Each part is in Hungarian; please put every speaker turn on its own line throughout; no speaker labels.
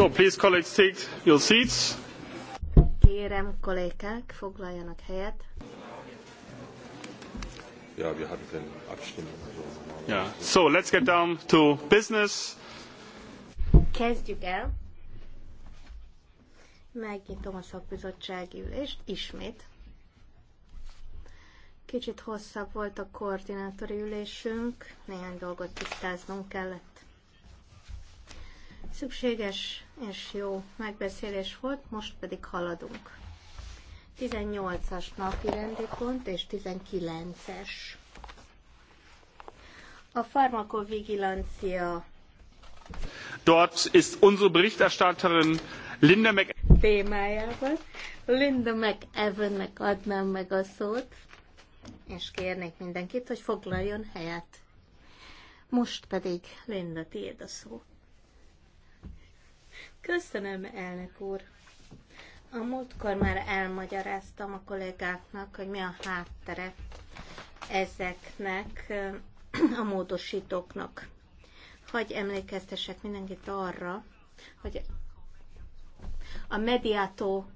So please colleagues take your seats. Kérem kollégák, foglaljanak helyet.
Ja, wir hatten Abstimmung. Ja, so let's get down to business.
Kezdjük el. Megnyitom a szakbizottsági ülést ismét. Kicsit hosszabb volt a koordinátori ülésünk, néhány dolgot tisztáznunk kellett Szükséges és jó megbeszélés volt, most pedig haladunk. 18-as napi rendi pont és 19-es. A farmakovigilancia. Dort ist unsere Berichterstatterin Linda Mc... Témájában. Linda McEvennek adnám meg a szót, és kérnék mindenkit, hogy foglaljon helyet. Most pedig Linda, tiéd a szó. Köszönöm, elnök úr. A múltkor már elmagyaráztam a kollégáknak, hogy mi a háttere ezeknek a módosítóknak. Hogy emlékeztesek mindenkit arra, hogy a mediátó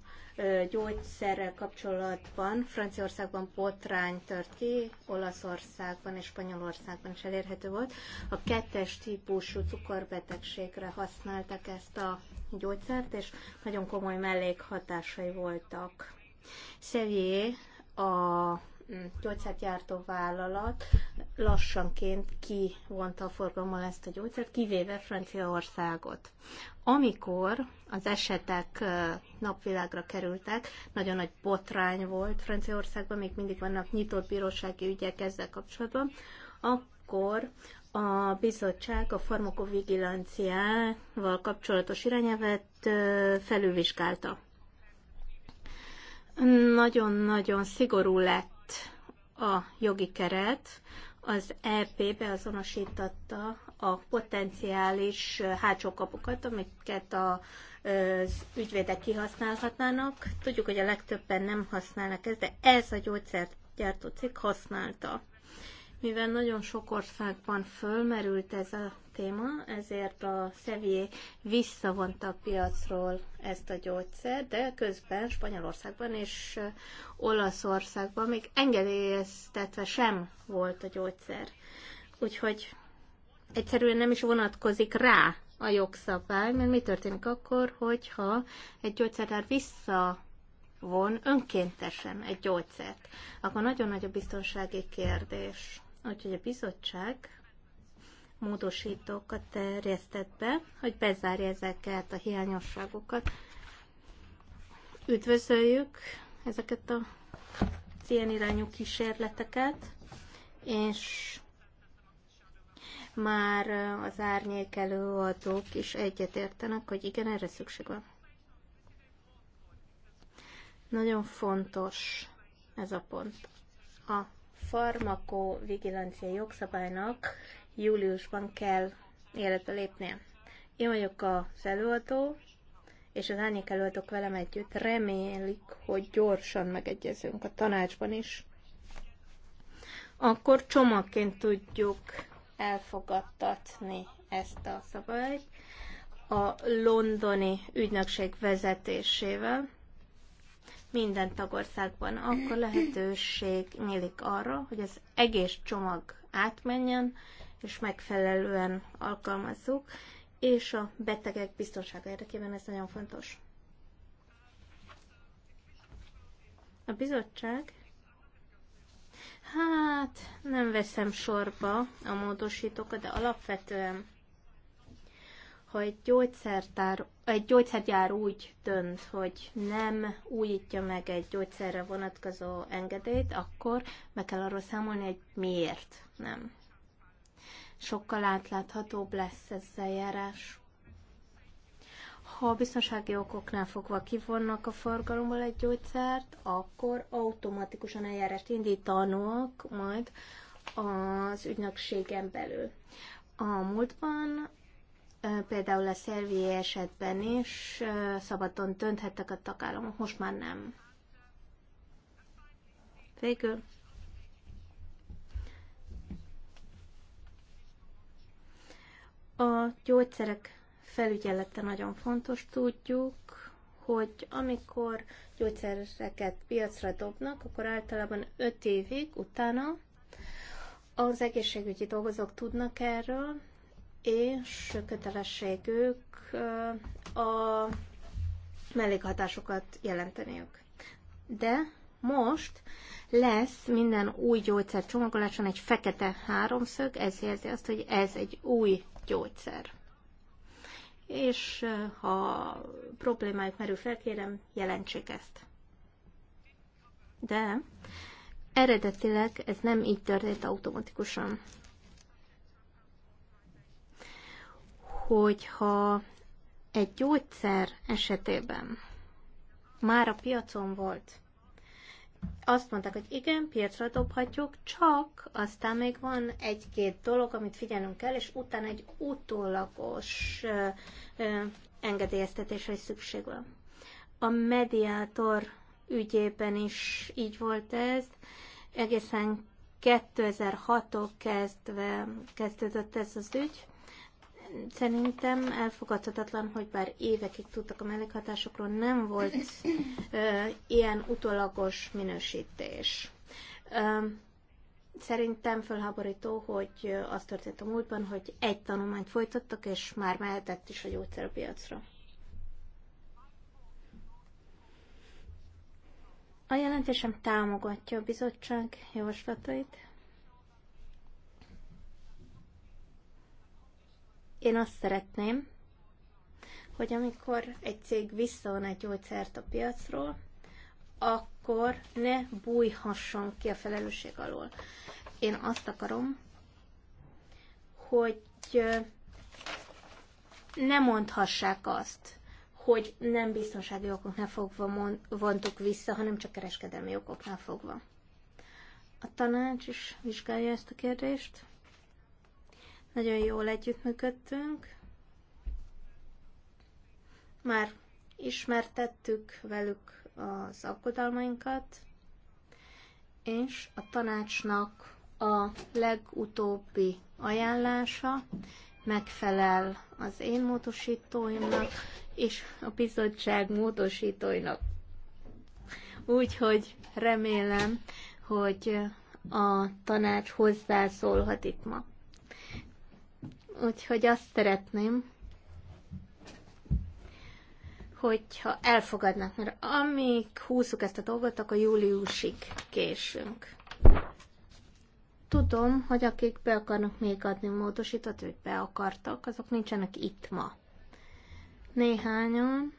gyógyszerrel kapcsolatban Franciaországban botrány tört ki, Olaszországban és Spanyolországban is elérhető volt. A kettes típusú cukorbetegségre használták ezt a gyógyszert, és nagyon komoly mellékhatásai voltak. Sevier a gyógyszergyártó vállalat lassanként kivonta a forgalommal ezt a gyógyszert, kivéve Franciaországot. Amikor az esetek napvilágra kerültek, nagyon nagy botrány volt Franciaországban, még mindig vannak nyitott bírósági ügyek ezzel kapcsolatban, akkor a bizottság a farmakovigilanciával kapcsolatos irányelvet felülvizsgálta. Nagyon-nagyon szigorú lett a jogi keret, az EP beazonosította a potenciális hátsó kapukat, amiket a, az ügyvédek kihasználhatnának. Tudjuk, hogy a legtöbben nem használnak ezt, de ez a gyógyszergyártó cikk használta. Mivel nagyon sok országban fölmerült ez a téma, ezért a Szevié visszavonta a piacról ezt a gyógyszert, de közben Spanyolországban és Olaszországban még engedélyeztetve sem volt a gyógyszer. Úgyhogy egyszerűen nem is vonatkozik rá a jogszabály, mert mi történik akkor, hogyha egy gyógyszertár vissza von önkéntesen egy gyógyszert, akkor nagyon nagy a biztonsági kérdés. Úgyhogy a bizottság módosítókat terjesztett be, hogy bezárja ezeket a hiányosságokat. Üdvözöljük ezeket a ilyen irányú kísérleteket, és már az árnyék előadók is egyetértenek, hogy igen, erre szükség van. Nagyon fontos ez a pont. A farmakovigilancia jogszabálynak júliusban kell életbe lépnie. Én vagyok az előadó, és az árnyék előadók velem együtt remélik, hogy gyorsan megegyezünk a tanácsban is. Akkor csomagként tudjuk elfogadtatni ezt a szabályt a londoni ügynökség vezetésével, minden tagországban, akkor lehetőség nyílik arra, hogy az egész csomag átmenjen, és megfelelően alkalmazzuk, és a betegek biztonsága érdekében ez nagyon fontos. A bizottság? Hát, nem veszem sorba a módosítókat, de alapvetően ha egy, gyógyszertár, egy gyógyszergyár úgy dönt, hogy nem újítja meg egy gyógyszerre vonatkozó engedélyt, akkor meg kell arról számolni, hogy miért nem. Sokkal átláthatóbb lesz ez a járás. Ha a biztonsági okoknál fogva kivonnak a forgalomból egy gyógyszert, akkor automatikusan eljárást indítanak majd az ügynökségen belül. A múltban például a szerviai esetben is szabadon dönthettek a tagállamok, most már nem. Végül. A gyógyszerek felügyelete nagyon fontos, tudjuk, hogy amikor gyógyszereket piacra dobnak, akkor általában 5 évig utána az egészségügyi dolgozók tudnak erről, és kötelességük a mellékhatásokat jelenteniük. De most lesz minden új gyógyszer csomagoláson egy fekete háromszög, ez jelzi azt, hogy ez egy új gyógyszer. És ha problémáik merül fel, kérem, jelentsék ezt. De eredetileg ez nem így történt automatikusan. hogyha egy gyógyszer esetében már a piacon volt, azt mondták, hogy igen, piacra dobhatjuk, csak aztán még van egy-két dolog, amit figyelnünk kell, és utána egy utólagos ö, ö, engedélyeztetésre is szükség van. A mediátor ügyében is így volt ez, egészen 2006-tól kezdve kezdődött ez az ügy, szerintem elfogadhatatlan, hogy bár évekig tudtak a mellékhatásokról, nem volt ö, ilyen utolagos minősítés. Ö, szerintem felháborító, hogy az történt a múltban, hogy egy tanulmányt folytattak, és már mehetett is a gyógyszer a piacra. A jelentésem támogatja a bizottság javaslatait. Én azt szeretném, hogy amikor egy cég visszavon egy gyógyszert a piacról, akkor ne bújhasson ki a felelősség alól. Én azt akarom, hogy ne mondhassák azt, hogy nem biztonsági okoknál fogva vontuk vissza, hanem csak kereskedelmi okoknál fogva. A tanács is vizsgálja ezt a kérdést. Nagyon jól együttműködtünk. Már ismertettük velük az aggodalmainkat, és a tanácsnak a legutóbbi ajánlása megfelel az én módosítóimnak és a bizottság módosítóinak. Úgyhogy remélem, hogy a tanács hozzászólhat itt ma. Úgyhogy azt szeretném, hogyha elfogadnak, mert amíg húzzuk ezt a dolgot, akkor júliusig késünk. Tudom, hogy akik be akarnak még adni módosítat, hogy be akartak, azok nincsenek itt ma. Néhányan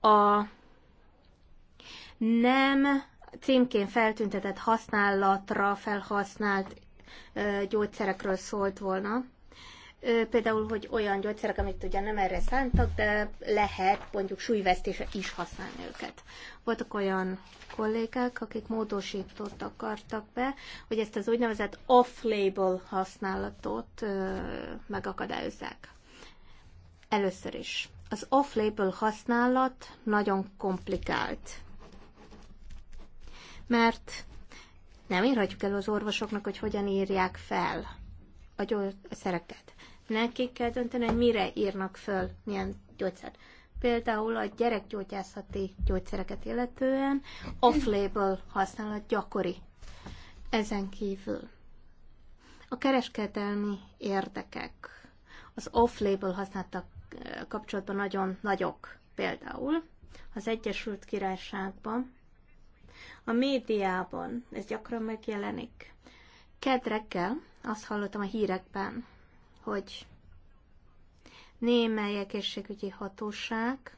a nem címkén feltüntetett használatra felhasznált gyógyszerekről szólt volna. Például, hogy olyan gyógyszerek, amit ugye nem erre szántak, de lehet mondjuk súlyvesztésre is használni őket. Voltak olyan kollégák, akik módosítót akartak be, hogy ezt az úgynevezett off-label használatot megakadályozzák. Először is. Az off-label használat nagyon komplikált, mert nem írhatjuk el az orvosoknak, hogy hogyan írják fel a gyógyszereket. Nekik kell dönteni, hogy mire írnak föl, milyen gyógyszert. Például a gyerekgyógyászati gyógyszereket illetően off-label használat gyakori. Ezen kívül a kereskedelmi érdekek az off-label használtak kapcsolatban nagyon nagyok. Például az Egyesült Királyságban a médiában ez gyakran megjelenik. Kedd reggel azt hallottam a hírekben, hogy némely egészségügyi hatóság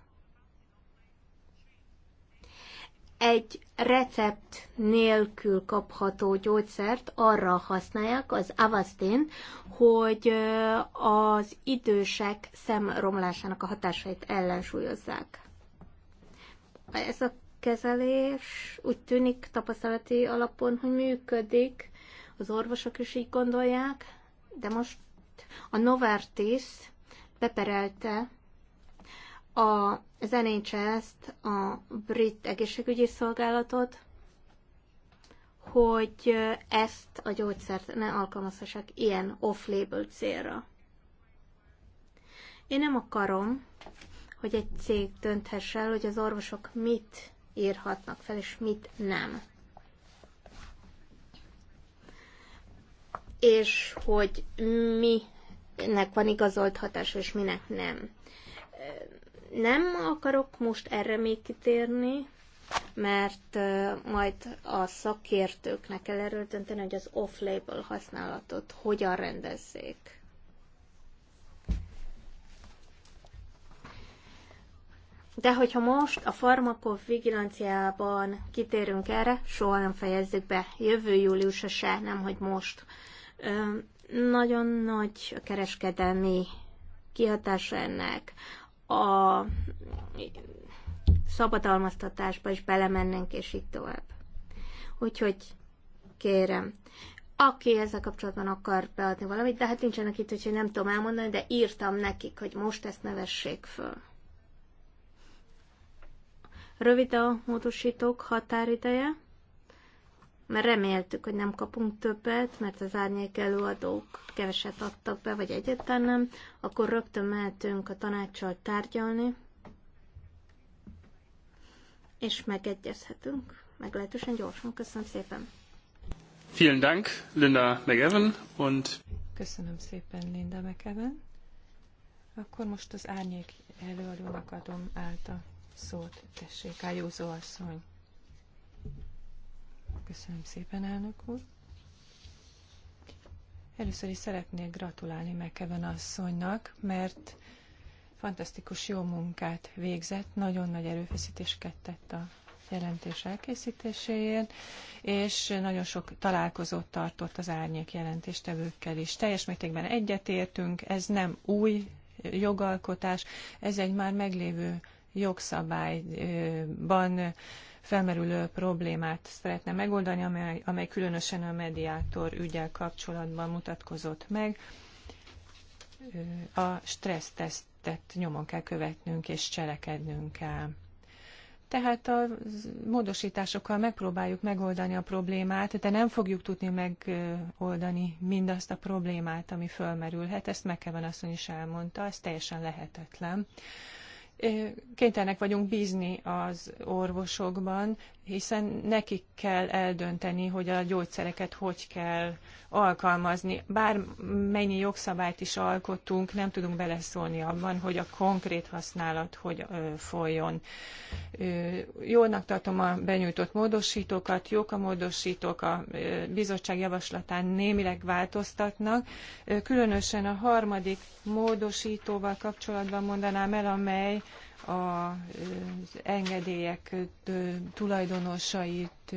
egy recept nélkül kapható gyógyszert arra használják, az Avastin, hogy az idősek szemromlásának a hatásait ellensúlyozzák. Ez a kezelés úgy tűnik tapasztalati alapon, hogy működik, az orvosok is így gondolják, de most a Novartis beperelte a, az nhs a brit egészségügyi szolgálatot, hogy ezt a gyógyszert ne alkalmazhassák ilyen off-label célra. Én nem akarom, hogy egy cég dönthesse el, hogy az orvosok mit írhatnak fel, és mit nem. És hogy minek van igazolt hatás, és minek nem. Nem akarok most erre még kitérni, mert majd a szakértőknek kell erről dönteni, hogy az off-label használatot hogyan rendezzék. De hogyha most a farmakovigilanciában kitérünk erre, soha nem fejezzük be. Jövő júliusra se, nem hogy most. Ö, nagyon nagy a kereskedelmi kihatása ennek. A szabadalmaztatásba is belemennénk, és így tovább. Úgyhogy kérem, aki ezzel kapcsolatban akar beadni valamit, de hát nincsenek itt, úgyhogy nem tudom elmondani, de írtam nekik, hogy most ezt ne vessék föl. Rövid a módosítók határideje, mert reméltük, hogy nem kapunk többet, mert az árnyék előadók keveset adtak be, vagy egyetlen nem, akkor rögtön mehetünk a tanácssal tárgyalni, és megegyezhetünk. Meglehetősen gyorsan. Köszönöm
szépen. Vielen Dank, Linda McEwen. Und Köszönöm szépen, Linda McEwen. Akkor most az árnyék előadónak adom át a szót. Tessék, Ájúzó asszony. Köszönöm szépen, elnök úr. Először is szeretnék gratulálni Mekeven asszonynak, mert fantasztikus jó munkát végzett, nagyon nagy erőfeszítéseket tett a jelentés elkészítéséért, és nagyon sok találkozót tartott az árnyék jelentéstevőkkel is. Teljes mértékben egyetértünk, ez nem új jogalkotás, ez egy már meglévő jogszabályban felmerülő problémát szeretne megoldani, amely, amely különösen a mediátor ügyel kapcsolatban mutatkozott meg. A stressztesztet nyomon kell követnünk és cselekednünk kell. Tehát a módosításokkal megpróbáljuk megoldani a problémát, de nem fogjuk tudni megoldani mindazt a problémát, ami fölmerülhet. Ezt Mekeven asszony is elmondta, ez teljesen lehetetlen kénytelenek vagyunk bzni az orvosokban, hiszen nekik kell eldönteni, hogy a gyógyszereket hogy kell alkalmazni. Bár mennyi jogszabályt is alkottunk, nem tudunk beleszólni abban, hogy a konkrét használat hogy folyjon. Jónak tartom a benyújtott módosítókat, jók a módosítók, a bizottság javaslatán némileg változtatnak. Különösen a harmadik módosítóval kapcsolatban mondanám el, amely az engedélyek tulajdonosait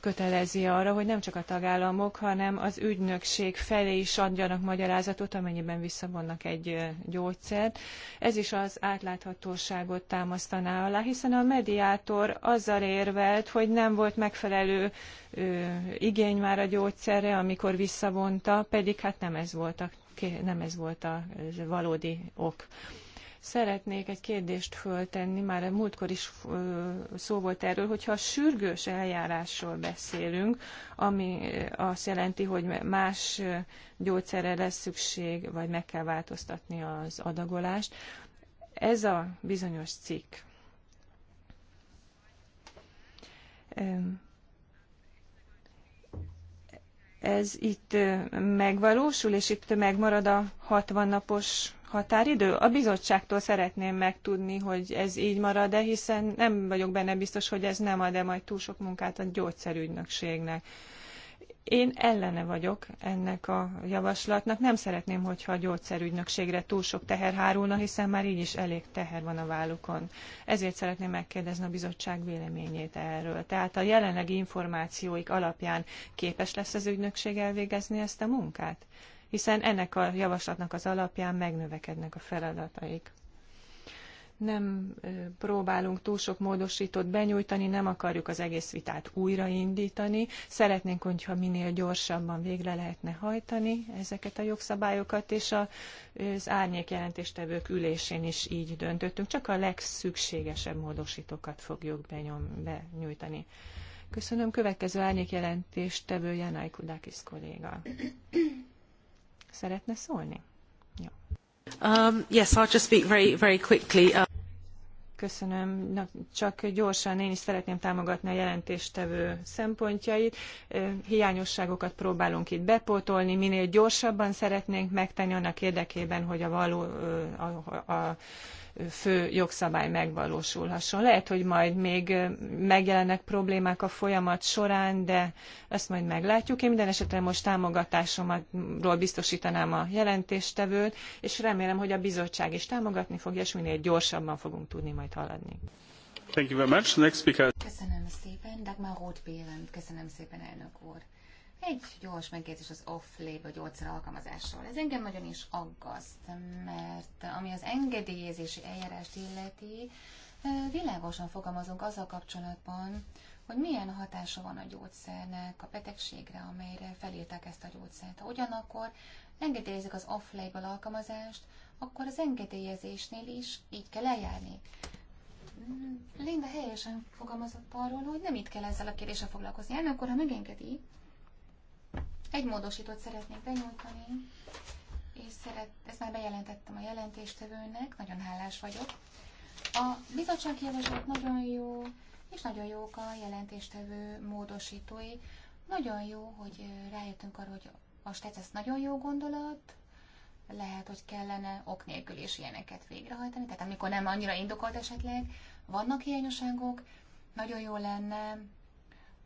kötelezi arra, hogy nem csak a tagállamok, hanem az ügynökség felé is adjanak magyarázatot, amennyiben visszavonnak egy gyógyszert. Ez is az átláthatóságot támasztaná alá, hiszen a mediátor azzal érvelt, hogy nem volt megfelelő igény már a gyógyszerre, amikor visszavonta, pedig hát nem ez volt a, nem ez volt a valódi ok. Szeretnék egy kérdést föltenni, már a múltkor is szó volt erről, hogyha a sürgős eljárásról beszélünk, ami azt jelenti, hogy más gyógyszerre lesz szükség, vagy meg kell változtatni az adagolást. Ez a bizonyos cikk. Ez itt megvalósul, és itt megmarad a 60 napos határidő? A bizottságtól szeretném megtudni, hogy ez így marad-e, hiszen nem vagyok benne biztos, hogy ez nem ad-e majd túl sok munkát a gyógyszerügynökségnek. Én ellene vagyok ennek a javaslatnak. Nem szeretném, hogyha a gyógyszerügynökségre túl sok teher hárulna, hiszen már így is elég teher van a vállukon. Ezért szeretném megkérdezni a bizottság véleményét erről. Tehát a jelenlegi információik alapján képes lesz az ügynökség elvégezni ezt a munkát? hiszen ennek a javaslatnak az alapján megnövekednek a feladataik nem próbálunk túl sok módosítót benyújtani, nem akarjuk az egész vitát újraindítani. Szeretnénk, hogyha minél gyorsabban végre lehetne hajtani ezeket a jogszabályokat, és az árnyék jelentéstevők ülésén is így döntöttünk. Csak a legszükségesebb módosítókat fogjuk benyom, benyújtani. Köszönöm. Következő árnyék jelentéstevő Janaj Kudákis kolléga szeretne szólni? Jó. Um, yes, I'll just speak very, very quickly. Uh... Köszönöm. Na, csak gyorsan én is szeretném támogatni a jelentéstevő szempontjait. Hiányosságokat próbálunk itt bepótolni, minél gyorsabban szeretnénk megtenni annak érdekében, hogy a való a, a, a fő jogszabály megvalósulhasson. Lehet, hogy majd még megjelennek problémák a folyamat során, de ezt majd meglátjuk. Én minden esetre most támogatásomról biztosítanám a jelentéstevőt, és remélem, hogy a bizottság is támogatni fogja, és minél gyorsabban fogunk tudni majd haladni.
Thank you very much. Next speaker. Köszönöm szépen, Dagmar Roth Köszönöm szépen, elnök úr. Egy gyors megjegyzés az off-label gyógyszer alkalmazásról. Ez engem nagyon is aggaszt, mert ami az engedélyezési eljárást illeti, világosan fogalmazunk azzal kapcsolatban, hogy milyen hatása van a gyógyszernek a betegségre, amelyre felírták ezt a gyógyszert. Ha ugyanakkor engedélyezik az off-label alkalmazást, akkor az engedélyezésnél is így kell eljárni. Linda helyesen fogalmazott arról, hogy nem itt kell ezzel a kérdéssel foglalkozni. Ennek akkor, ha megengedi, egy módosítót szeretnék benyújtani, és szeret, ezt már bejelentettem a jelentéstevőnek, nagyon hálás vagyok. A bizottság javaslat nagyon jó, és nagyon jók a jelentéstevő módosítói. Nagyon jó, hogy rájöttünk arra, hogy a stec ez nagyon jó gondolat, lehet, hogy kellene ok nélkül is ilyeneket végrehajtani, tehát amikor nem annyira indokolt esetleg, vannak hiányosságok, nagyon jó lenne,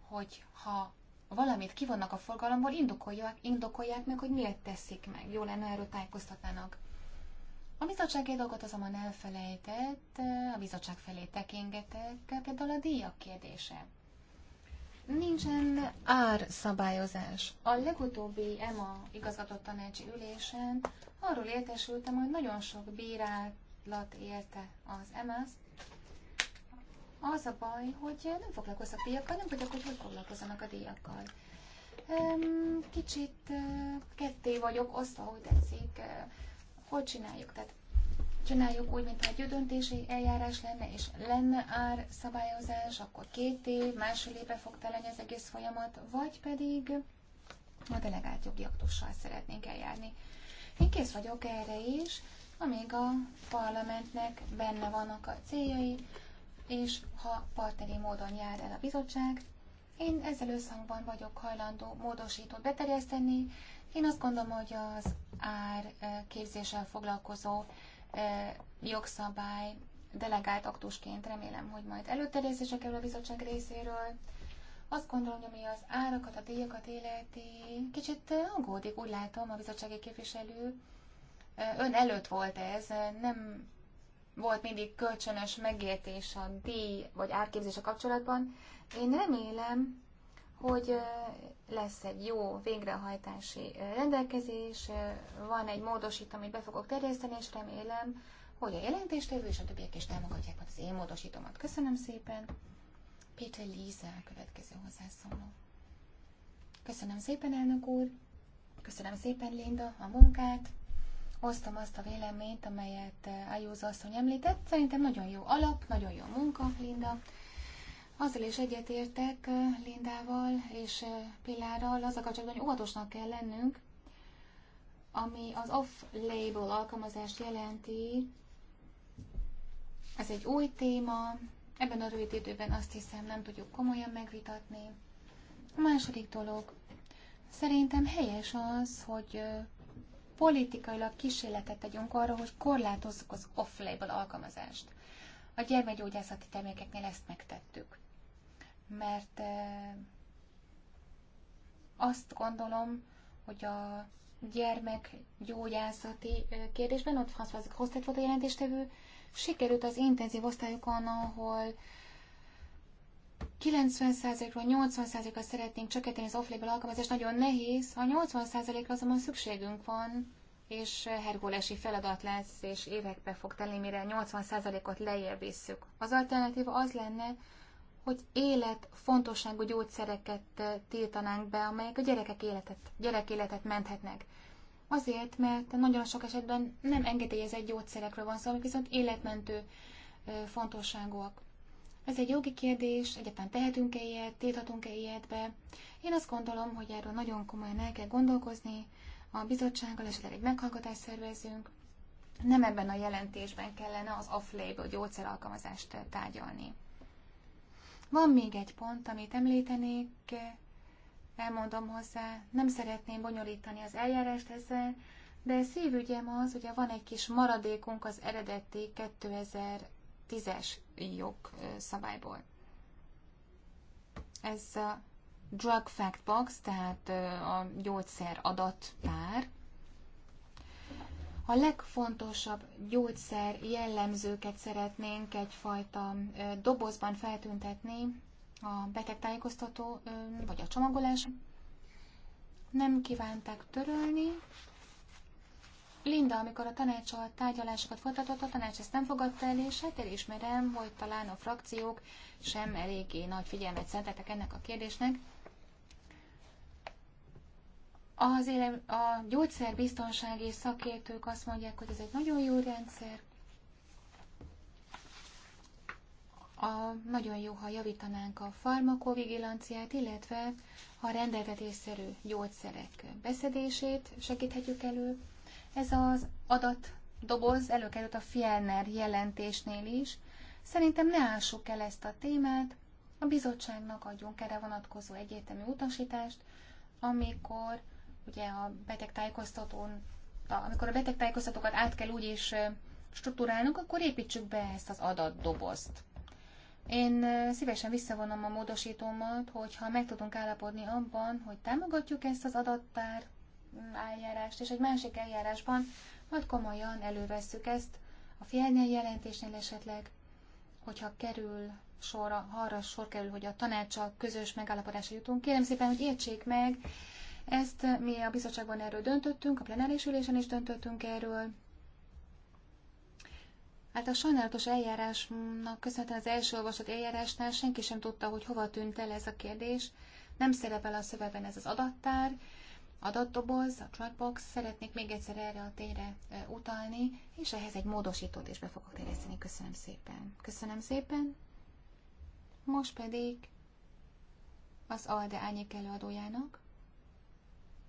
hogy ha valamit kivonnak a forgalomból, indokolják, indokolják meg, hogy miért teszik meg. Jó lenne, erről tájékoztatnának. A bizottság egy dolgot azonban elfelejtett, a bizottság felé tekingetek, például a díjak kérdése. Nincsen árszabályozás. A legutóbbi EMA tanácsi ülésen arról értesültem, hogy nagyon sok bírálat érte az EMA-t, az a baj, hogy nem foglalkoznak díjakkal, nem tudják, hogy hogy foglalkozzanak a díjakkal. Kicsit eh, ketté vagyok osztva, hogy tetszik, eh, hogy csináljuk. Tehát csináljuk úgy, mintha egy döntési eljárás lenne, és lenne ár szabályozás, akkor két év, másfél éve fog telenni az egész folyamat, vagy pedig a delegált jogi aktussal szeretnénk eljárni. Én kész vagyok erre is, amíg a parlamentnek benne vannak a céljai, és ha partneri módon jár el a bizottság, én ezzel összhangban vagyok hajlandó módosítót beterjeszteni. Én azt gondolom, hogy az ár eh, képzéssel foglalkozó eh, jogszabály delegált aktusként remélem, hogy majd előterjesztésre kerül a bizottság részéről. Azt gondolom, hogy ami az árakat, a díjakat életi, kicsit eh, aggódik, úgy látom, a bizottsági képviselő. Ön előtt volt ez, nem volt mindig kölcsönös megértés a díj vagy árképzés a kapcsolatban. Én remélem, hogy lesz egy jó végrehajtási rendelkezés, van egy módosít, amit be fogok terjeszteni, és remélem, hogy a jelentéstevő és a többiek is támogatják az én módosítomat. Köszönöm szépen. Péter Líza a következő hozzászóló. Köszönöm szépen, elnök úr. Köszönöm szépen, Linda, a munkát. Osztom azt a véleményt, amelyet eh, Ájóz asszony említett. Szerintem nagyon jó alap, nagyon jó munka, Linda. Azzal is egyetértek eh, Lindával és eh, Pillárral, a kapcsolatban, hogy óvatosnak kell lennünk, ami az off-label alkalmazást jelenti. Ez egy új téma, ebben a rövid időben azt hiszem nem tudjuk komolyan megvitatni. A második dolog, szerintem helyes az, hogy politikailag kísérletet tegyünk arra, hogy korlátozzuk az off-label alkalmazást. A gyermekgyógyászati termékeknél ezt megtettük. Mert azt gondolom, hogy a gyermekgyógyászati kérdésben, ott François Hostet volt a jelentéstevő, sikerült az intenzív osztályokon, ahol 90%-ról 80%-ra szeretnénk csökkenteni az off-label alkalmazást, nagyon nehéz, ha 80%-ra azonban szükségünk van, és herkulesi feladat lesz, és évekbe fog tenni, mire 80%-ot lejjebb visszük. Az alternatíva az lenne, hogy élet fontosságú gyógyszereket eh, tiltanánk be, amelyek a gyerekek életet, gyerek életet menthetnek. Azért, mert nagyon sok esetben nem engedélyezett gyógyszerekről van szó, amik viszont életmentő eh, fontosságúak. Ez egy jogi kérdés, egyáltalán tehetünk-e ilyet, tilthatunk-e ilyet be. Én azt gondolom, hogy erről nagyon komolyan el kell gondolkozni, a bizottsággal esetleg egy meghallgatást szervezünk. Nem ebben a jelentésben kellene az off-label gyógyszeralkalmazást tárgyalni. Van még egy pont, amit említenék, elmondom hozzá, nem szeretném bonyolítani az eljárást ezzel, de szívügyem az, hogy van egy kis maradékunk az eredeti 2010-es jogszabályból. Ez a Drug Fact Box, tehát a gyógyszer adatpár, a legfontosabb gyógyszer jellemzőket szeretnénk egyfajta dobozban feltüntetni a betegtájékoztató vagy a csomagolás. Nem kívánták törölni, Linda, amikor a a tárgyalásokat folytatott, a tanács ezt nem fogadta el, és hát elismerem, hogy talán a frakciók sem eléggé nagy figyelmet szentettek ennek a kérdésnek. Az élem, a gyógyszerbiztonsági szakértők azt mondják, hogy ez egy nagyon jó rendszer. A, nagyon jó, ha javítanánk a farmakovigilanciát, illetve a rendeltetésszerű gyógyszerek beszedését segíthetjük elő ez az adatdoboz előkerült a Fielner jelentésnél is. Szerintem ne ássuk el ezt a témát, a bizottságnak adjunk erre vonatkozó egyértelmű utasítást, amikor ugye a betegtájékoztatón, amikor a betegtájékoztatókat át kell úgy is struktúrálnunk, akkor építsük be ezt az adatdobozt. Én szívesen visszavonom a módosítómat, hogyha meg tudunk állapodni abban, hogy támogatjuk ezt az adattár eljárást, és egy másik eljárásban majd komolyan elővesszük ezt, a Fjellner jelentésnél esetleg, hogyha kerül sorra, ha arra sor kerül, hogy a tanácsa közös megállapodásra jutunk. Kérem szépen, hogy értsék meg, ezt mi a bizottságban erről döntöttünk, a plenáris ülésen is döntöttünk erről. Hát a sajnálatos eljárásnak köszönhetően az első olvasott eljárásnál senki sem tudta, hogy hova tűnt el ez a kérdés. Nem szerepel a szövegben ez az adattár, adatdoboz, a chatbox, szeretnék még egyszer erre a tényre e, utalni, és ehhez egy módosítót is be fogok terjeszteni. Köszönöm szépen. Köszönöm szépen. Most pedig az ALDE Ányék előadójának,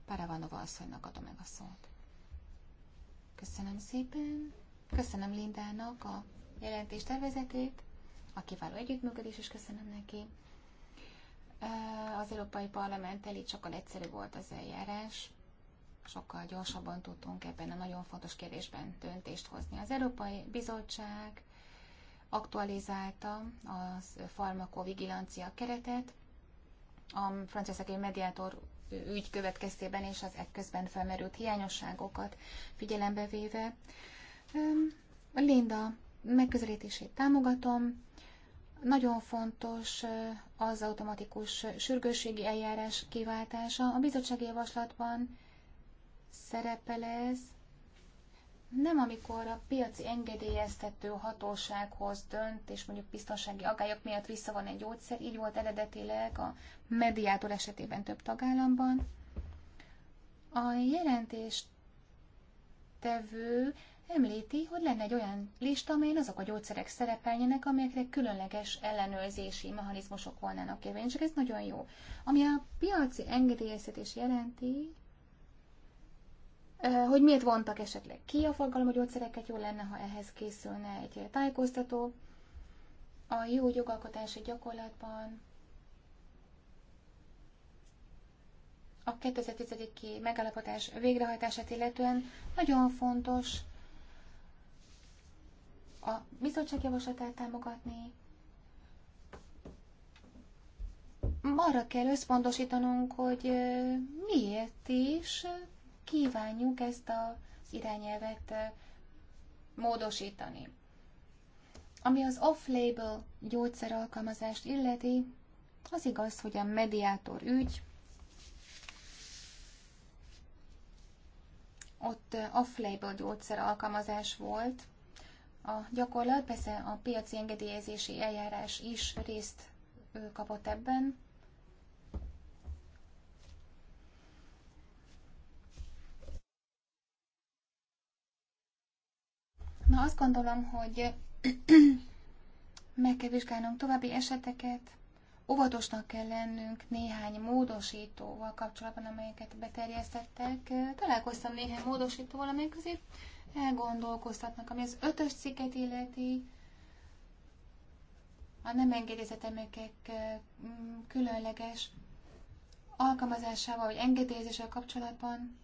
Paravanova asszonynak adom meg a szót. Köszönöm szépen. Köszönöm Lindának a jelentés tervezetét, a kiváló együttműködés, és köszönöm neki. Eh, az Európai Parlament elé sokkal egyszerű volt az eljárás, sokkal gyorsabban tudtunk ebben a nagyon fontos kérdésben döntést hozni. Az Európai Bizottság aktualizálta az farmakovigilancia keretet, a szegény mediátor ügy következtében és az ekközben felmerült hiányosságokat figyelembe véve. Linda megközelítését támogatom, nagyon fontos az automatikus sürgősségi eljárás kiváltása. A bizottsági javaslatban szerepel ez, nem amikor a piaci engedélyeztető hatósághoz dönt, és mondjuk biztonsági agályok miatt visszavon egy gyógyszer, így volt eredetileg a mediátor esetében több tagállamban. A jelentés tevő említi, hogy lenne egy olyan lista, amelyen azok a gyógyszerek szerepeljenek, amelyekre különleges ellenőrzési mechanizmusok volnának érvényesek. ez nagyon jó. Ami a piaci engedélyeztetés jelenti, hogy miért vontak esetleg ki a forgalom a gyógyszereket, jó lenne, ha ehhez készülne egy tájékoztató. A jó jogalkotási gyakorlatban a 2011 megállapodás végrehajtását illetően nagyon fontos a bizottság javaslatát támogatni. Arra kell összpontosítanunk, hogy miért is kívánjuk ezt az irányelvet módosítani. Ami az off-label gyógyszer alkalmazást illeti, az igaz, hogy a mediátor ügy ott off-label gyógyszer alkalmazás volt, a gyakorlat, persze a piaci engedélyezési eljárás is részt kapott ebben. Na azt gondolom, hogy meg kell vizsgálnunk további eseteket, óvatosnak kell lennünk néhány módosítóval kapcsolatban, amelyeket beterjesztettek. Találkoztam néhány módosítóval, amelyek azért elgondolkoztatnak, ami az ötös cikket illeti, a nem engedélyezett emekek mm, különleges alkalmazásával vagy engedélyezéssel kapcsolatban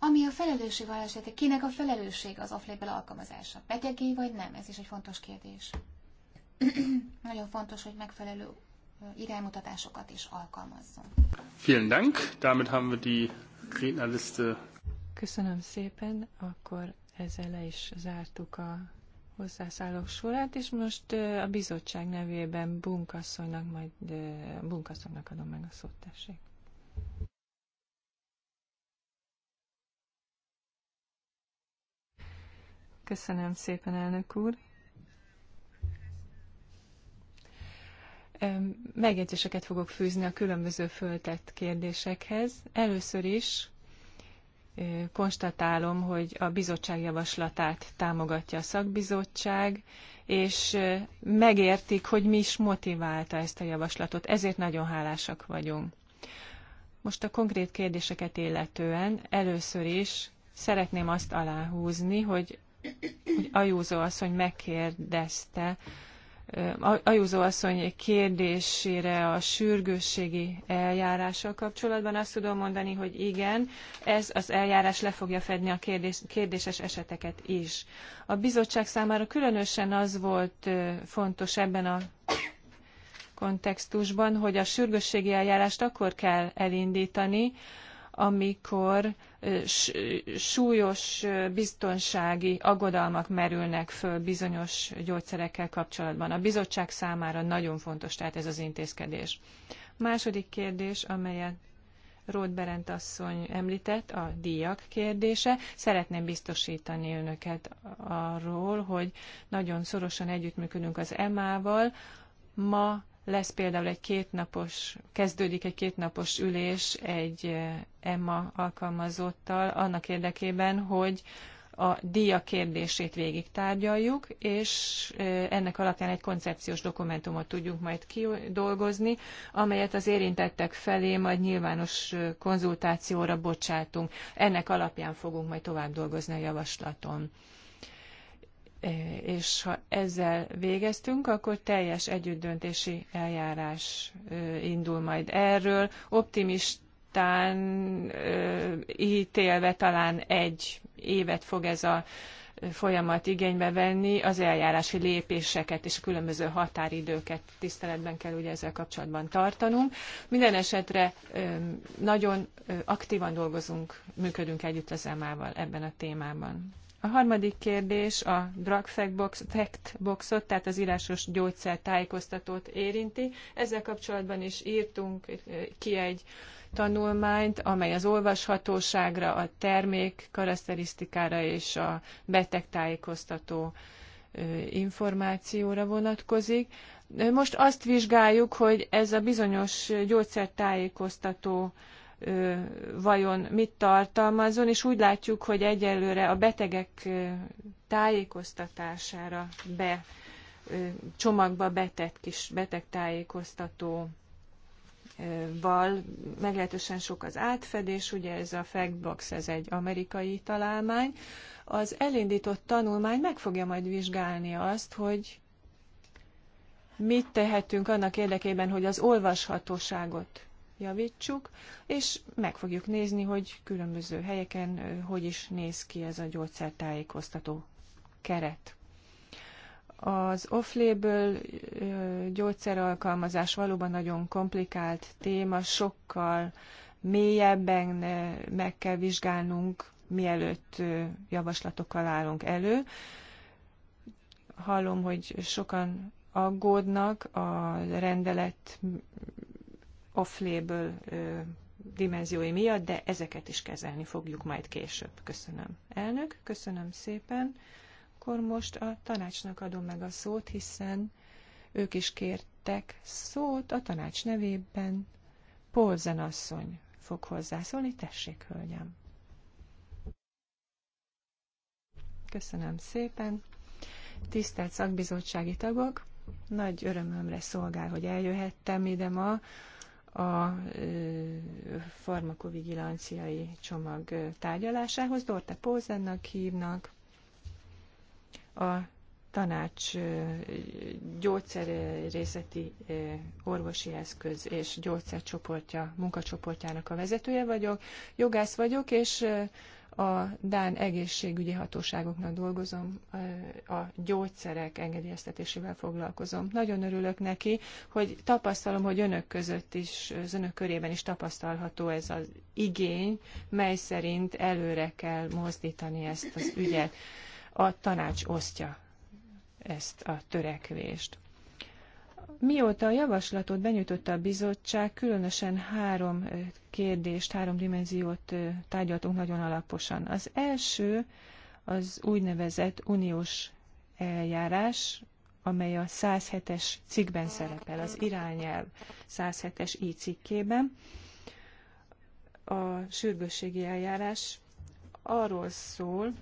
Ami a felelősségvállalás, tehát kinek a felelősség az off alkalmazása? Betegé vagy nem? Ez is egy fontos kérdés. Nagyon fontos, hogy megfelelő iránymutatásokat is alkalmazzon.
Vielen Dank, damit haben wir die Rednerliste. Köszönöm szépen, akkor ezzel le is zártuk a hozzászállók sorát, és most a bizottság nevében Bunkasszonynak, majd Bunkasszonynak adom meg a szót, tessék. Köszönöm szépen, elnök úr. megjegyzéseket fogok fűzni a különböző föltett kérdésekhez. Először is konstatálom, hogy a bizottság javaslatát támogatja a szakbizottság, és megértik, hogy mi is motiválta ezt a javaslatot. Ezért nagyon hálásak vagyunk. Most a konkrét kérdéseket illetően először is szeretném azt aláhúzni, hogy, hogy Ajúzó asszony megkérdezte, Ajúzó asszony kérdésére a sürgősségi eljárással kapcsolatban azt tudom mondani, hogy igen, ez az eljárás le fogja fedni a kérdés, kérdéses eseteket is. A bizottság számára különösen az volt fontos ebben a kontextusban, hogy a sürgősségi eljárást akkor kell elindítani, amikor súlyos biztonsági aggodalmak merülnek föl bizonyos gyógyszerekkel kapcsolatban. A bizottság számára nagyon fontos tehát ez az intézkedés. Második kérdés, amelyet Rót Berent asszony említett, a díjak kérdése. Szeretném biztosítani önöket arról, hogy nagyon szorosan együttműködünk az EMA-val. Ma lesz például egy kétnapos, kezdődik egy kétnapos ülés egy eh, EMMA alkalmazottal annak érdekében, hogy a díja kérdését végig tárgyaljuk, és eh, ennek alapján egy koncepciós dokumentumot tudjunk majd kidolgozni, amelyet az érintettek felé majd nyilvános eh, konzultációra bocsátunk. Ennek alapján fogunk majd tovább dolgozni a javaslaton. E, és ha ezzel végeztünk, akkor teljes együttdöntési eljárás e, indul majd erről. Optimistán e, ítélve talán egy évet fog ez a folyamat igénybe venni, az eljárási lépéseket és különböző határidőket tiszteletben kell ugye ezzel kapcsolatban tartanunk. Minden esetre nagyon aktívan dolgozunk, működünk együtt az EMA-val ebben a témában. A harmadik kérdés a drug fact, box, fact boxot, tehát az írásos gyógyszertájékoztatót érinti. Ezzel kapcsolatban is írtunk eh, ki egy tanulmányt, amely az olvashatóságra, a termék karakterisztikára és a tájékoztató eh, információra vonatkozik. Most azt vizsgáljuk, hogy ez a bizonyos gyógyszertájékoztató vajon mit tartalmazzon, és úgy látjuk, hogy egyelőre a betegek tájékoztatására be, csomagba betett kis betegtájékoztató val meglehetősen sok az átfedés, ugye ez a Factbox, ez egy amerikai találmány. Az elindított tanulmány meg fogja majd vizsgálni azt, hogy mit tehetünk annak érdekében, hogy az olvashatóságot javítsuk, és meg fogjuk nézni, hogy különböző helyeken hogy is néz ki ez a gyógyszertájékoztató keret. Az off-label gyógyszeralkalmazás valóban nagyon komplikált téma, sokkal mélyebben meg kell vizsgálnunk, mielőtt javaslatokkal állunk elő. Hallom, hogy sokan aggódnak a rendelet off-label dimenziói miatt, de ezeket is kezelni fogjuk majd később. Köszönöm. Elnök, köszönöm szépen. Akkor most a tanácsnak adom meg a szót, hiszen ők is kértek szót a tanács nevében. Polzen asszony fog hozzászólni. Tessék, hölgyem. Köszönöm szépen. Tisztelt szakbizottsági tagok, nagy örömömre szolgál, hogy eljöhettem ide ma a farmakovigilanciai csomag tárgyalásához. Dorte Pózennak hívnak. A tanács gyógyszerészeti orvosi eszköz és gyógyszercsoportja, munkacsoportjának a vezetője vagyok, jogász vagyok, és a Dán egészségügyi hatóságoknak dolgozom, a gyógyszerek engedélyeztetésével foglalkozom. Nagyon örülök neki, hogy tapasztalom, hogy önök között is, az önök körében is tapasztalható ez az igény, mely szerint előre kell mozdítani ezt az ügyet. A tanács osztja ezt a törekvést. Mióta a javaslatot benyújtotta a bizottság, különösen három kérdést, három dimenziót tárgyaltunk nagyon alaposan. Az első az úgynevezett uniós eljárás, amely a 107-es cikkben szerepel, az irányelv 107-es i cikkében. A sürgősségi eljárás arról szól,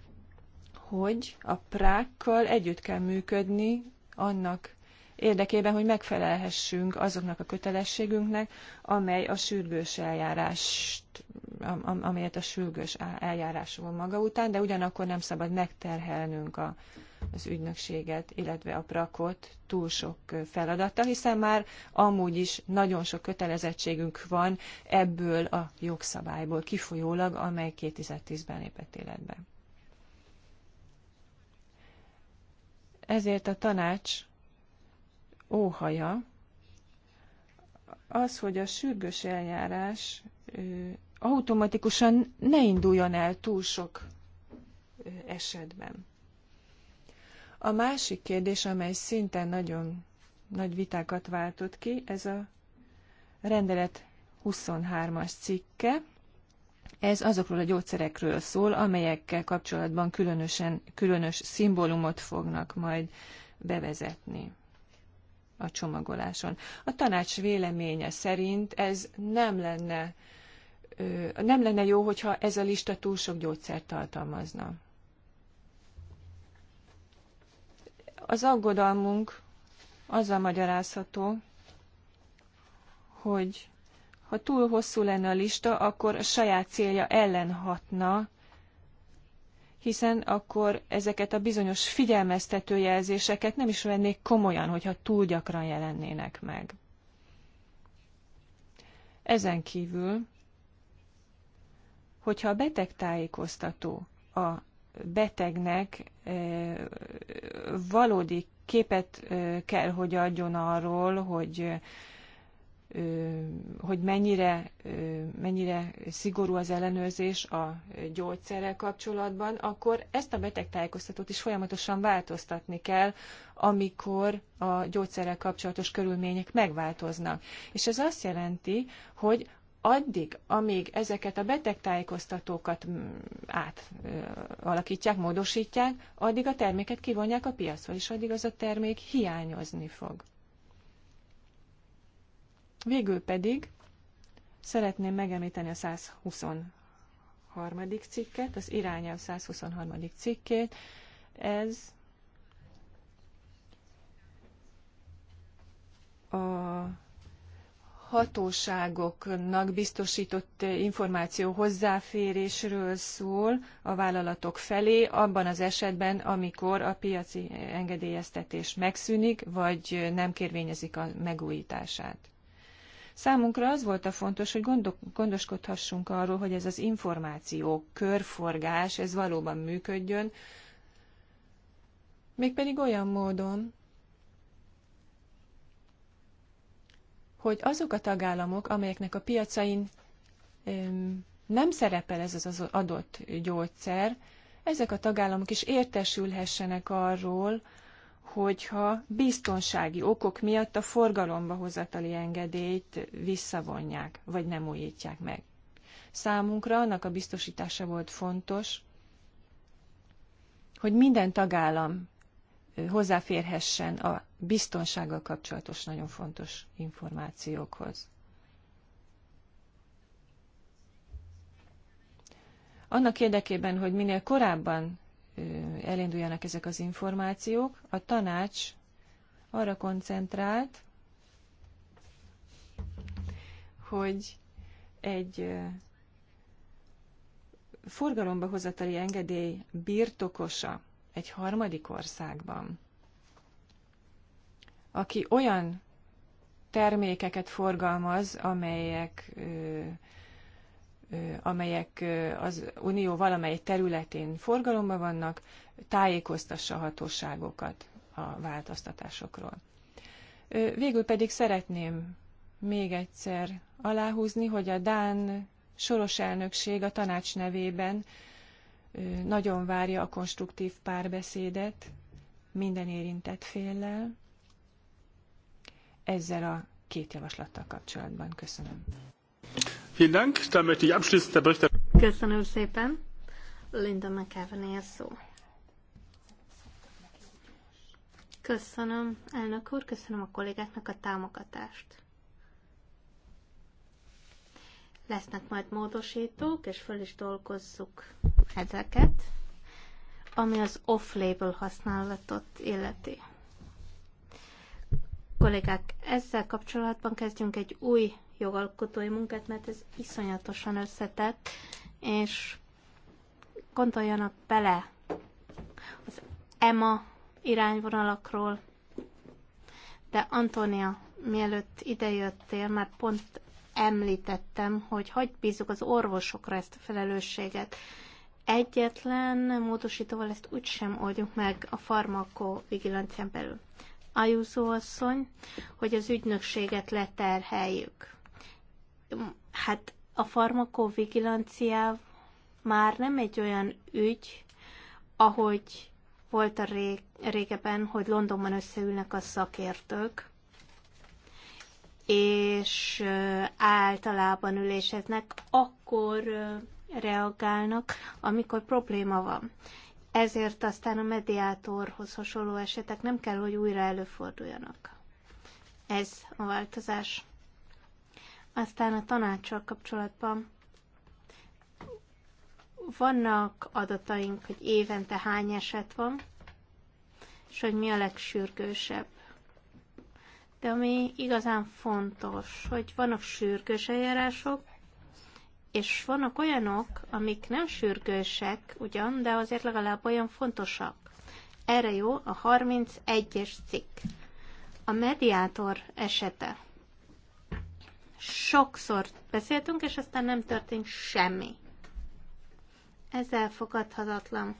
hogy a prákkal együtt kell működni annak érdekében, hogy megfelelhessünk azoknak a kötelességünknek, amely a sürgős eljárást, amelyet a sürgős eljárás von maga után, de ugyanakkor nem szabad megterhelnünk a, az ügynökséget, illetve a prakot túl sok feladata, hiszen már amúgy is nagyon sok kötelezettségünk van ebből a jogszabályból kifolyólag, amely 2010-ben lépett életbe. Ezért a tanács óhaja az, hogy a sürgős eljárás automatikusan ne induljon el túl sok esetben. A másik kérdés, amely szintén nagyon nagy vitákat váltott ki, ez a rendelet 23-as cikke. Ez azokról a gyógyszerekről szól, amelyekkel kapcsolatban különösen, különös szimbólumot fognak majd bevezetni a csomagoláson. A tanács véleménye szerint ez nem lenne, nem lenne jó, hogyha ez a lista túl sok gyógyszert tartalmazna. Az aggodalmunk azzal magyarázható, hogy ha túl hosszú lenne a lista, akkor a saját célja ellen hatna, hiszen akkor ezeket a bizonyos figyelmeztető jelzéseket nem is vennék komolyan, hogyha túl gyakran jelennének meg. Ezen kívül, hogyha a betegtájékoztató a betegnek eh, valódi képet eh, kell, hogy adjon arról, hogy eh, hogy mennyire, mennyire szigorú az ellenőrzés a gyógyszerrel kapcsolatban, akkor ezt a betegtájékoztatót is folyamatosan változtatni kell, amikor a gyógyszerrel kapcsolatos körülmények megváltoznak. És ez azt jelenti, hogy addig, amíg ezeket a betegtájékoztatókat mm, átalakítják, módosítják, addig a terméket kivonják a piacról, és addig az a termék hiányozni fog. Végül pedig szeretném megemlíteni a 123. cikket, az irányelv 123. cikkét. Ez a hatóságoknak biztosított információ hozzáférésről szól a vállalatok felé, abban az esetben, amikor a piaci engedélyeztetés megszűnik, vagy nem kérvényezik a megújítását. Számunkra az volt a fontos, hogy gondoskodhassunk arról, hogy ez az információ körforgás, ez valóban működjön, mégpedig olyan módon, hogy azok a tagállamok, amelyeknek a piacain nem szerepel ez az adott gyógyszer, ezek a tagállamok is értesülhessenek arról, hogyha biztonsági okok miatt a forgalomba hozatali engedélyt visszavonják, vagy nem újítják meg. Számunkra annak a biztosítása volt fontos, hogy minden tagállam hozzáférhessen a biztonsággal kapcsolatos nagyon fontos információkhoz. Annak érdekében, hogy minél korábban elinduljanak ezek az információk. A tanács arra koncentrált, hogy egy forgalomba hozatali engedély birtokosa egy harmadik országban, aki olyan termékeket forgalmaz, amelyek amelyek az Unió valamely területén forgalomban vannak, tájékoztassa a hatóságokat a változtatásokról. Végül pedig szeretném még egyszer aláhúzni, hogy a Dán soros elnökség a tanács nevében nagyon várja a konstruktív párbeszédet minden érintett féllel ezzel a két javaslattal kapcsolatban. Köszönöm.
Vielen Dank. Dann möchte ich abschließend der Berichter.
Köszönöm szépen. Linda
McEvenné a szó. Köszönöm, elnök úr, köszönöm a kollégáknak a támogatást. Lesznek majd módosítók, és föl is dolgozzuk ezeket, ami az off-label használatot illeti. Kollégák, ezzel kapcsolatban kezdjünk egy új jogalkotói munkát, mert ez iszonyatosan összetett, és gondoljanak bele az EMA irányvonalakról, de Antonia, mielőtt idejöttél, már pont említettem, hogy hagyd bízunk az orvosokra ezt a felelősséget. Egyetlen módosítóval ezt úgysem oldjuk meg a farmakovigilancián belül. Ajúzó asszony, hogy az ügynökséget leterheljük hát a farmakovigilancia már nem egy olyan ügy, ahogy volt a ré, régebben, hogy Londonban összeülnek a szakértők, és általában üléseznek, akkor reagálnak, amikor probléma van. Ezért aztán a mediátorhoz hasonló esetek nem kell, hogy újra előforduljanak. Ez a változás. Aztán a tanácssal kapcsolatban vannak adataink, hogy évente hány eset van, és hogy mi a legsürgősebb. De ami igazán fontos, hogy vannak sürgős eljárások, és vannak olyanok, amik nem sürgősek ugyan, de azért legalább olyan fontosak. Erre jó a 31-es cikk. A mediátor esete sokszor beszéltünk, és aztán nem történt semmi. Ez elfogadhatatlan.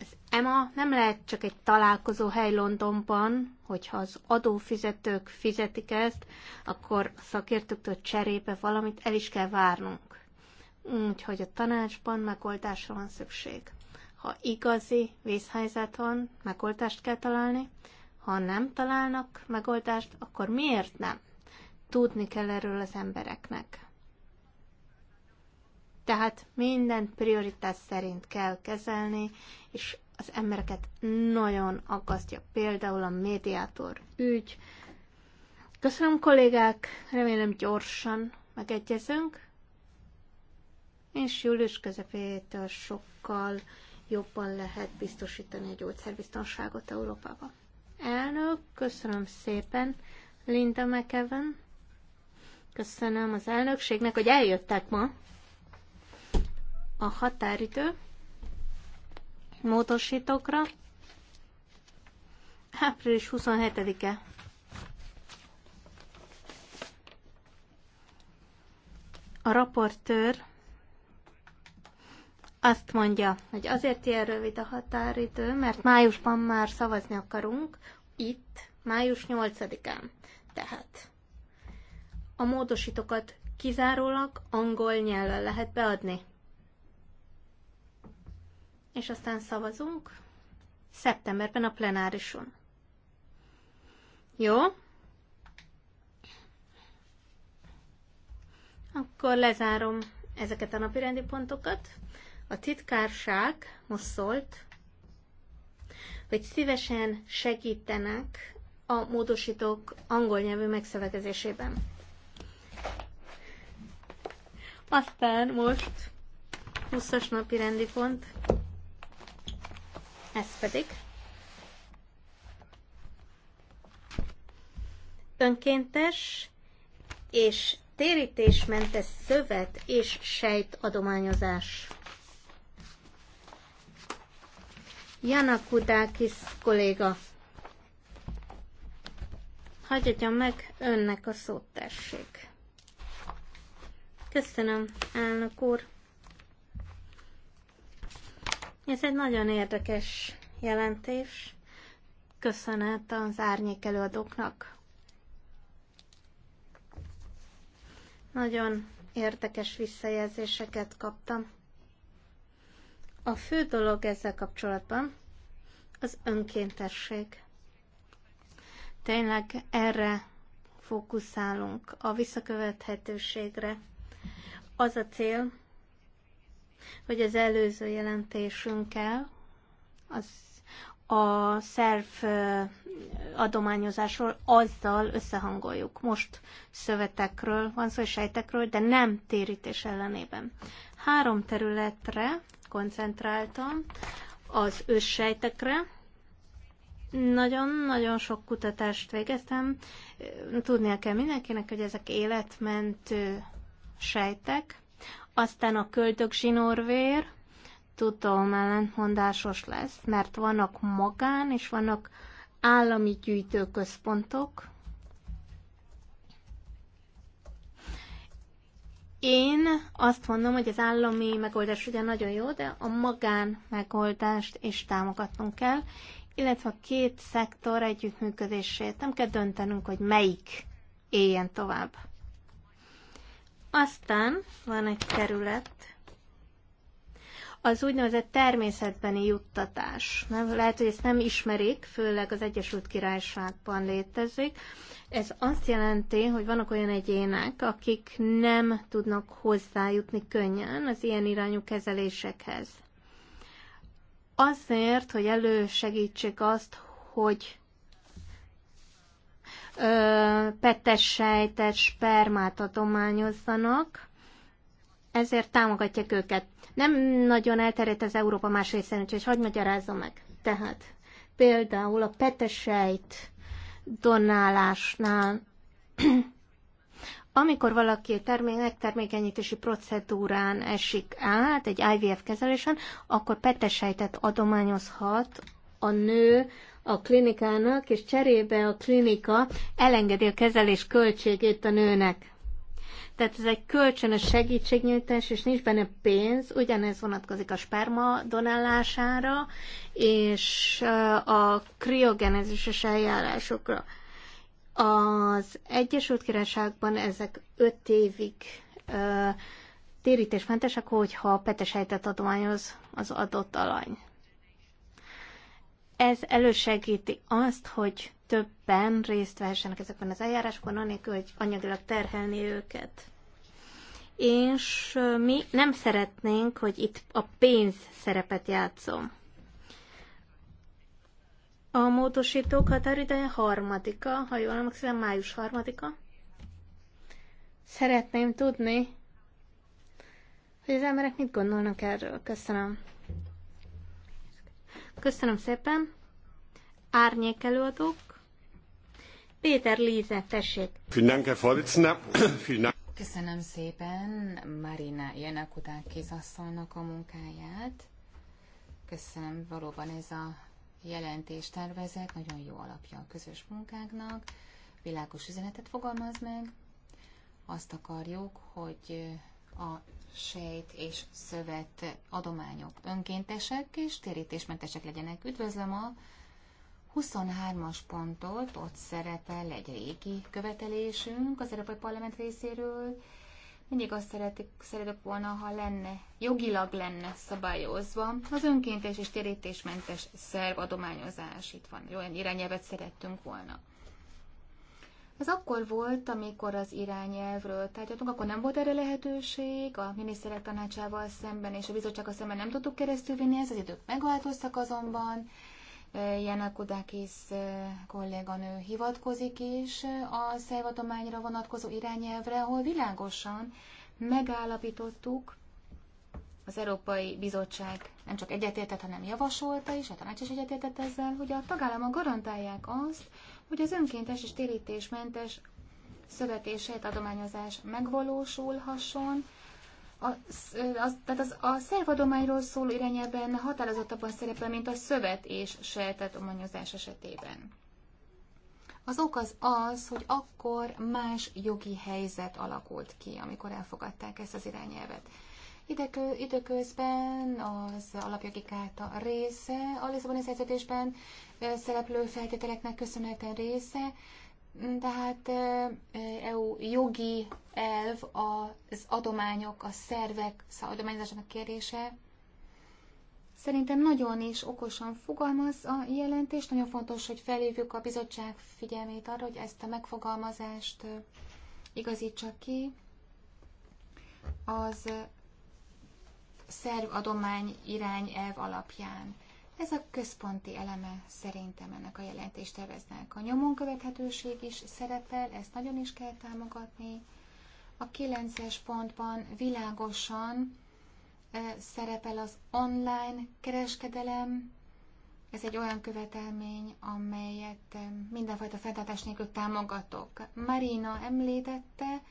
Az EMA nem lehet csak egy találkozó hely Londonban, hogyha az adófizetők fizetik ezt, akkor a szakértőktől cserébe valamit el is kell várnunk. Úgyhogy a tanácsban megoldásra van szükség. Ha igazi vészhelyzet van, megoldást kell találni. Ha nem találnak megoldást, akkor miért nem? tudni kell erről az embereknek. Tehát mindent prioritás szerint kell kezelni, és az embereket nagyon aggasztja például a médiátor ügy. Köszönöm kollégák, remélem gyorsan megegyezünk, és július közepétől sokkal jobban lehet biztosítani a gyógyszerbiztonságot Európában. Elnök, köszönöm szépen, Linda McEwen. Köszönöm az elnökségnek, hogy eljöttek ma. A határidő módosítókra április 27-e. A raportőr azt mondja, hogy azért ilyen rövid a határidő, mert májusban már szavazni akarunk, itt, május 8-án. Tehát a módosítókat kizárólag angol nyelven lehet beadni. És aztán szavazunk szeptemberben a plenárison. Jó? Akkor lezárom ezeket a napirendi pontokat. A titkárság most szólt, hogy szívesen segítenek a módosítók angol nyelvű megszövegezésében. Aztán most 20-as napi rendi pont, ez pedig önkéntes és térítésmentes szövet és sejt adományozás. Kudákis kolléga, hagyjam meg önnek a szót, tessék. Köszönöm, elnök úr. Ez egy nagyon érdekes jelentés. Köszönet az árnyék előadóknak. Nagyon érdekes visszajelzéseket kaptam. A fő dolog ezzel kapcsolatban az önkéntesség. Tényleg erre fókuszálunk, a visszakövethetőségre az a cél, hogy az előző jelentésünkkel az a szerv adományozásról azzal összehangoljuk. Most szövetekről van szó, sejtekről, de nem térítés ellenében. Három területre koncentráltam, az őssejtekre, nagyon-nagyon sok kutatást végeztem. Tudnia kell mindenkinek, hogy ezek életmentő sejtek, aztán a köldögzsinórvér, tudom, ellentmondásos lesz, mert vannak magán és vannak állami gyűjtőközpontok. Én azt mondom, hogy az állami megoldás ugye nagyon jó, de a magán megoldást is támogatnunk kell, illetve a két szektor együttműködését. Nem kell döntenünk, hogy melyik éljen tovább. Aztán van egy kerület, az úgynevezett természetbeni juttatás. Nem, lehet, hogy ezt nem ismerik, főleg az Egyesült Királyságban létezik. Ez azt jelenti, hogy vannak olyan egyének, akik nem tudnak hozzájutni könnyen az ilyen irányú kezelésekhez. Azért, hogy elősegítsék azt, hogy petessejtet, spermát adományozzanak, ezért támogatják őket. Nem nagyon elterjedt az Európa más részén, úgyhogy hagyd magyarázom meg. Tehát például a petesejt donálásnál, amikor valaki termék termékenyítési procedúrán esik át, egy IVF kezelésen, akkor petesejtet adományozhat a nő a klinikának, és cserébe a klinika elengedi a kezelés költségét a nőnek. Tehát ez egy kölcsönös segítségnyújtás, és nincs benne pénz, ugyanez vonatkozik a sperma donálására, és a kriogenezises eljárásokra. Az Egyesült Királyságban ezek öt évig ö, térítésmentesek, hogyha a petesejtet adományoz az adott alany. Ez elősegíti azt, hogy többen részt vehessenek ezekben az eljárásokon, anélkül, hogy anyagilag terhelni őket. És mi nem szeretnénk, hogy itt a pénz szerepet játszom. A módosítók határideje harmadika, ha jól emlékszem, május harmadika. Szeretném tudni, hogy az emberek mit gondolnak erről. Köszönöm. Köszönöm szépen. Árnyék előadók.
Péter Líze, tessék. Köszönöm szépen Marina után kézasszonynak a munkáját. Köszönöm, valóban ez a jelentés tervezet nagyon jó alapja a közös munkánknak. Világos üzenetet fogalmaz meg. Azt akarjuk, hogy a sejt és szövet adományok önkéntesek és térítésmentesek legyenek. Üdvözlöm a 23-as pontot, ott szerepel egy régi követelésünk az Európai Parlament részéről. Mindig azt szeretik, szeretek volna, ha lenne, jogilag lenne szabályozva az önkéntes és térítésmentes szerv adományozás. Itt van, olyan irányelvet szerettünk volna. Ez akkor volt, amikor az irányelvről tárgyaltunk, akkor nem volt erre lehetőség, a miniszterek tanácsával szemben és a a szemben nem tudtuk keresztülvinni, ez az idők megváltoztak azonban. E, Janakudákis e, kolléganő hivatkozik is e, a szervatományra vonatkozó irányelvre, ahol világosan megállapítottuk, az Európai Bizottság nem csak egyetértett, hanem javasolta is, a tanács is egyetértett ezzel, hogy a tagállamok garantálják azt, hogy az önkéntes és térítésmentes szövetését adományozás megvalósulhasson, a, az, tehát az, a szervadományról szóló irányában határozottabban szerepel, mint a szövet és adományozás esetében. Az ok az az, hogy akkor más jogi helyzet alakult ki, amikor elfogadták ezt az irányelvet. Idekö, időközben az alapjogi kárta része, a Lisszaboni szerződésben szereplő feltételeknek köszönhetően része, tehát EU jogi elv az adományok, a szervek adományozásának kérése. Szerintem nagyon is okosan fogalmaz a jelentést, Nagyon fontos, hogy felhívjuk a bizottság figyelmét arra, hogy ezt a megfogalmazást igazítsa ki. Az irány irányelv alapján. Ez a központi eleme szerintem ennek a jelentésterveznek. A nyomon követhetőség is szerepel, ezt nagyon is kell támogatni. A 9-es pontban világosan szerepel az online kereskedelem. Ez egy olyan követelmény, amelyet mindenfajta feltartás nélkül támogatok. Marina említette,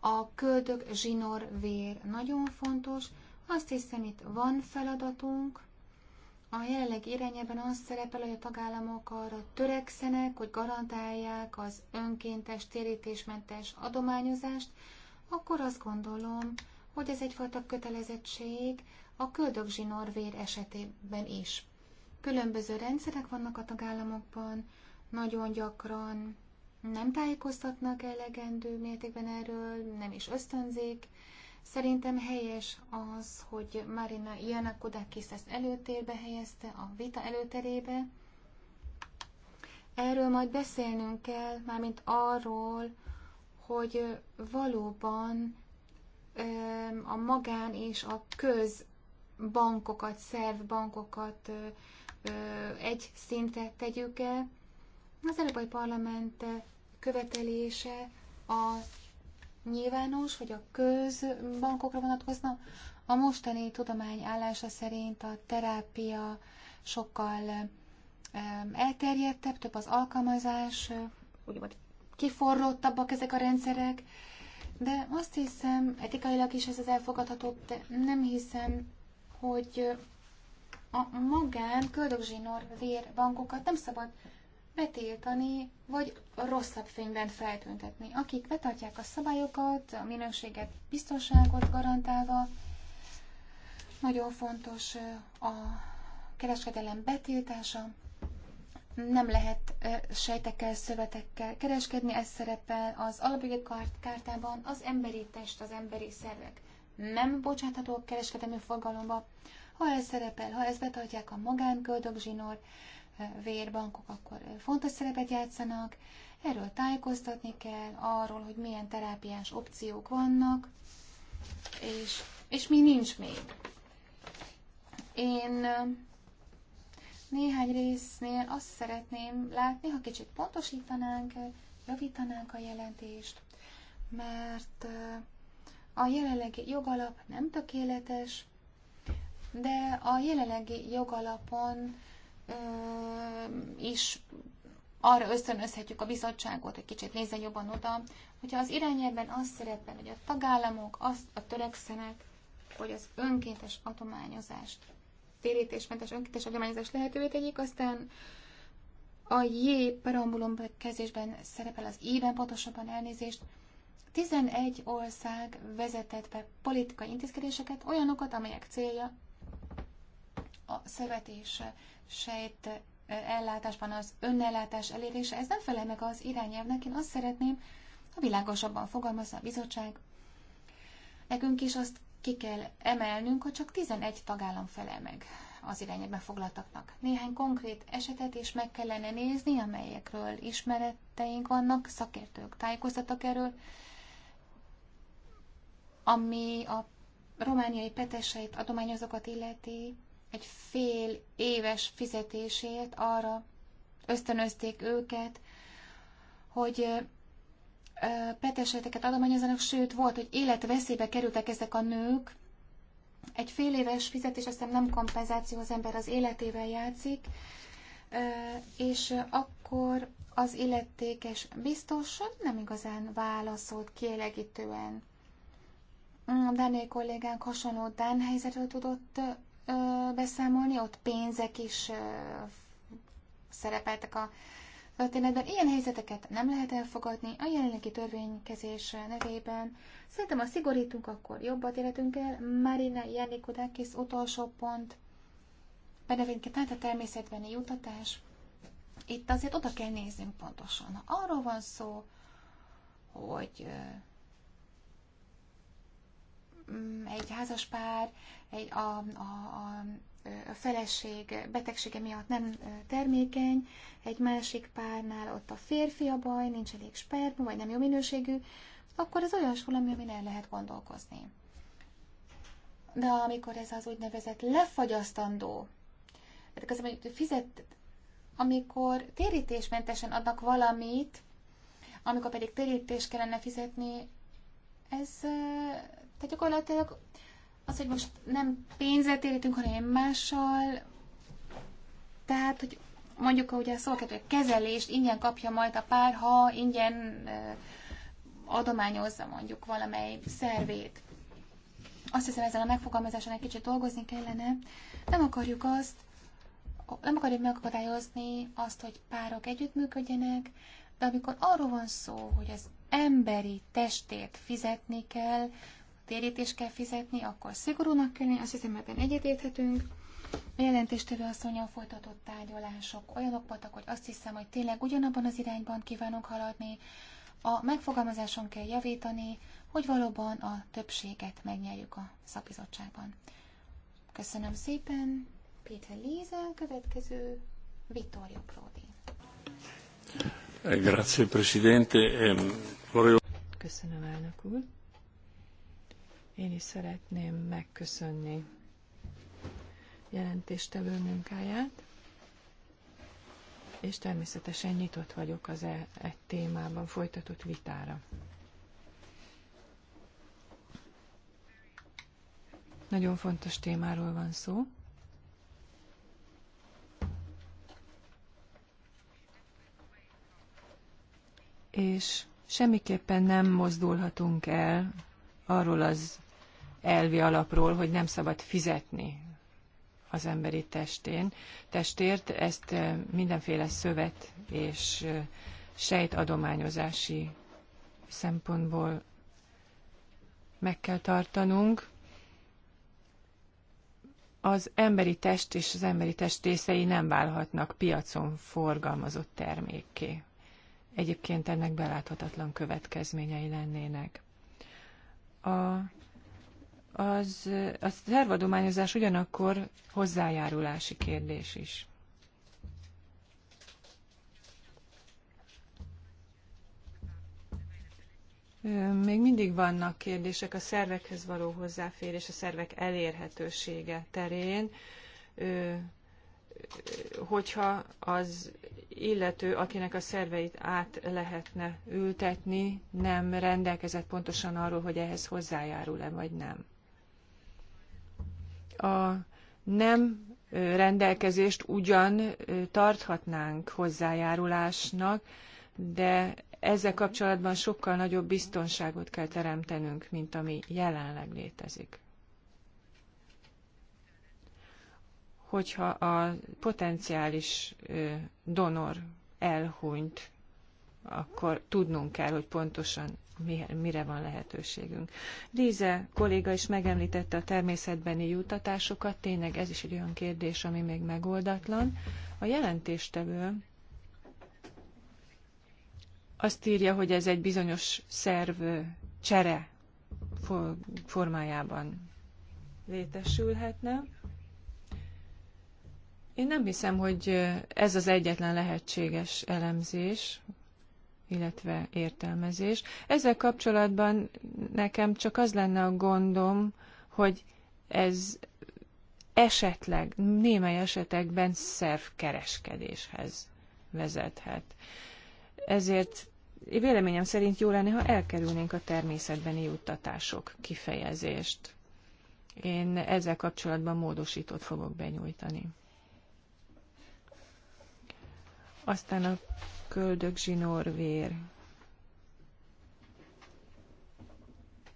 a köldök zsinór vér nagyon fontos, azt hiszem, itt van feladatunk. A jelenleg irányában az szerepel, hogy a tagállamok arra törekszenek, hogy garantálják az önkéntes, térítésmentes adományozást, akkor azt gondolom, hogy ez egyfajta kötelezettség a köldögzsinórvér esetében is. Különböző rendszerek vannak a tagállamokban, nagyon gyakran nem tájékoztatnak elegendő mértékben erről, nem is ösztönzik, Szerintem helyes az, hogy Marina Ianakodakis ezt előtérbe helyezte, a vita előterébe. Erről majd beszélnünk kell, mármint arról, hogy valóban a magán és a köz bankokat, szervbankokat egy szintre tegyük el. Az Európai Parlament követelése a nyilvános, vagy a közbankokra vonatkozna. A mostani tudomány állása szerint a terápia sokkal elterjedtebb, több az alkalmazás, úgymond kiforrottabbak ezek a rendszerek, de azt hiszem, etikailag is ez az elfogadható, de nem hiszem, hogy a magán köldögzsinór bankokat nem szabad betiltani, vagy rosszabb fényben feltüntetni. Akik betartják a szabályokat, a minőséget, biztonságot garantálva, nagyon fontos a kereskedelem betiltása, nem lehet sejtekkel, szövetekkel kereskedni, ez szerepel az alapjogi kárt, kártában, az emberi test, az emberi szervek nem bocsáthatók kereskedelmi forgalomba, ha ez szerepel, ha ez betartják a magánköldök zsinór, vérbankok akkor fontos szerepet játszanak, erről tájékoztatni kell, arról, hogy milyen terápiás opciók vannak, és, és mi nincs még. Én néhány résznél azt szeretném látni, ha kicsit pontosítanánk, javítanánk a jelentést, mert a jelenlegi jogalap nem tökéletes, de a jelenlegi jogalapon is arra ösztönözhetjük a bizottságot, hogy kicsit nézzen jobban oda, hogyha az irányelben az szerepel, hogy a tagállamok azt a törekszenek, hogy az önkéntes adományozást, térítésmentes önkéntes adományozást lehetővé tegyék, aztán a J perambulum kezésben szerepel az i pontosabban elnézést, 11 ország vezetett be politikai intézkedéseket, olyanokat, amelyek célja a szövetés sejt ellátásban az önellátás elérése, ez nem felel meg az irányelvnek. Én azt szeretném, ha világosabban fogalmazza a bizottság. Nekünk is azt ki kell emelnünk, hogy csak 11 tagállam felel meg az irányelvben foglaltaknak. Néhány konkrét esetet is meg kellene nézni, amelyekről ismereteink vannak, szakértők tájékoztatok erről, ami a romániai peteseit, adományozókat illeti, egy fél éves fizetését arra ösztönözték őket, hogy peteseteket adományozanak. sőt volt, hogy életveszélybe kerültek ezek a nők. Egy fél éves fizetés, aztán nem kompenzáció, az ember az életével játszik, és akkor az illetékes biztos nem igazán válaszolt kielegítően. Daniel kollégánk hasonló Dán helyzetről tudott beszámolni, ott pénzek is szerepeltek a történetben. Ilyen helyzeteket nem lehet elfogadni a jelenlegi törvénykezés nevében. Szerintem, ha szigorítunk, akkor jobbat életünk el. Marina Janikodakis utolsó pont. Benevényként hát a természetbeni jutatás. Itt azért oda kell néznünk pontosan. arról van szó, hogy Mm, egy házas pár, egy, a, a, a, a feleség betegsége miatt nem termékeny, egy másik párnál ott a férfi a baj, nincs elég sperma, vagy nem jó minőségű, akkor ez olyas valami, amin el lehet gondolkozni. De amikor ez az úgynevezett lefagyasztandó, tehát az, hogy fizet, amikor térítésmentesen adnak valamit, amikor pedig térítés kellene fizetni, ez tehát gyakorlatilag az, hogy most nem pénzet érítünk, hanem mással, tehát, hogy mondjuk, ugye szó hogy a kezelést ingyen kapja majd a pár, ha ingyen adományozza mondjuk valamely szervét. Azt hiszem, ezzel a megfogalmazáson egy kicsit dolgozni kellene. Nem akarjuk azt, nem akarjuk megakadályozni azt, hogy párok együttműködjenek, de amikor arról van szó, hogy az emberi testét fizetni kell, térítést kell fizetni, akkor szigorúnak kell lenni, azt hiszem ebben egyetérthetünk. A jelentéstevő asszonyon folytatott tárgyalások olyanok voltak, hogy azt hiszem, hogy tényleg ugyanabban az irányban kívánunk haladni, a megfogalmazáson kell javítani, hogy valóban a többséget megnyerjük a szakbizottságban. Köszönöm szépen. Péter Líze, következő Vittorio Prodi.
Eh, grazie, Presidente. Ehm, Köszönöm, elnök úr. Én is szeretném megköszönni jelentéstevő munkáját, és természetesen nyitott vagyok az e, e témában folytatott vitára. Nagyon fontos témáról van szó. És semmiképpen nem mozdulhatunk el arról az elvi alapról, hogy nem szabad fizetni az emberi testén, testért, ezt mindenféle szövet és sejtadományozási szempontból meg kell tartanunk. Az emberi test és az emberi test részei nem válhatnak piacon forgalmazott termékké. Egyébként ennek beláthatatlan következményei lennének. A az, a szervadományozás ugyanakkor hozzájárulási kérdés is. Még mindig vannak kérdések a szervekhez való hozzáférés, a szervek elérhetősége terén. Hogyha az illető, akinek a szerveit át lehetne ültetni, nem rendelkezett pontosan arról, hogy ehhez hozzájárul-e vagy nem. A nem rendelkezést ugyan tarthatnánk hozzájárulásnak, de ezzel kapcsolatban sokkal nagyobb biztonságot kell teremtenünk, mint ami jelenleg létezik. Hogyha a potenciális donor elhunyt, akkor tudnunk kell, hogy pontosan mire van lehetőségünk. Líze kolléga is megemlítette a természetbeni juttatásokat, tényleg ez is egy olyan kérdés, ami még megoldatlan. A jelentéstevő azt írja, hogy ez egy bizonyos szerv csere formájában létesülhetne. Én nem hiszem, hogy ez az egyetlen lehetséges elemzés, illetve értelmezés. Ezzel kapcsolatban nekem csak az lenne a gondom, hogy ez esetleg, némely esetekben szervkereskedéshez vezethet. Ezért véleményem szerint jó lenne, ha elkerülnénk a természetbeni juttatások kifejezést. Én ezzel kapcsolatban módosítót fogok benyújtani. Aztán a köldök zsinórvér.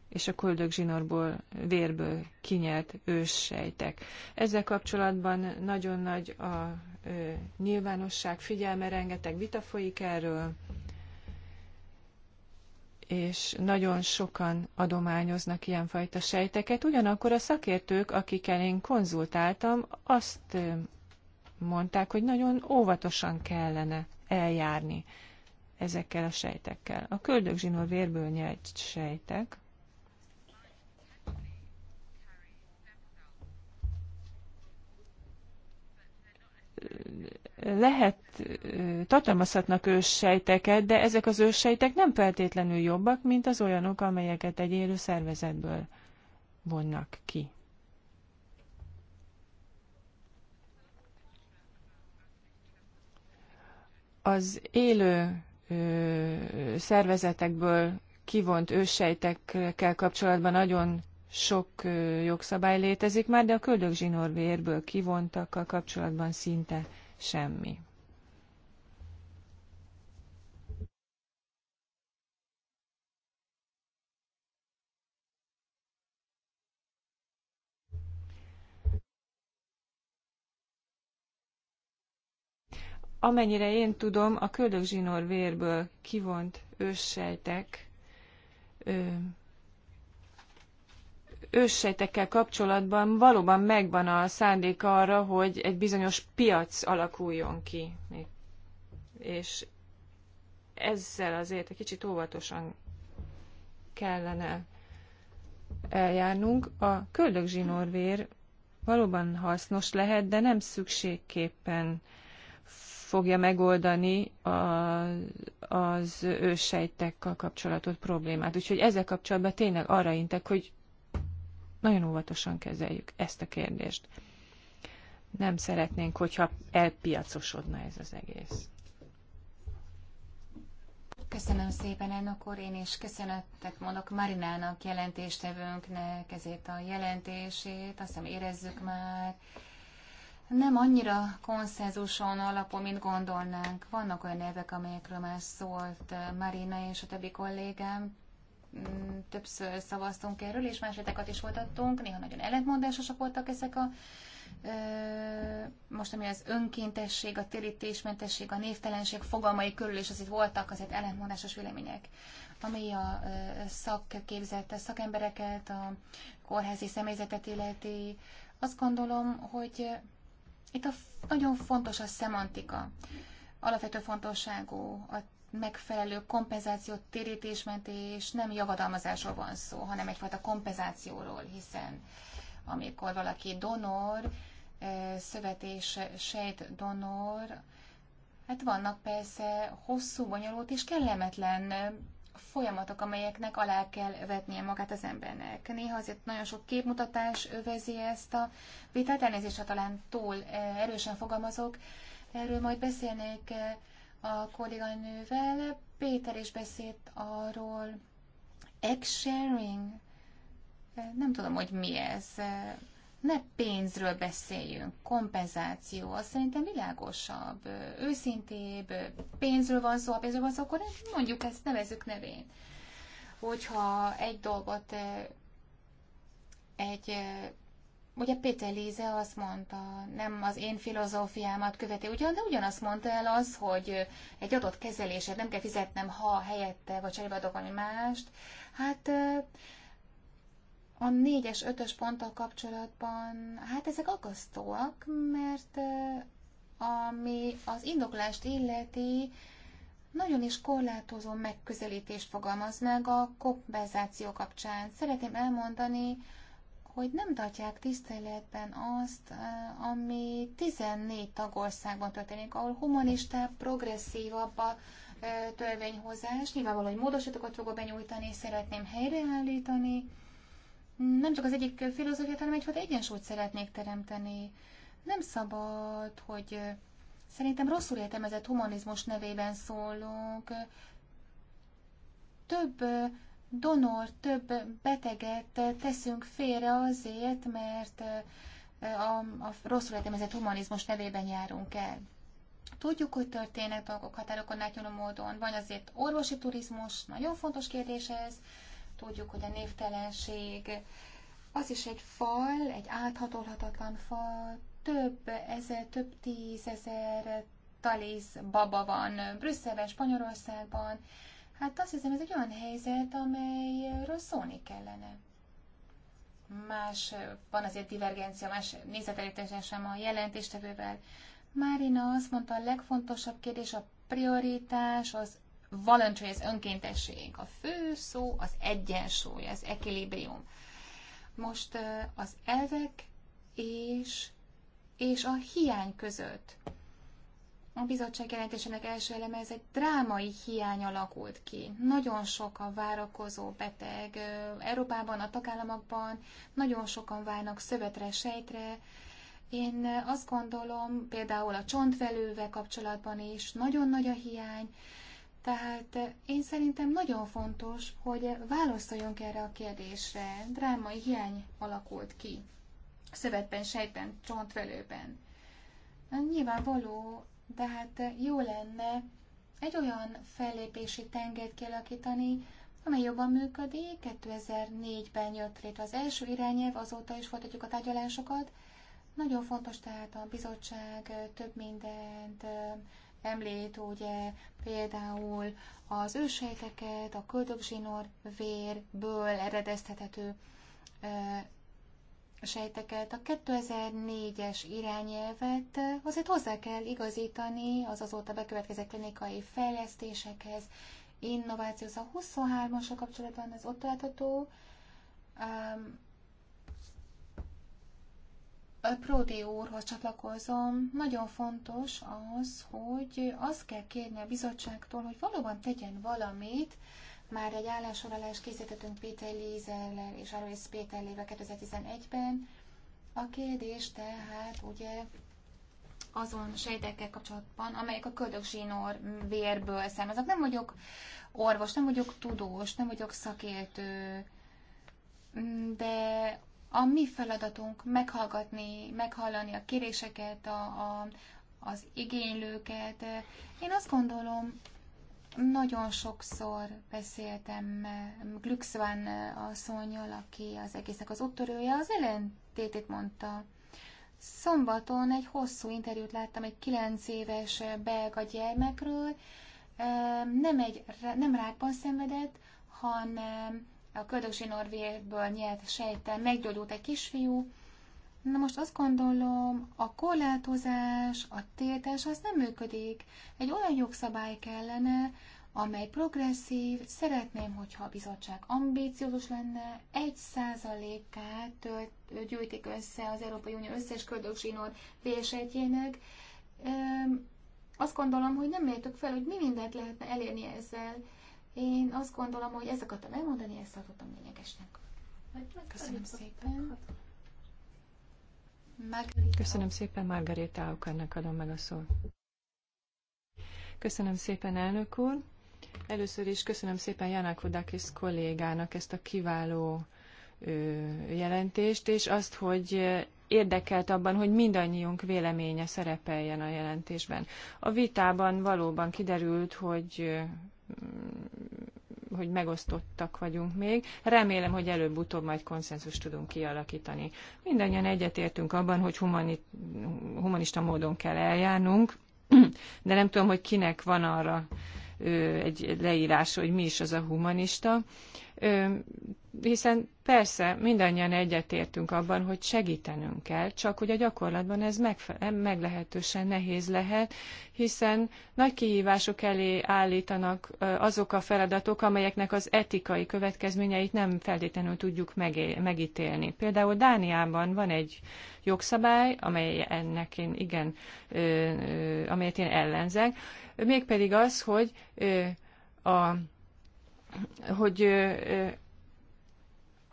és a köldök zsinórból, vérből kinyert őssejtek. Ezzel kapcsolatban nagyon nagy a ö, nyilvánosság figyelme, rengeteg vita folyik erről, és nagyon sokan adományoznak ilyenfajta sejteket. Ugyanakkor a szakértők, akikkel én konzultáltam, azt mondták, hogy nagyon óvatosan kellene eljárni ezekkel a sejtekkel. A köldögzsinó vérből nyert sejtek, lehet, tartalmazhatnak őssejteket, de ezek az őssejtek nem feltétlenül jobbak, mint az olyanok, amelyeket egy élő szervezetből vonnak ki. az élő szervezetekből kivont őssejtekkel kapcsolatban nagyon sok jogszabály létezik már, de a köldögzsinórvérből kivontakkal kapcsolatban szinte semmi. amennyire én tudom, a köldögzsinór vérből kivont őssejtek őssejtekkel kapcsolatban valóban megvan a szándék arra, hogy egy bizonyos piac alakuljon ki. És ezzel azért egy kicsit óvatosan kellene eljárnunk. A köldögzsinórvér valóban hasznos lehet, de nem szükségképpen fogja megoldani a, az őssejtekkel kapcsolatot problémát. Úgyhogy ezzel kapcsolatban tényleg arra intek, hogy nagyon óvatosan kezeljük ezt a kérdést. Nem szeretnénk, hogyha elpiacosodna ez az egész.
Köszönöm szépen, elnök úr. Én is köszönetet mondok Marinának jelentéstevőnknek ezért a jelentését. Azt hiszem érezzük már, nem annyira konszenzuson alapul, mint gondolnánk. Vannak olyan nevek, amelyekről már szólt eh, Marina és a többi kollégám, mm, többször szavaztunk erről, és más vitákat is folytattunk, néha nagyon ellentmondásosak voltak ezek a eh, most ami az önkéntesség, a térítésmentesség, a névtelenség fogalmai körül az azért voltak azért ellentmondásos vélemények, ami a eh, szakképzett a szakembereket, a kórházi személyzetet illeti. Azt gondolom, hogy itt a, nagyon fontos a szemantika. Alapvető fontosságú a megfelelő kompenzáció, térítésmentés, nem javadalmazásról van szó, hanem egyfajta kompenzációról, hiszen amikor valaki donor, eh, szövetés sejt donor, hát vannak persze hosszú, bonyolult és kellemetlen folyamatok, amelyeknek alá kell vetnie magát az embernek. Néha azért nagyon sok képmutatás övezi ezt a vitát, elnézést, ha talán túl eh, erősen fogalmazok. Erről majd beszélnék eh, a kolléganővel. Péter is beszélt arról, egg sharing, eh, nem tudom, hogy mi ez ne pénzről beszéljünk, kompenzáció, az szerintem világosabb, őszintébb, pénzről van szó, ha pénzről van szó, akkor mondjuk ezt nevezük nevén. Hogyha egy dolgot egy Ugye Péter Líze azt mondta, nem az én filozófiámat követi ugyan, de ugyanazt mondta el az, hogy egy adott kezelésért nem kell fizetnem, ha helyette vagy cserébe adok valami mást. Hát a négyes ötös ponttal kapcsolatban, hát ezek akasztóak, mert ami az indoklást illeti, nagyon is korlátozó megközelítést fogalmaz meg a kompenzáció kapcsán. Szeretném elmondani, hogy nem tartják tiszteletben azt, ami 14 tagországban történik, ahol humanistább, progresszívabb a törvényhozás. Nyilvánvaló, hogy módosítókat fogok benyújtani, szeretném helyreállítani nem csak az egyik filozófiát, hanem egyfajta egyensúlyt szeretnék teremteni. Nem szabad, hogy szerintem rosszul értelmezett humanizmus nevében szólunk. Több donor, több beteget teszünk félre azért, mert a, a rosszul értelmezett humanizmus nevében járunk el. Tudjuk, hogy történnek dolgok határokon átnyúló módon. Van azért orvosi turizmus, nagyon fontos kérdés ez, Tudjuk, hogy a névtelenség az is egy fal, egy áthatolhatatlan fal, több ezer, több tízezer talisz baba van Brüsszelben, Spanyolországban. Hát azt hiszem, ez egy olyan helyzet, amelyről szólni kellene. Más, van azért divergencia, más nézetelítésen sem a jelentéstevővel. Márina azt mondta, a legfontosabb kérdés a prioritás, az voluntary, az önkéntesség. A fő szó az egyensúly, az equilibrium. Most az elvek és, és a hiány között. A bizottság jelentésének első eleme, ez egy drámai hiány alakult ki. Nagyon sok a várakozó beteg. Európában, a tagállamokban nagyon sokan várnak szövetre, sejtre. Én azt gondolom, például a csontvelővel kapcsolatban is nagyon nagy a hiány, tehát eh, én szerintem nagyon fontos, hogy válaszoljunk erre a kérdésre. Drámai hiány alakult ki. Szövetben, sejtben, csontvelőben. Nyilvánvaló, de hát eh, jó lenne egy olyan fellépési tengert kialakítani, amely jobban működik. 2004-ben jött létre az első irányelv, azóta is folytatjuk a tárgyalásokat. Nagyon fontos tehát a bizottság eh, több mindent említ, ugye például az ősejteket, a köldögzsinór vérből eredeztethető sejteket, a 2004-es irányelvet azért hozzá kell igazítani az azóta bekövetkezett klinikai fejlesztésekhez, innovációhoz. A 23-asra kapcsolatban az ott látható um, Pródi úrhoz csatlakozom. Nagyon fontos az, hogy azt kell kérni a bizottságtól, hogy valóban tegyen valamit. Már egy állásorolást készítettünk Péter Lízellel és Arois Péterlével 2011-ben. A kérdés tehát ugye azon sejtekkel kapcsolatban, amelyek a köldögzsinór vérből származnak. Nem vagyok orvos, nem vagyok tudós, nem vagyok szakértő, de a mi feladatunk meghallgatni, meghallani a kéréseket, a, a, az igénylőket. Én azt gondolom, nagyon sokszor beszéltem Glücksvan asszonyjal, aki az egésznek az úttörője, az ellentétét mondta. Szombaton egy hosszú interjút láttam egy kilenc éves belga gyermekről, nem, egy, nem rákban szenvedett, hanem a köldösi Norvérből nyert sejten meggyógyult egy kisfiú. Na most azt gondolom, a korlátozás, a tiltás az nem működik. Egy olyan jogszabály kellene, amely progresszív, szeretném, hogyha a bizottság ambíciózus lenne, egy százalékát gyűjtik össze az Európai Unió összes köldöksinor vésegyének. Azt gondolom, hogy nem értük fel, hogy mi mindent lehetne elérni ezzel. Én azt gondolom, hogy ezt akartam elmondani, ezt tartottam lényegesnek. Köszönöm szépen. Margarita.
Köszönöm szépen, Margarita Aukernek adom meg a szót. Köszönöm szépen, elnök úr. Először is köszönöm szépen Vodakis kollégának ezt a kiváló jelentést, és azt, hogy érdekelt abban, hogy mindannyiunk véleménye szerepeljen a jelentésben. A vitában valóban kiderült, hogy hogy megosztottak vagyunk még. Remélem, hogy előbb-utóbb majd konszenzus tudunk kialakítani. Mindannyian egyetértünk abban, hogy humani, humanista módon kell eljárnunk, de nem tudom, hogy kinek van arra egy leírás, hogy mi is az a humanista hiszen persze mindannyian egyetértünk abban, hogy segítenünk kell, csak hogy a gyakorlatban ez meglehetősen nehéz lehet, hiszen nagy kihívások elé állítanak azok a feladatok, amelyeknek az etikai következményeit nem feltétlenül tudjuk megítélni. Például Dániában van egy jogszabály, amely ennek én igen, amelyet én ellenzek, mégpedig az, hogy a hogy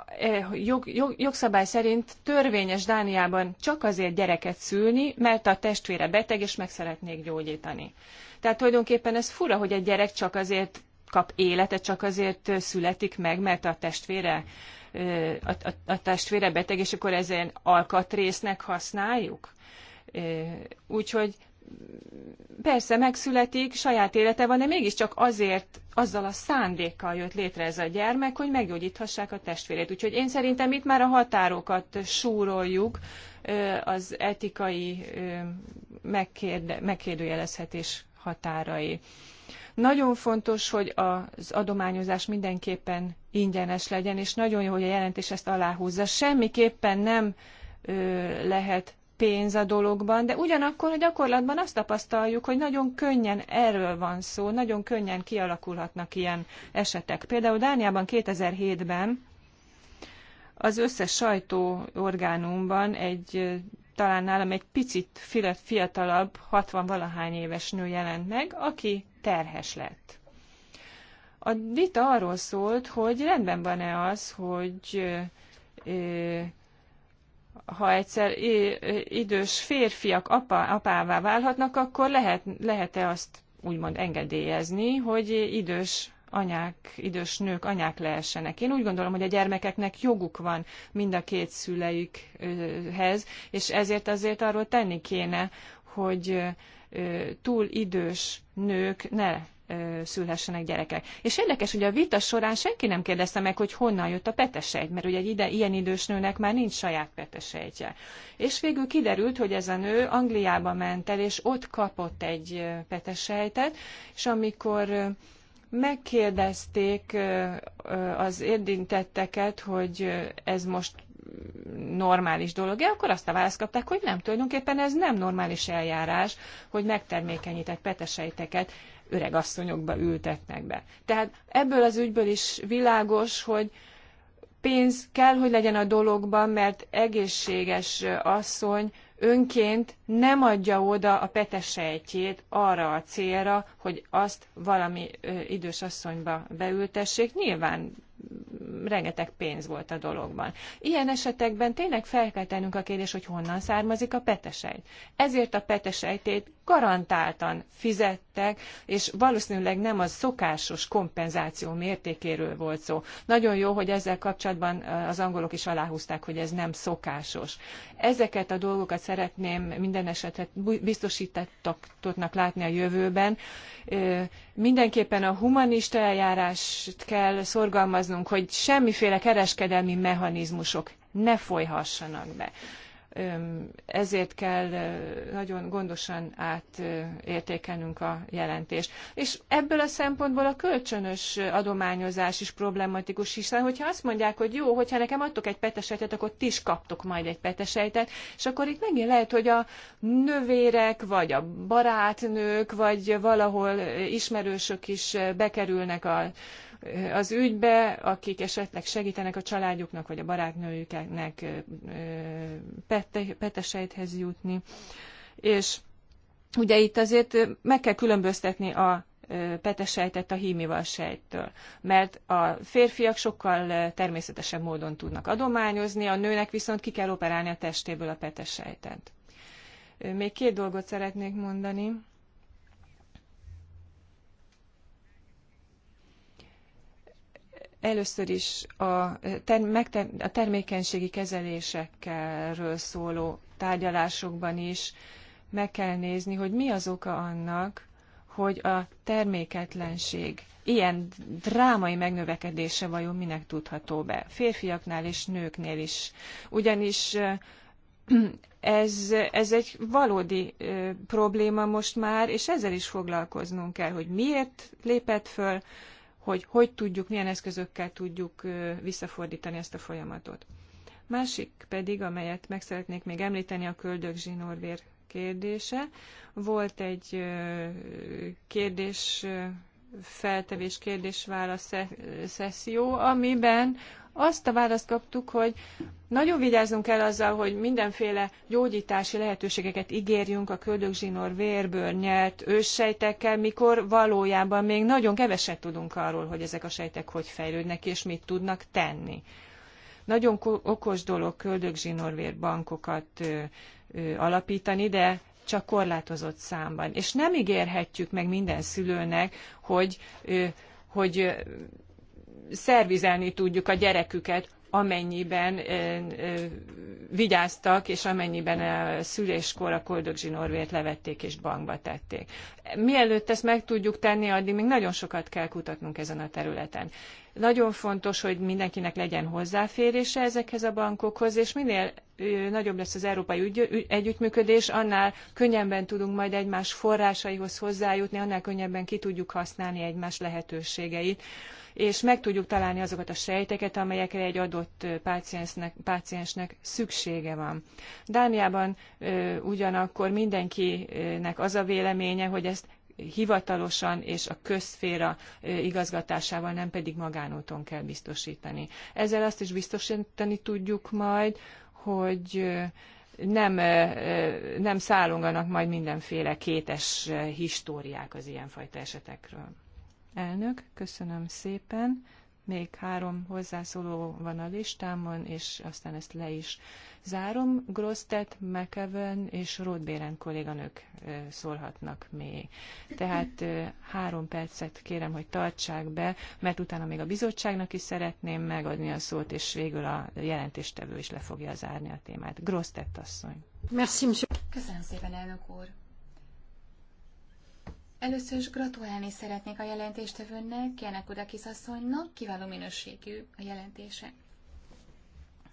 Eh, jog, jog, jogszabály szerint törvényes Dániában csak azért gyereket szülni, mert a testvére beteg, és meg szeretnék gyógyítani. Tehát tulajdonképpen ez fura, hogy egy gyerek csak azért kap életet, csak azért eh, születik meg, mert a testvére, eh, a, a, a testvére beteg, és akkor ezen alkatrésznek használjuk. Úgyhogy persze megszületik, saját élete van, de mégiscsak azért azzal a szándékkal jött létre ez a gyermek, hogy meggyógyíthassák a testvérét. Úgyhogy én szerintem itt már a határokat súroljuk az etikai megkérdőjelezhetés határai. Nagyon fontos, hogy az adományozás mindenképpen ingyenes legyen, és nagyon jó, hogy a jelentés ezt aláhúzza. Semmiképpen nem lehet pénz a dologban, de ugyanakkor a gyakorlatban azt tapasztaljuk, hogy nagyon könnyen erről van szó, nagyon könnyen kialakulhatnak ilyen esetek. Például Dániában 2007-ben az összes sajtóorgánumban egy talán nálam egy picit fiatalabb, 60-valahány éves nő jelent meg, aki terhes lett. A vita arról szólt, hogy rendben van-e az, hogy ha egyszer idős férfiak apa, apává válhatnak, akkor lehet, lehet-e azt úgymond engedélyezni, hogy idős anyák, idős nők anyák lehessenek. Én úgy gondolom, hogy a gyermekeknek joguk van mind a két szüleikhez, és ezért azért arról tenni kéne, hogy túl idős nők ne szülhessenek gyerekek. És érdekes, hogy a vita során senki nem kérdezte meg, hogy honnan jött a petesejt, mert ugye egy ide, ilyen idős nőnek már nincs saját petesejtje. És végül kiderült, hogy ez a nő Angliába ment el, és ott kapott egy petesejtet, és amikor megkérdezték az érdintetteket, hogy ez most normális dolog-e, akkor azt a választ kapták, hogy nem, tulajdonképpen ez nem normális eljárás, hogy megtermékenyített petesejteket öreg asszonyokba ültetnek be. Tehát ebből az ügyből is világos, hogy pénz kell, hogy legyen a dologban, mert egészséges asszony önként nem adja oda a petesejtjét arra a célra, hogy azt valami idős asszonyba beültessék. Nyilván rengeteg pénz volt a dologban. Ilyen esetekben tényleg fel kell tennünk a kérdés, hogy honnan származik a petesejt. Ezért a petesejtét garantáltan fizettek, és valószínűleg nem az szokásos kompenzáció mértékéről volt szó. Nagyon jó, hogy ezzel kapcsolatban az angolok is aláhúzták, hogy ez nem szokásos. Ezeket a dolgokat szeretném minden esetet biztosítottaknak látni a jövőben mindenképpen a humanista eljárást kell szorgalmaznunk, hogy semmiféle kereskedelmi mechanizmusok ne folyhassanak be ezért kell nagyon gondosan átértékelnünk a jelentést. És ebből a szempontból a kölcsönös adományozás is problematikus, hiszen hogyha azt mondják, hogy jó, hogyha nekem adtok egy petesejtet, akkor ti is kaptok majd egy petesejtet, és akkor itt megint lehet, hogy a növérek, vagy a barátnők, vagy valahol ismerősök is bekerülnek a az ügybe, akik esetleg segítenek a családjuknak vagy a barátnőjüknek petesejthez jutni. És ugye itt azért meg kell különböztetni a petesejtet a hímival sejttől. Mert a férfiak sokkal természetesebb módon tudnak adományozni, a nőnek viszont ki kell operálni a testéből a petesejtet. Még két dolgot szeretnék mondani. Először is a, ter- a termékenységi kezelésekről szóló tárgyalásokban is meg kell nézni, hogy mi az oka annak, hogy a terméketlenség ilyen drámai megnövekedése vajon minek tudható be. Férfiaknál és nőknél is. Ugyanis ez, ez egy valódi ö, probléma most már, és ezzel is foglalkoznunk kell, hogy miért lépett föl hogy hogy tudjuk, milyen eszközökkel tudjuk visszafordítani ezt a folyamatot. Másik pedig, amelyet meg szeretnék még említeni, a köldögzsinórvér kérdése. Volt egy kérdés feltevés kérdés-válasz szesszió, amiben azt a választ kaptuk, hogy nagyon vigyázzunk el azzal, hogy mindenféle gyógyítási lehetőségeket ígérjünk a köldögzsinór vérből nyert őssejtekkel, mikor valójában még nagyon keveset tudunk arról, hogy ezek a sejtek hogy fejlődnek és mit tudnak tenni. Nagyon okos dolog köldögzsinórvér bankokat alapítani, de csak korlátozott számban. És nem ígérhetjük meg minden szülőnek, hogy, hogy szervizelni tudjuk a gyereküket amennyiben vigyáztak, és amennyiben a szüléskor a koldogzsinórvért levették és bankba tették. Mielőtt ezt meg tudjuk tenni, addig még nagyon sokat kell kutatnunk ezen a területen. Nagyon fontos, hogy mindenkinek legyen hozzáférése ezekhez a bankokhoz, és minél nagyobb lesz az európai ügy, ügy, együttműködés, annál könnyebben tudunk majd egymás forrásaihoz hozzájutni, annál könnyebben ki tudjuk használni egymás lehetőségeit és meg tudjuk találni azokat a sejteket, amelyekre egy adott páciensnek, páciensnek szüksége van. Dániában ugyanakkor mindenkinek az a véleménye, hogy ezt hivatalosan és a közszféra igazgatásával, nem pedig magánúton kell biztosítani. Ezzel azt is biztosítani tudjuk majd, hogy nem, nem szállonganak majd mindenféle kétes históriák az ilyenfajta esetekről. Elnök, köszönöm szépen. Még három hozzászóló van a listámon, és aztán ezt le is zárom. Grosztet, McEwen és Rothbéren kolléganők szólhatnak még. Tehát három percet kérem, hogy tartsák be, mert utána még a bizottságnak is szeretném megadni a szót, és végül a jelentéstevő is le fogja zárni a témát. Grosztet asszony.
Merci, monsieur. Köszönöm szépen, elnök úr. Először is gratulálni szeretnék a jelentéstevőnnek, Janek Udakis asszonynak, kiváló minőségű a jelentése.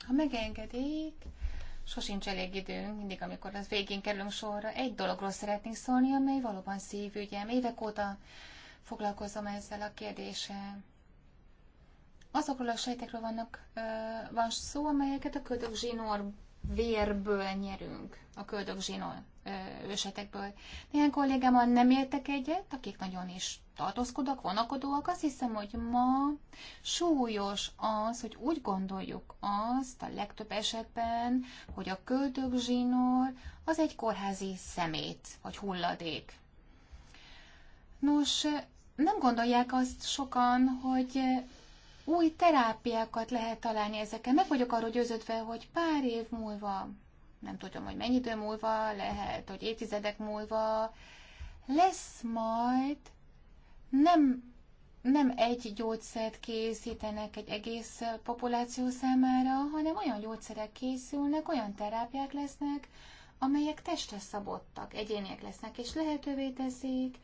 Ha megengedik, sosincs elég időnk, mindig amikor az végén kerülünk sorra, egy dologról szeretnénk szólni, amely valóban szívügyem. Évek óta foglalkozom ezzel a kérdéssel. Azokról a sejtekről vannak, ö, van szó, amelyeket a ködök zsinórban vérből nyerünk, a köldök zsinol ősetekből. Néhány kollégámmal nem értek egyet, akik nagyon is tartózkodak, vonakodóak. Azt hiszem, hogy ma súlyos az, hogy úgy gondoljuk azt a legtöbb esetben, hogy a köldök zsinol az egy kórházi szemét, vagy hulladék. Nos, nem gondolják azt sokan, hogy új terápiákat lehet találni ezeken. Meg vagyok arról győződve, hogy pár év múlva, nem tudom, hogy mennyi idő múlva, lehet, hogy évtizedek múlva, lesz majd nem, nem egy gyógyszert készítenek egy egész populáció számára, hanem olyan gyógyszerek készülnek, olyan terápiák lesznek, amelyek testre szabottak, egyéniek lesznek, és lehetővé teszik,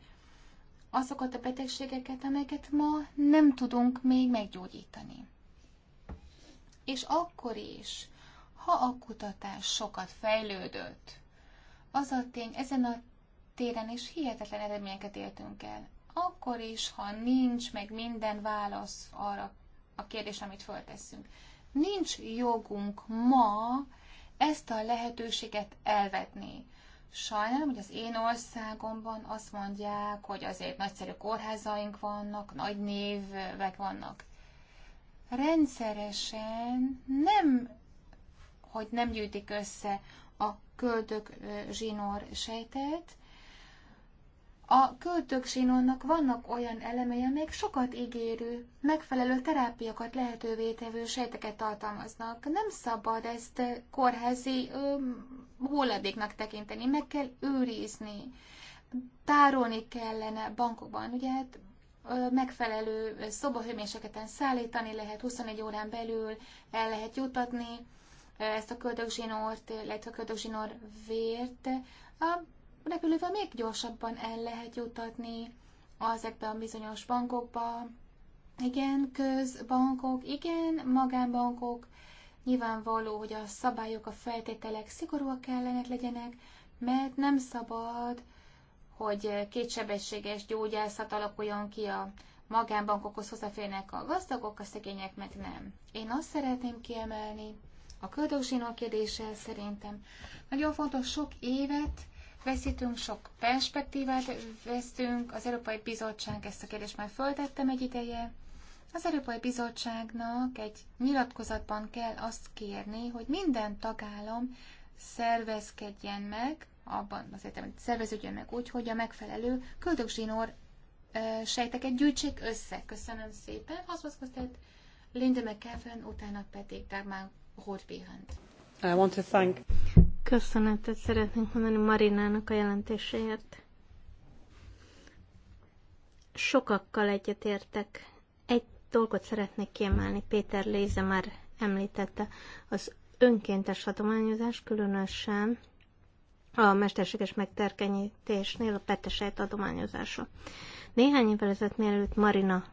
azokat a betegségeket, amelyeket ma nem tudunk még meggyógyítani. És akkor is, ha a kutatás sokat fejlődött, az a tény, ezen a téren is hihetetlen eredményeket éltünk el. Akkor is, ha nincs meg minden válasz arra a kérdés, amit föltesszünk. Nincs jogunk ma ezt a lehetőséget elvetni. Sajnálom, hogy az én országomban azt mondják, hogy azért nagyszerű kórházaink vannak, nagy névek vannak. Rendszeresen nem, hogy nem gyűjtik össze a köldök zsinór sejtet, a költőksínonnak vannak olyan elemei, amelyek sokat ígérő, megfelelő terápiakat lehetővé tevő sejteket tartalmaznak. Nem szabad ezt kórházi hulladéknak tekinteni, meg kell őrizni, tárolni kellene bankokban, ugye hát ö, megfelelő szobahőmérsékleten szállítani lehet, 21 órán belül el lehet jutatni ezt a köldögzsinort, illetve a köldögzsinor vért. A a repülővel még gyorsabban el lehet jutatni ezekbe a bizonyos bankokba. Igen, közbankok, igen, magánbankok. Nyilvánvaló, hogy a szabályok, a feltételek szigorúak kellene legyenek, mert nem szabad, hogy kétsebességes gyógyászat alakuljon ki a magánbankokhoz hozzáférnek a gazdagok, a szegények meg nem. Én azt szeretném kiemelni, a köldögsínó kérdése szerintem nagyon fontos sok évet veszítünk, sok perspektívát vesztünk. Az Európai Bizottság ezt a kérdést már föltettem egy ideje. Az Európai Bizottságnak egy nyilatkozatban kell azt kérni, hogy minden tagállam szervezkedjen meg, abban az értelemben szerveződjön meg úgy, hogy a megfelelő köldögzsinór sejteket gyűjtsék össze. Köszönöm szépen. Haszmaszkoztett Linda McKevin, utána pedig Dagmar Hortbihant. I want to thank
Köszönetet szeretnénk mondani Marinának a jelentéséért. Sokakkal egyetértek. Egy dolgot szeretnék kiemelni, Péter Léze már említette, az önkéntes adományozás, különösen a mesterséges megterkenyítésnél a petesejt adományozása. Néhány évvel ezelőtt, mielőtt Marina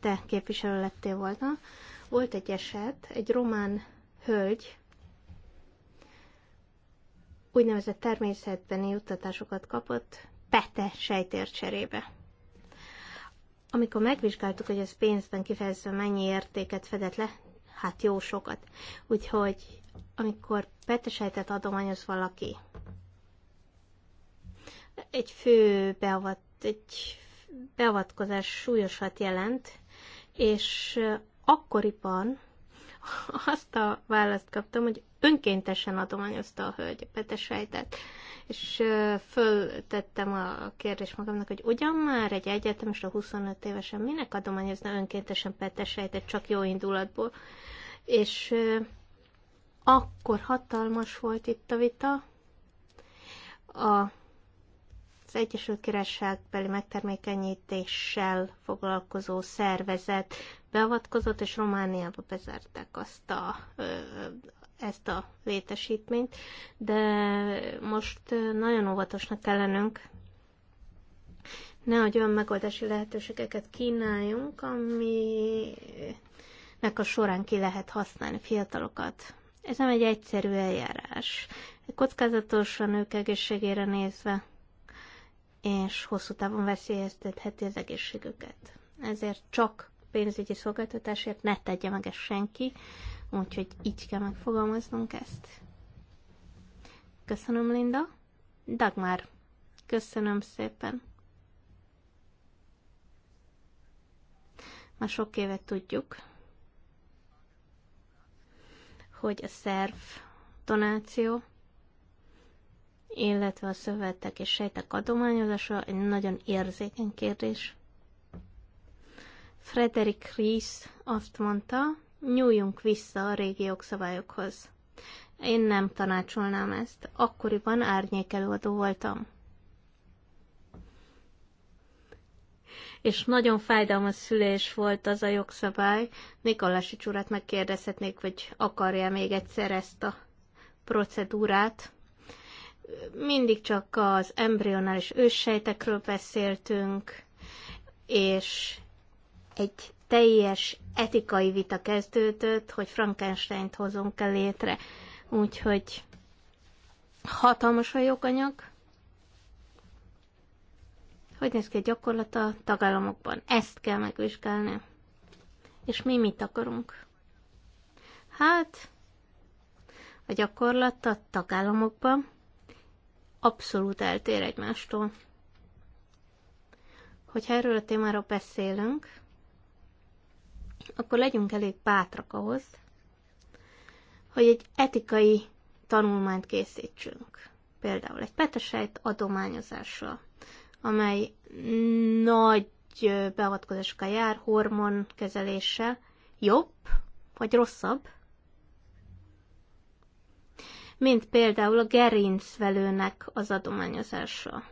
te képviselő lettél volna, volt egy eset, egy román hölgy úgynevezett természetbeni juttatásokat kapott pete sejtért cserébe. Amikor megvizsgáltuk, hogy ez pénzben kifejezve mennyi értéket fedett le, hát jó sokat. Úgyhogy amikor petesejtet adományoz valaki, egy fő beavat, egy beavatkozás súlyosat jelent, és akkoriban azt a választ kaptam, hogy önkéntesen adományozta a hölgy a petesejtet. És föltettem a kérdést magamnak, hogy ugyan már egy a 25 évesen minek adományozna önkéntesen petesejtet csak jó indulatból. És akkor hatalmas volt itt a vita. A az Egyesült Királyságbeli megtermékenyítéssel foglalkozó szervezet beavatkozott, és Romániába bezárták azt a, ezt a létesítményt, de most nagyon óvatosnak kell lennünk, nehogy olyan megoldási lehetőségeket kínáljunk, aminek a során ki lehet használni fiatalokat. Ez nem egy egyszerű eljárás. Kockázatosan ők egészségére nézve és hosszú távon veszélyeztetheti az egészségüket. Ezért csak pénzügyi szolgáltatásért ne tegye meg ezt senki, úgyhogy így kell megfogalmaznunk ezt. Köszönöm, Linda. Dagmar, köszönöm szépen. Már sok éve tudjuk, hogy a szerv donáció illetve a szövetek és sejtek adományozása egy nagyon érzékeny kérdés. Frederick Ries azt mondta, nyúljunk vissza a régi jogszabályokhoz. Én nem tanácsolnám ezt. Akkoriban árnyékelőadó voltam. És nagyon fájdalmas szülés volt az a jogszabály. Nikolási urat megkérdezhetnék, hogy akarja még egyszer ezt a procedúrát mindig csak az embrionális őssejtekről beszéltünk, és egy teljes etikai vita kezdődött, hogy Frankenstein-t hozunk el létre. Úgyhogy hatalmas a joganyag. Hogy néz ki a gyakorlata a tagállamokban? Ezt kell megvizsgálni. És mi mit akarunk? Hát, a gyakorlat a tagállamokban abszolút eltér egymástól. Hogyha erről a témáról beszélünk, akkor legyünk elég bátrak ahhoz, hogy egy etikai tanulmányt készítsünk. Például egy petesejt adományozással, amely nagy beavatkozásokkal jár, hormonkezelése jobb vagy rosszabb, mint például a gerincvelőnek az adományozása.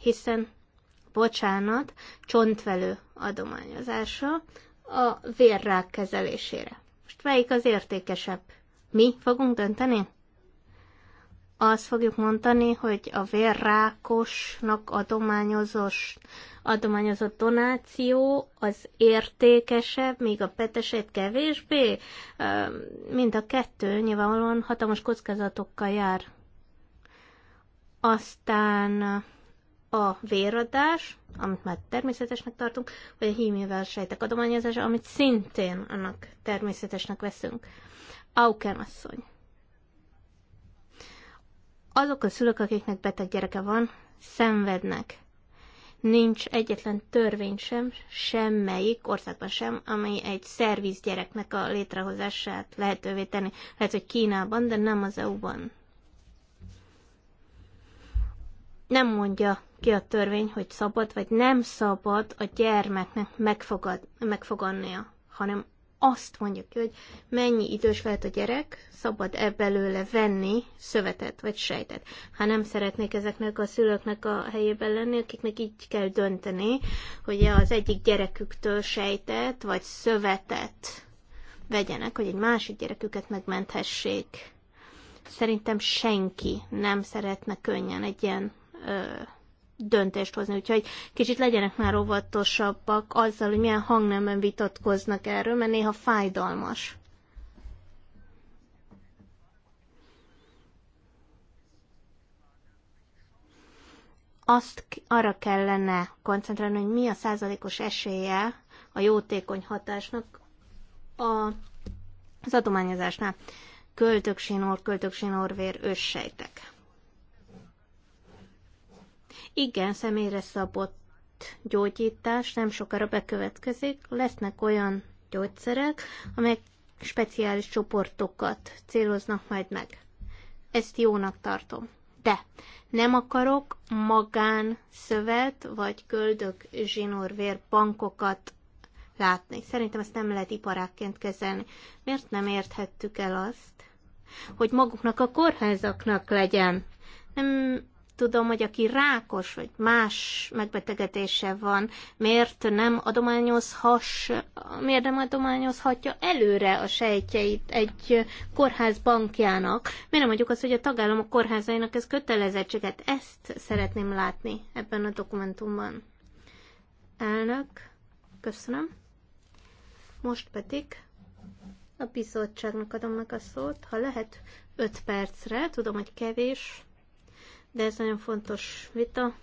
Hiszen, bocsánat, csontvelő adományozása a vérrák kezelésére. Most melyik az értékesebb? Mi fogunk dönteni? azt fogjuk mondani, hogy a vérrákosnak adományozos, adományozott donáció az értékesebb, míg a peteset kevésbé. mint a kettő nyilvánvalóan hatalmas kockázatokkal jár. Aztán a véradás, amit már természetesnek tartunk, vagy a hímével sejtek adományozása, amit szintén annak természetesnek veszünk. Auken asszony azok a szülők, akiknek beteg gyereke van, szenvednek. Nincs egyetlen törvény sem, semmelyik országban sem, amely egy szerviz gyereknek a létrehozását lehetővé tenni. Lehet, hogy Kínában, de nem az EU-ban. Nem mondja ki a törvény, hogy szabad vagy nem szabad a gyermeknek megfogad, megfogadnia, hanem azt mondjuk ki, hogy mennyi idős lehet a gyerek, szabad e belőle venni szövetet vagy sejtet. Ha nem szeretnék ezeknek a szülőknek a helyében lenni, akiknek így kell dönteni, hogy az egyik gyereküktől sejtet vagy szövetet vegyenek, hogy egy másik gyereküket megmenthessék. Szerintem senki nem szeretne könnyen egy ilyen ö, döntést hozni. Úgyhogy kicsit legyenek már óvatosabbak azzal, hogy milyen hangnemben vitatkoznak erről, mert néha fájdalmas. Azt arra kellene koncentrálni, hogy mi a százalékos esélye a jótékony hatásnak a, az adományozásnál. Költöksínór, költöksínórvér, összejtek. Igen, személyre szabott gyógyítás nem sokára bekövetkezik. Lesznek olyan gyógyszerek, amelyek speciális csoportokat céloznak majd meg. Ezt jónak tartom. De nem akarok magán szövet vagy köldök zsinórvér bankokat látni. Szerintem ezt nem lehet iparákként kezelni. Miért nem érthettük el azt, hogy maguknak a kórházaknak legyen? Nem tudom, hogy aki rákos vagy más megbetegedése van, miért nem adományozhass, miért nem adományozhatja előre a sejtjeit egy kórház bankjának? Miért nem mondjuk azt, hogy a tagállamok kórházainak ez kötelezettséget? Hát ezt szeretném látni ebben a dokumentumban. Elnök, köszönöm. Most pedig a bizottságnak adom meg a szót, ha lehet 5 percre, tudom, hogy kevés, de ez nagyon fontos vita.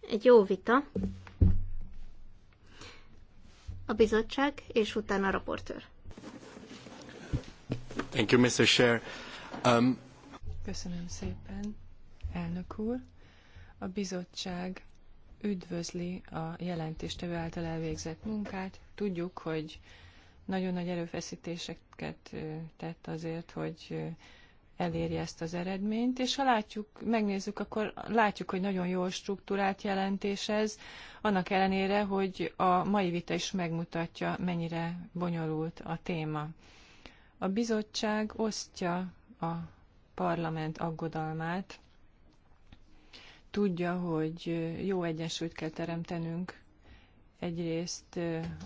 Egy jó vita. A bizottság, és utána a raportőr.
Thank you, Mr. Chair. Um... Köszönöm szépen, elnök úr. A bizottság üdvözli a jelentéstevő által elvégzett munkát. Tudjuk, hogy nagyon nagy erőfeszítéseket tett azért, hogy elérje ezt az eredményt, és ha látjuk, megnézzük, akkor látjuk, hogy nagyon jól struktúrált jelentés ez, annak ellenére, hogy a mai vita is megmutatja, mennyire bonyolult a téma. A bizottság osztja a parlament aggodalmát, tudja, hogy jó egyensúlyt kell teremtenünk egyrészt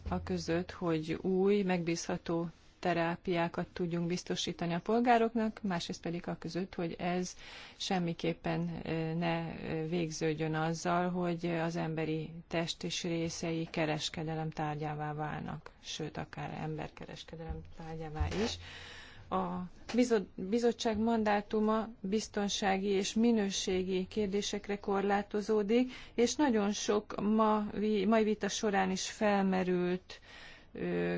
a között, hogy új, megbízható terápiákat tudjunk biztosítani a polgároknak, másrészt pedig a között, hogy ez semmiképpen ne végződjön azzal, hogy az emberi test és részei kereskedelem tárgyává válnak, sőt, akár emberkereskedelem tárgyává is a bizottság mandátuma biztonsági és minőségi kérdésekre korlátozódik, és nagyon sok ma, mai vita során is felmerült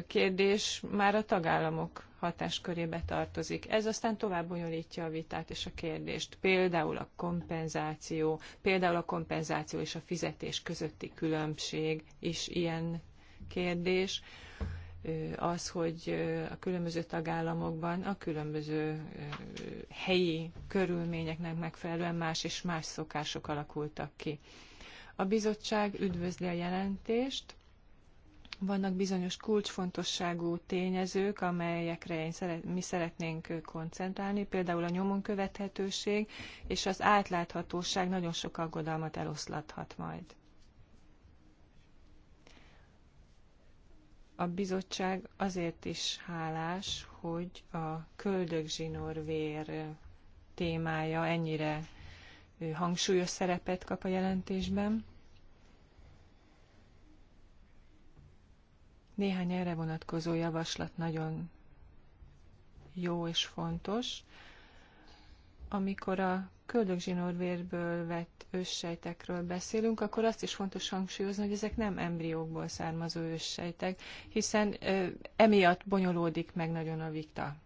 kérdés már a tagállamok hatáskörébe tartozik. Ez aztán tovább bonyolítja a vitát és a kérdést. Például a kompenzáció, például a kompenzáció és a fizetés közötti különbség is ilyen kérdés. Az, hogy a különböző tagállamokban a különböző helyi körülményeknek megfelelően más és más szokások alakultak ki. A bizottság üdvözli a jelentést, vannak bizonyos kulcsfontosságú tényezők, amelyekre én szeret, mi szeretnénk koncentrálni, például a nyomon követhetőség és az átláthatóság nagyon sok aggodalmat eloszlathat majd. A bizottság azért is hálás, hogy a köldögzsinórvér témája ennyire hangsúlyos szerepet kap a jelentésben Néhány erre vonatkozó javaslat nagyon jó és fontos. Amikor a köldögzsinórvérből vett őssejtekről beszélünk, akkor azt is fontos hangsúlyozni, hogy ezek nem embriókból származó őssejtek, hiszen ö, emiatt bonyolódik meg nagyon a vita.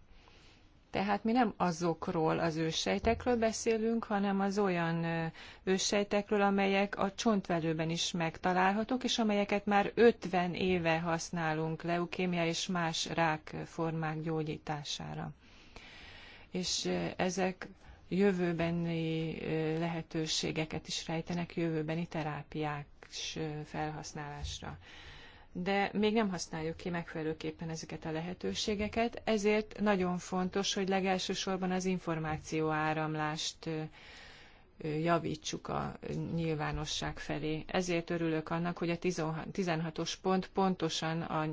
Tehát mi nem azokról az őssejtekről beszélünk, hanem az olyan őssejtekről, amelyek a csontvelőben is megtalálhatók, és amelyeket már 50 éve használunk leukémia és más rákformák gyógyítására. És ezek jövőbeni lehetőségeket is rejtenek, jövőbeni terápiák felhasználásra de még nem használjuk ki megfelelőképpen ezeket a lehetőségeket, ezért nagyon fontos, hogy legelsősorban az információ áramlást javítsuk a nyilvánosság felé. Ezért örülök annak, hogy a 16-os pont pontosan a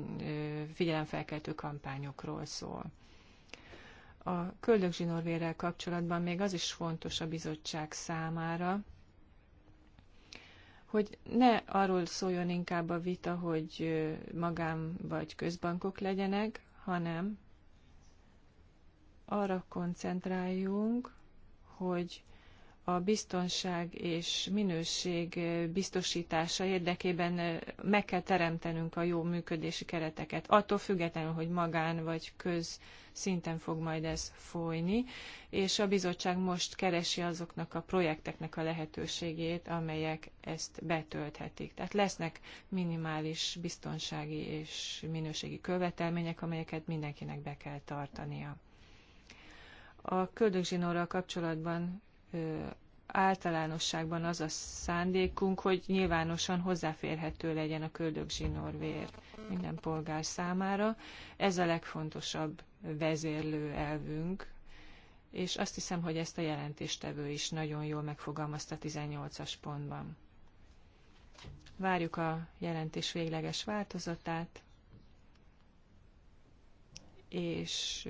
figyelemfelkeltő kampányokról szól. A köldögzsinórvérrel kapcsolatban még az is fontos a bizottság számára, hogy ne arról szóljon inkább a vita, hogy magán vagy közbankok legyenek, hanem arra koncentráljunk, hogy a biztonság és minőség biztosítása érdekében meg kell teremtenünk a jó működési kereteket. Attól függetlenül, hogy magán vagy köz szinten fog majd ez folyni, és a bizottság most keresi azoknak a projekteknek a lehetőségét, amelyek ezt betölthetik. Tehát lesznek minimális biztonsági és minőségi követelmények, amelyeket mindenkinek be kell tartania. A köldögzsinórral kapcsolatban általánosságban az a szándékunk, hogy nyilvánosan hozzáférhető legyen a köldögzsinórvér minden polgár számára. Ez a legfontosabb vezérlő elvünk, és azt hiszem, hogy ezt a jelentéstevő is nagyon jól megfogalmazta 18-as pontban. Várjuk a jelentés végleges változatát, és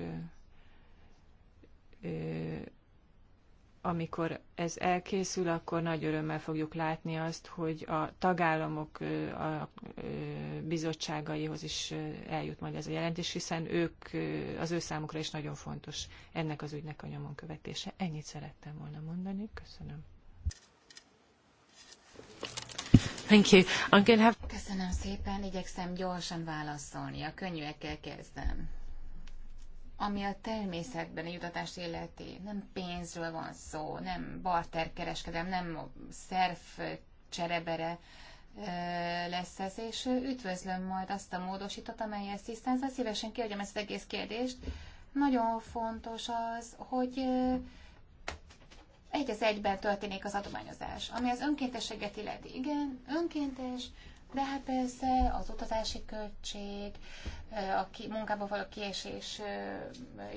amikor ez elkészül, akkor nagy örömmel fogjuk látni azt, hogy a tagállamok a bizottságaihoz is eljut majd ez a jelentés, hiszen ők, az ő számukra is nagyon fontos ennek az ügynek a nyomon követése. Ennyit szerettem volna mondani. Köszönöm. Thank you. I'm have...
Köszönöm szépen, igyekszem gyorsan válaszolni. A könnyűekkel kezdem ami a természetben a jutatás illeti. Nem pénzről van szó, nem barterkereskedem, nem szerf cserebere lesz ez, és üdvözlöm majd azt a módosítót, amelyel tisztázza. Szívesen kiadjam ezt az egész kérdést. Nagyon fontos az, hogy egy az egyben történik az adományozás. Ami az önkéntességet illeti, igen, önkéntes, de hát persze az utazási költség, a ki, munkába való kiesés,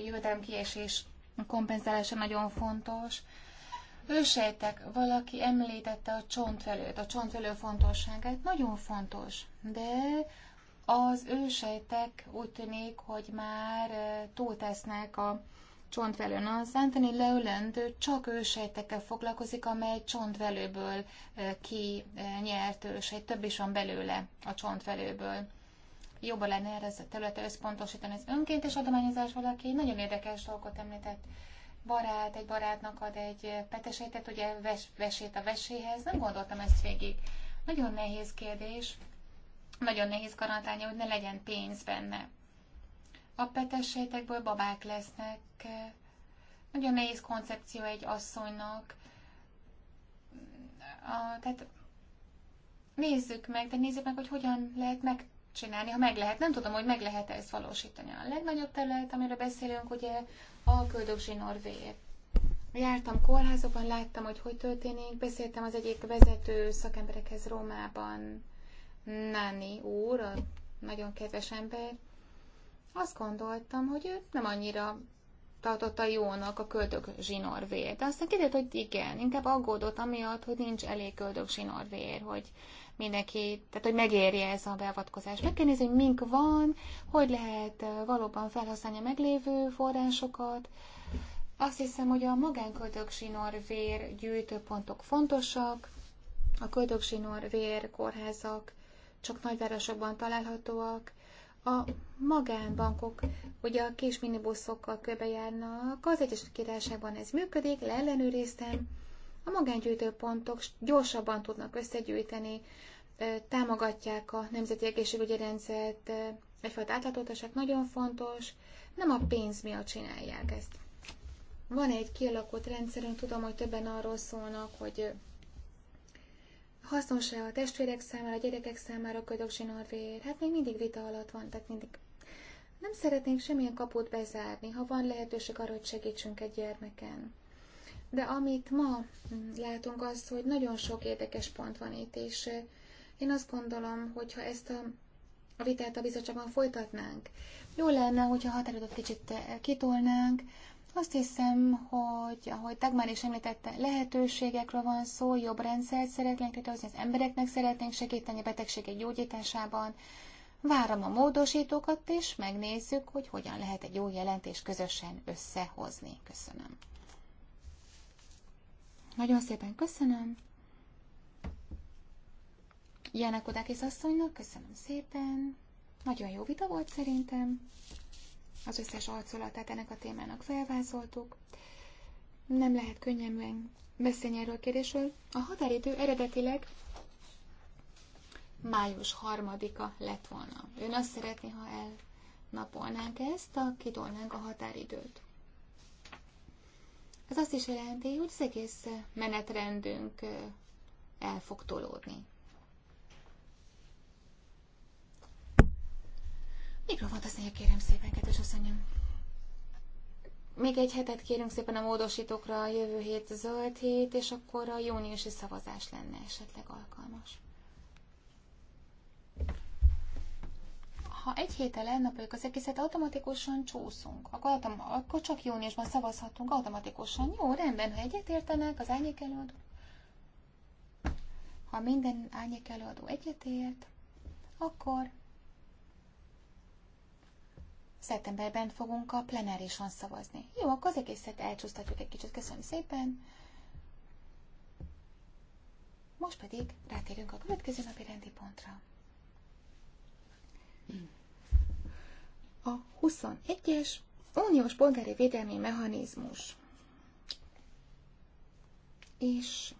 jövedelem kiesés kompenzálása nagyon fontos. Ősejtek, valaki említette a csontvelőt, a csontvelő fontosságát, nagyon fontos, de az ősejtek úgy tűnik, hogy már túltesznek a csontvelőn. Az Anthony Lowland csak ősejtekkel foglalkozik, amely csontvelőből ki nyert ősejt, több is van belőle a csontvelőből. Jobban lenne erre a területre összpontosítani az önkéntes adományozás valaki. Nagyon érdekes dolgot említett barát, egy barátnak ad egy petesejtet, ugye ves, vesét a veséhez. Nem gondoltam ezt végig. Nagyon nehéz kérdés. Nagyon nehéz garantálni, hogy ne legyen pénz benne. A petesejtekből babák lesznek. Nagyon nehéz koncepció egy asszonynak. A, tehát nézzük meg, de nézzük meg, hogy hogyan lehet megcsinálni, ha meg lehet. Nem tudom, hogy meg lehet e ezt valósítani. A legnagyobb terület, amiről beszélünk, ugye a köldögzsi Norvéért. Jártam kórházokban, láttam, hogy hogy történik, beszéltem az egyik vezető szakemberekhez Rómában, Nani úr, a nagyon kedves ember, azt gondoltam, hogy ő nem annyira tartotta jónak a köldök zsinórvét. De aztán kiderült, hogy igen, inkább aggódott amiatt, hogy nincs elég köldök zsinórvér, hogy mindenki, tehát hogy megérje ez a beavatkozás. Meg kell nézni, hogy mink van, hogy lehet valóban felhasználni a meglévő forrásokat. Azt hiszem, hogy a magánköldök zsinórvér gyűjtőpontok fontosak, a köldök zsinórvér kórházak csak nagyvárosokban találhatóak, a magánbankok ugye a kis minibuszokkal körbejárnak, az Egyesült Királyságban ez működik, leellenőriztem, a magángyűjtőpontok gyorsabban tudnak összegyűjteni, támogatják a nemzeti egészségügyi rendszert, egyfajta átláthatóság nagyon fontos, nem a pénz miatt csinálják ezt. Van egy kialakult rendszerünk, tudom, hogy többen arról szólnak, hogy hasznos-e a testvérek számára, a gyerekek számára a ködök norvér? Hát még mindig vita alatt van, tehát mindig nem szeretnénk semmilyen kaput bezárni, ha van lehetőség arra, hogy segítsünk egy gyermeken. De amit ma látunk, az, hogy nagyon sok érdekes pont van itt, és eh, én azt gondolom, hogyha ezt a, a vitát a bizottságban folytatnánk, jó lenne, hogyha határidőt kicsit eh, kitolnánk, azt hiszem, hogy ahogy Dagmar is említette, lehetőségekről van szó, jobb rendszert szeretnénk létrehozni, az embereknek szeretnénk segíteni a betegségek gyógyításában. Várom a módosítókat, és megnézzük, hogy hogyan lehet egy jó jelentést közösen összehozni. Köszönöm. Nagyon szépen köszönöm. Jánák Odákis asszonynak köszönöm szépen. Nagyon jó vita volt szerintem az összes arculatát ennek a témának felvázoltuk. Nem lehet könnyen beszélni erről a kérdésről. A határidő eredetileg május harmadika lett volna. Ön azt szeretné, ha elnapolnánk ezt, a kitolnánk a határidőt. Ez azt is jelenti, hogy az egész menetrendünk el fog tolódni. Mikrofont használja, kérem szépen, kedves asszonyom. Még egy hetet kérünk szépen a módosítókra a jövő hét zöld hét, és akkor a júniusi szavazás lenne esetleg alkalmas. Ha egy héttel elnapoljuk az egészet, automatikusan csúszunk. Akkor, autom- akkor csak júniusban szavazhatunk automatikusan. Jó, rendben, ha egyetértenek az ányék előadó. Ha minden ányék előadó egyetért, akkor szeptemberben fogunk a plenárison szavazni. Jó, akkor az egészet elcsúsztatjuk egy kicsit. Köszönöm szépen. Most pedig rátérünk a következő napi rendi pontra. A 21-es uniós polgári védelmi mechanizmus. És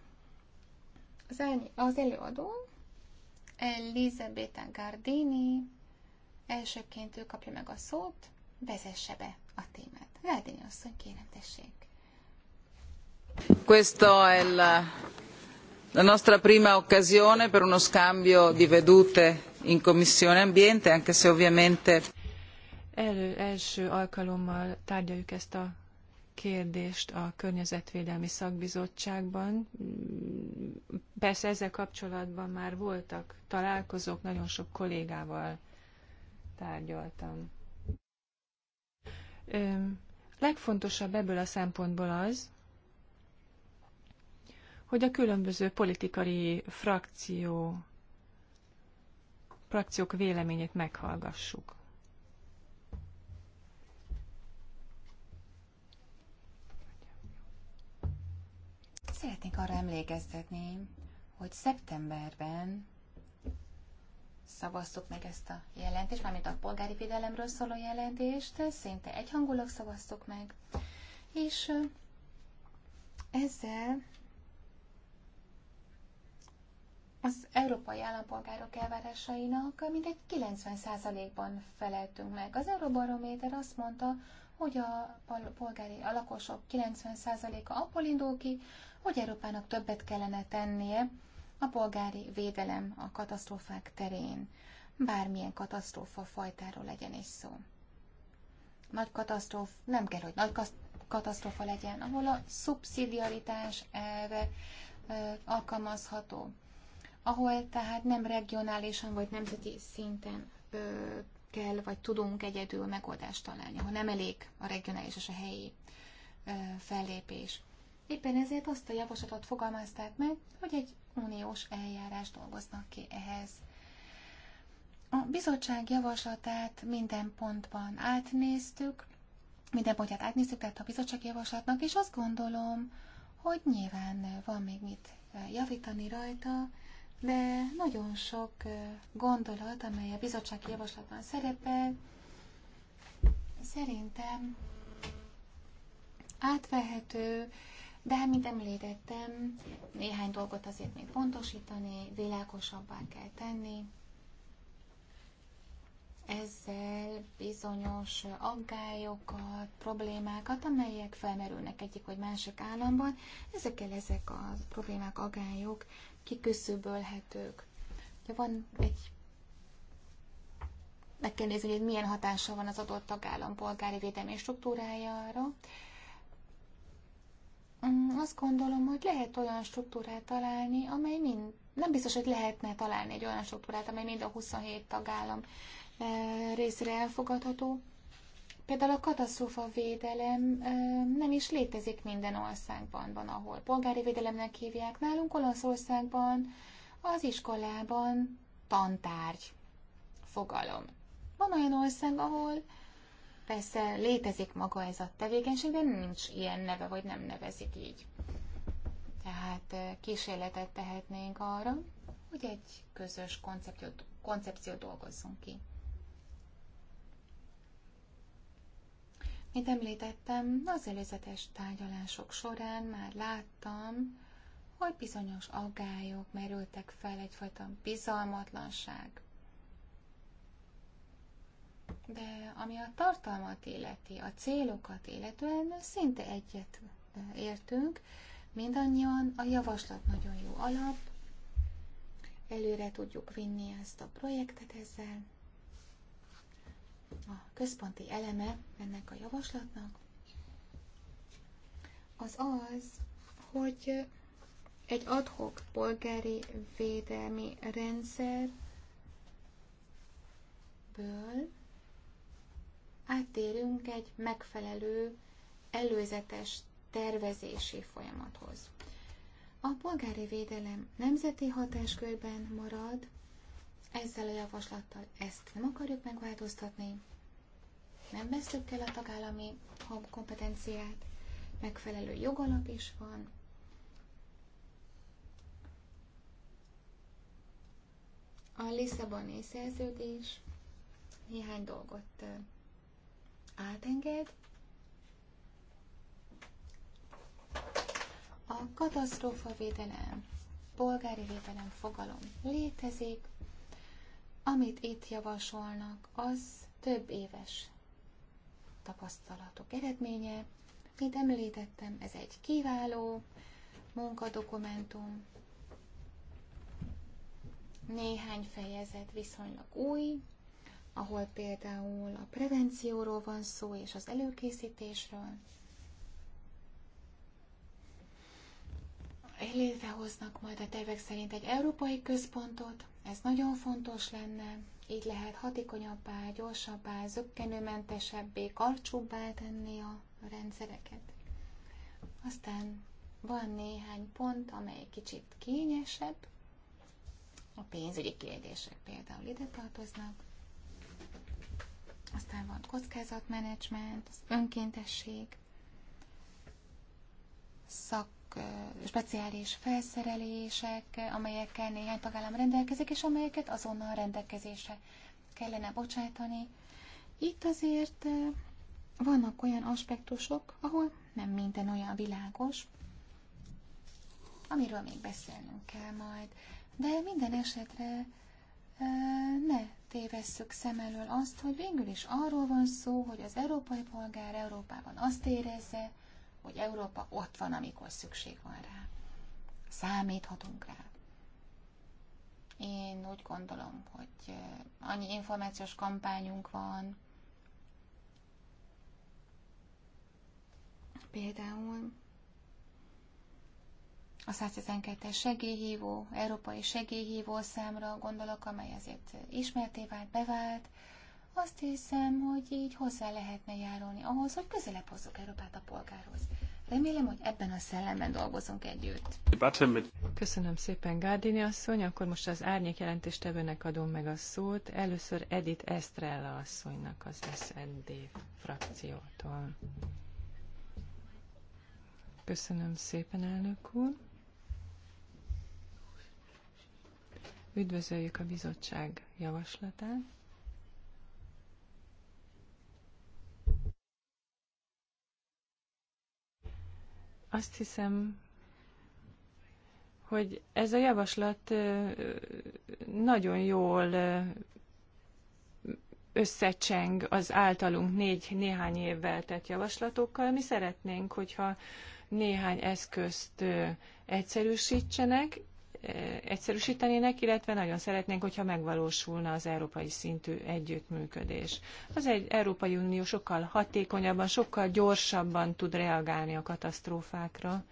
az, el, az előadó Elisabetta Gardini, Elsőként ő kapja meg a szót, vezesse be a témát. Ládény asszony, kérem, tessék. Questo è la, la nostra prima occasione per uno scambio di
vedute in Commissione Ambiente, anche se ovviamente... Elő, első alkalommal tárgyaljuk ezt a kérdést a Környezetvédelmi Szakbizottságban. Persze ezzel kapcsolatban már voltak találkozók, nagyon sok kollégával tárgyaltam. Legfontosabb ebből a szempontból az, hogy a különböző politikai frakció, frakciók véleményét meghallgassuk.
Szeretnék arra emlékeztetni, hogy szeptemberben szavaztuk meg ezt a jelentést, mármint a polgári védelemről szóló jelentést, szinte egyhangulag szavaztuk meg, és ezzel az európai állampolgárok elvárásainak mindegy 90%-ban feleltünk meg. Az Euróbarométer azt mondta, hogy a polgári a lakosok 90%-a abból indul ki, hogy Európának többet kellene tennie a polgári védelem a katasztrófák terén, bármilyen katasztrófa fajtáról legyen is szó. Nagy katasztróf, nem kell, hogy nagy katasztrófa legyen, ahol a szubszidiaritás elve alkalmazható, ahol tehát nem regionálisan vagy nemzeti szinten kell, vagy tudunk egyedül megoldást találni, ahol nem elég a regionális és a helyi fellépés. Éppen ezért azt a javaslatot fogalmazták meg, hogy egy uniós eljárás dolgoznak ki ehhez. A bizottság javaslatát minden pontban átnéztük, minden pontját átnéztük, tehát a bizottság javaslatnak, és azt gondolom, hogy nyilván van még mit javítani rajta, de nagyon sok gondolat, amely a bizottsági javaslatban szerepel, szerintem átvehető, de hát, mint említettem, néhány dolgot azért még pontosítani, világosabbá kell tenni. Ezzel bizonyos aggályokat, problémákat, amelyek felmerülnek egyik vagy másik államban, ezekkel ezek a problémák, aggályok kiküszöbölhetők. Ja, van egy meg kell nézni, hogy milyen hatása van az adott tagállam polgári védelmi struktúrájára, Mm, azt gondolom, hogy lehet olyan struktúrát találni, amely mind, nem biztos, hogy lehetne találni egy olyan struktúrát, amely mind a 27 tagállam eh, részére elfogadható. Például a katasztrófa védelem eh, nem is létezik minden országban, van, ahol polgári védelemnek hívják. Nálunk Olaszországban az iskolában tantárgy fogalom. Van olyan ország, ahol Persze létezik maga ez a tevékenység, de nincs ilyen neve, vagy nem nevezik így. Tehát kísérletet tehetnénk arra, hogy egy közös koncepciót, koncepciót dolgozzunk ki. Mint említettem, az előzetes tárgyalások során már láttam, hogy bizonyos aggályok merültek fel, egyfajta bizalmatlanság, de ami a tartalmat illeti, a célokat illetően szinte egyet e, értünk, mindannyian a javaslat nagyon jó alap, előre tudjuk vinni ezt a projektet ezzel. A központi eleme ennek a javaslatnak az az, hogy egy adhok polgári védelmi rendszerből áttérünk egy megfelelő előzetes tervezési folyamathoz. A polgári védelem nemzeti hatáskörben marad, ezzel a javaslattal ezt nem akarjuk megváltoztatni, nem veszük el a tagállami kompetenciát, megfelelő jogalap is van, a Lisszaboni szerződés néhány dolgot átenged. A katasztrófa védelem, polgári védelem fogalom létezik. Amit itt javasolnak, az több éves tapasztalatok eredménye. Mint említettem, ez egy kiváló munkadokumentum, néhány fejezet viszonylag új, ahol például a prevencióról van szó és az előkészítésről. létrehoznak majd a tervek szerint egy európai központot, ez nagyon fontos lenne, így lehet hatékonyabbá, gyorsabbá, zöggenőmentesebbé, karcsúbbá tenni a rendszereket. Aztán van néhány pont, amely kicsit kényesebb, a pénzügyi kérdések például ide tartoznak. Aztán van kockázatmenedzsment, az önkéntesség, szak, speciális felszerelések, amelyekkel néhány tagállam rendelkezik, és amelyeket azonnal rendelkezésre kellene bocsátani. Itt azért vannak olyan aspektusok, ahol nem minden olyan világos, amiről még beszélnünk kell majd. De minden esetre ne tévesszük szem elől azt, hogy végül is arról van szó, hogy az európai polgár Európában azt érezze, hogy Európa ott van, amikor szükség van rá. Számíthatunk rá. Én úgy gondolom, hogy annyi információs kampányunk van, például a 112-es segélyhívó, európai segélyhívó számra gondolok, amely azért ismerté vált, bevált. Azt hiszem, hogy így hozzá lehetne járulni
ahhoz, hogy közelebb hozzuk Európát a polgárhoz. Remélem, hogy ebben a szellemben dolgozunk együtt. Köszönöm szépen, Gárdini asszony. Akkor most az árnyék jelentéstevőnek adom meg a szót. Először Edith Estrella asszonynak az SND frakciótól. Köszönöm szépen, elnök úr. Üdvözöljük a bizottság javaslatát. Azt hiszem, hogy ez a javaslat nagyon jól összecseng az általunk négy, néhány évvel tett javaslatokkal. Mi szeretnénk, hogyha néhány eszközt egyszerűsítsenek, egyszerűsítenének, illetve nagyon szeretnénk, hogyha megvalósulna az európai szintű együttműködés. Az egy Európai Unió sokkal hatékonyabban, sokkal gyorsabban tud reagálni a katasztrófákra,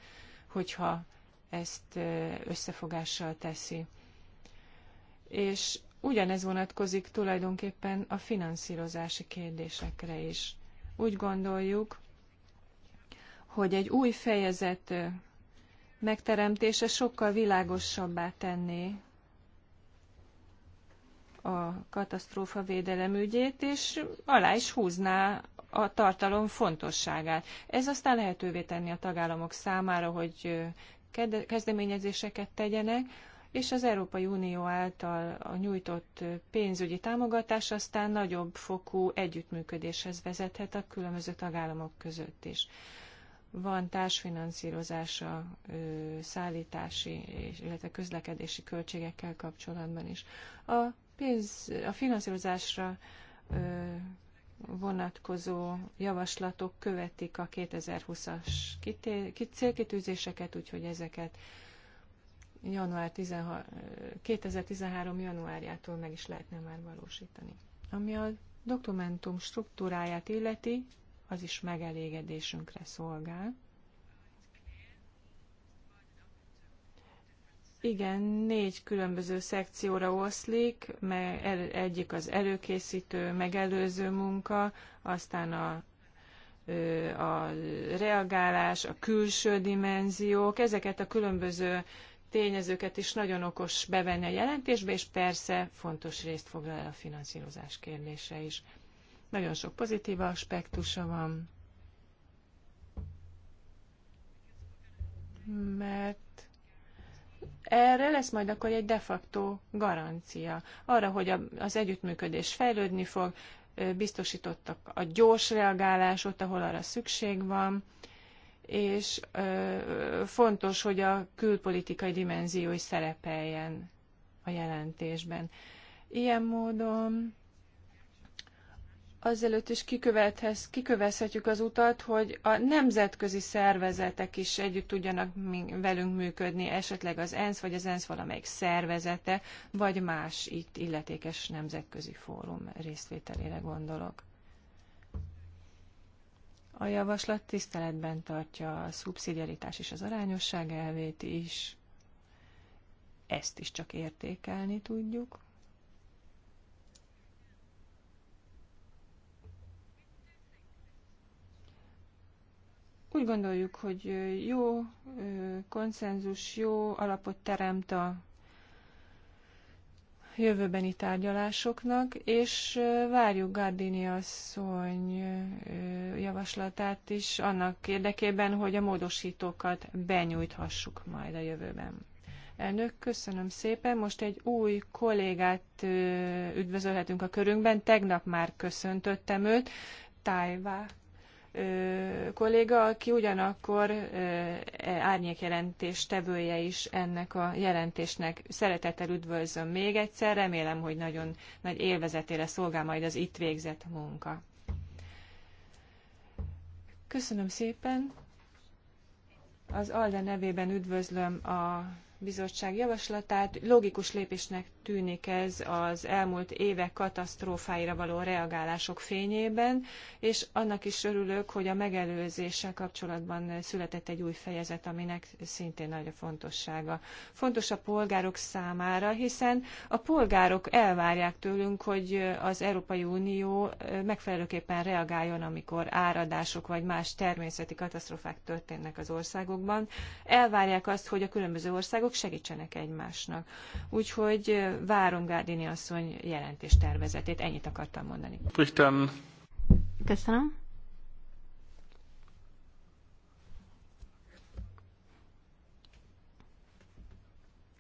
hogyha ezt összefogással teszi. És ugyanez vonatkozik tulajdonképpen a finanszírozási kérdésekre is. Úgy gondoljuk, hogy egy új fejezet megteremtése sokkal világosabbá tenné a katasztrófa védelem ügyét, és alá is húzná a tartalom fontosságát. Ez aztán lehetővé tenni a tagállamok számára, hogy kezdeményezéseket tegyenek, és az Európai Unió által a nyújtott pénzügyi támogatás aztán nagyobb fokú együttműködéshez vezethet a különböző tagállamok között is van társfinanszírozása szállítási, illetve közlekedési költségekkel kapcsolatban is. A, pénz, a finanszírozásra vonatkozó javaslatok követik a 2020-as célkitűzéseket, úgyhogy ezeket január 16, 2013. januárjától meg is lehetne már valósítani. Ami a dokumentum struktúráját illeti, az is megelégedésünkre szolgál. Igen, négy különböző szekcióra oszlik, mert egyik az előkészítő, megelőző munka, aztán a, a reagálás, a külső dimenziók, ezeket a különböző tényezőket is nagyon okos bevenni a jelentésbe, és persze fontos részt foglal el a finanszírozás kérdése is. Nagyon sok pozitív aspektusa van, mert erre lesz majd akkor egy de facto garancia. Arra, hogy az együttműködés fejlődni fog, biztosítottak a gyors ott, ahol arra szükség van, és fontos, hogy a külpolitikai dimenzió is szerepeljen a jelentésben. Ilyen módon azelőtt is kikövezhetjük az utat, hogy a nemzetközi szervezetek is együtt tudjanak velünk működni, esetleg az ENSZ vagy az ENSZ valamelyik szervezete, vagy más itt illetékes nemzetközi fórum részvételére gondolok. A javaslat tiszteletben tartja a szubszidiaritás és az arányosság elvét is. Ezt is csak értékelni tudjuk. Úgy gondoljuk, hogy jó konszenzus, jó alapot teremt a jövőbeni tárgyalásoknak, és várjuk Gardini asszony javaslatát is annak érdekében, hogy a módosítókat benyújthassuk majd a jövőben. Elnök, köszönöm szépen. Most egy új kollégát üdvözölhetünk a körünkben. Tegnap már köszöntöttem őt. Tájvá kolléga, aki ugyanakkor e, árnyékjelentés tevője is ennek a jelentésnek. Szeretettel üdvözlöm még egyszer, remélem, hogy nagyon nagy élvezetére szolgál majd az itt végzett munka. Köszönöm szépen. Az ALDE nevében üdvözlöm a bizottság javaslatát. Logikus lépésnek tűnik ez az elmúlt évek katasztrófáira való reagálások fényében, és annak is örülök, hogy a megelőzéssel kapcsolatban született egy új fejezet, aminek szintén nagy a fontossága. Fontos a polgárok számára, hiszen a polgárok elvárják tőlünk, hogy az Európai Unió megfelelőképpen reagáljon, amikor áradások vagy más természeti katasztrófák történnek az országokban. Elvárják azt, hogy a különböző országok segítsenek egymásnak. Úgyhogy várom Gárdini asszony jelentés tervezetét. Ennyit akartam mondani. Köszönöm.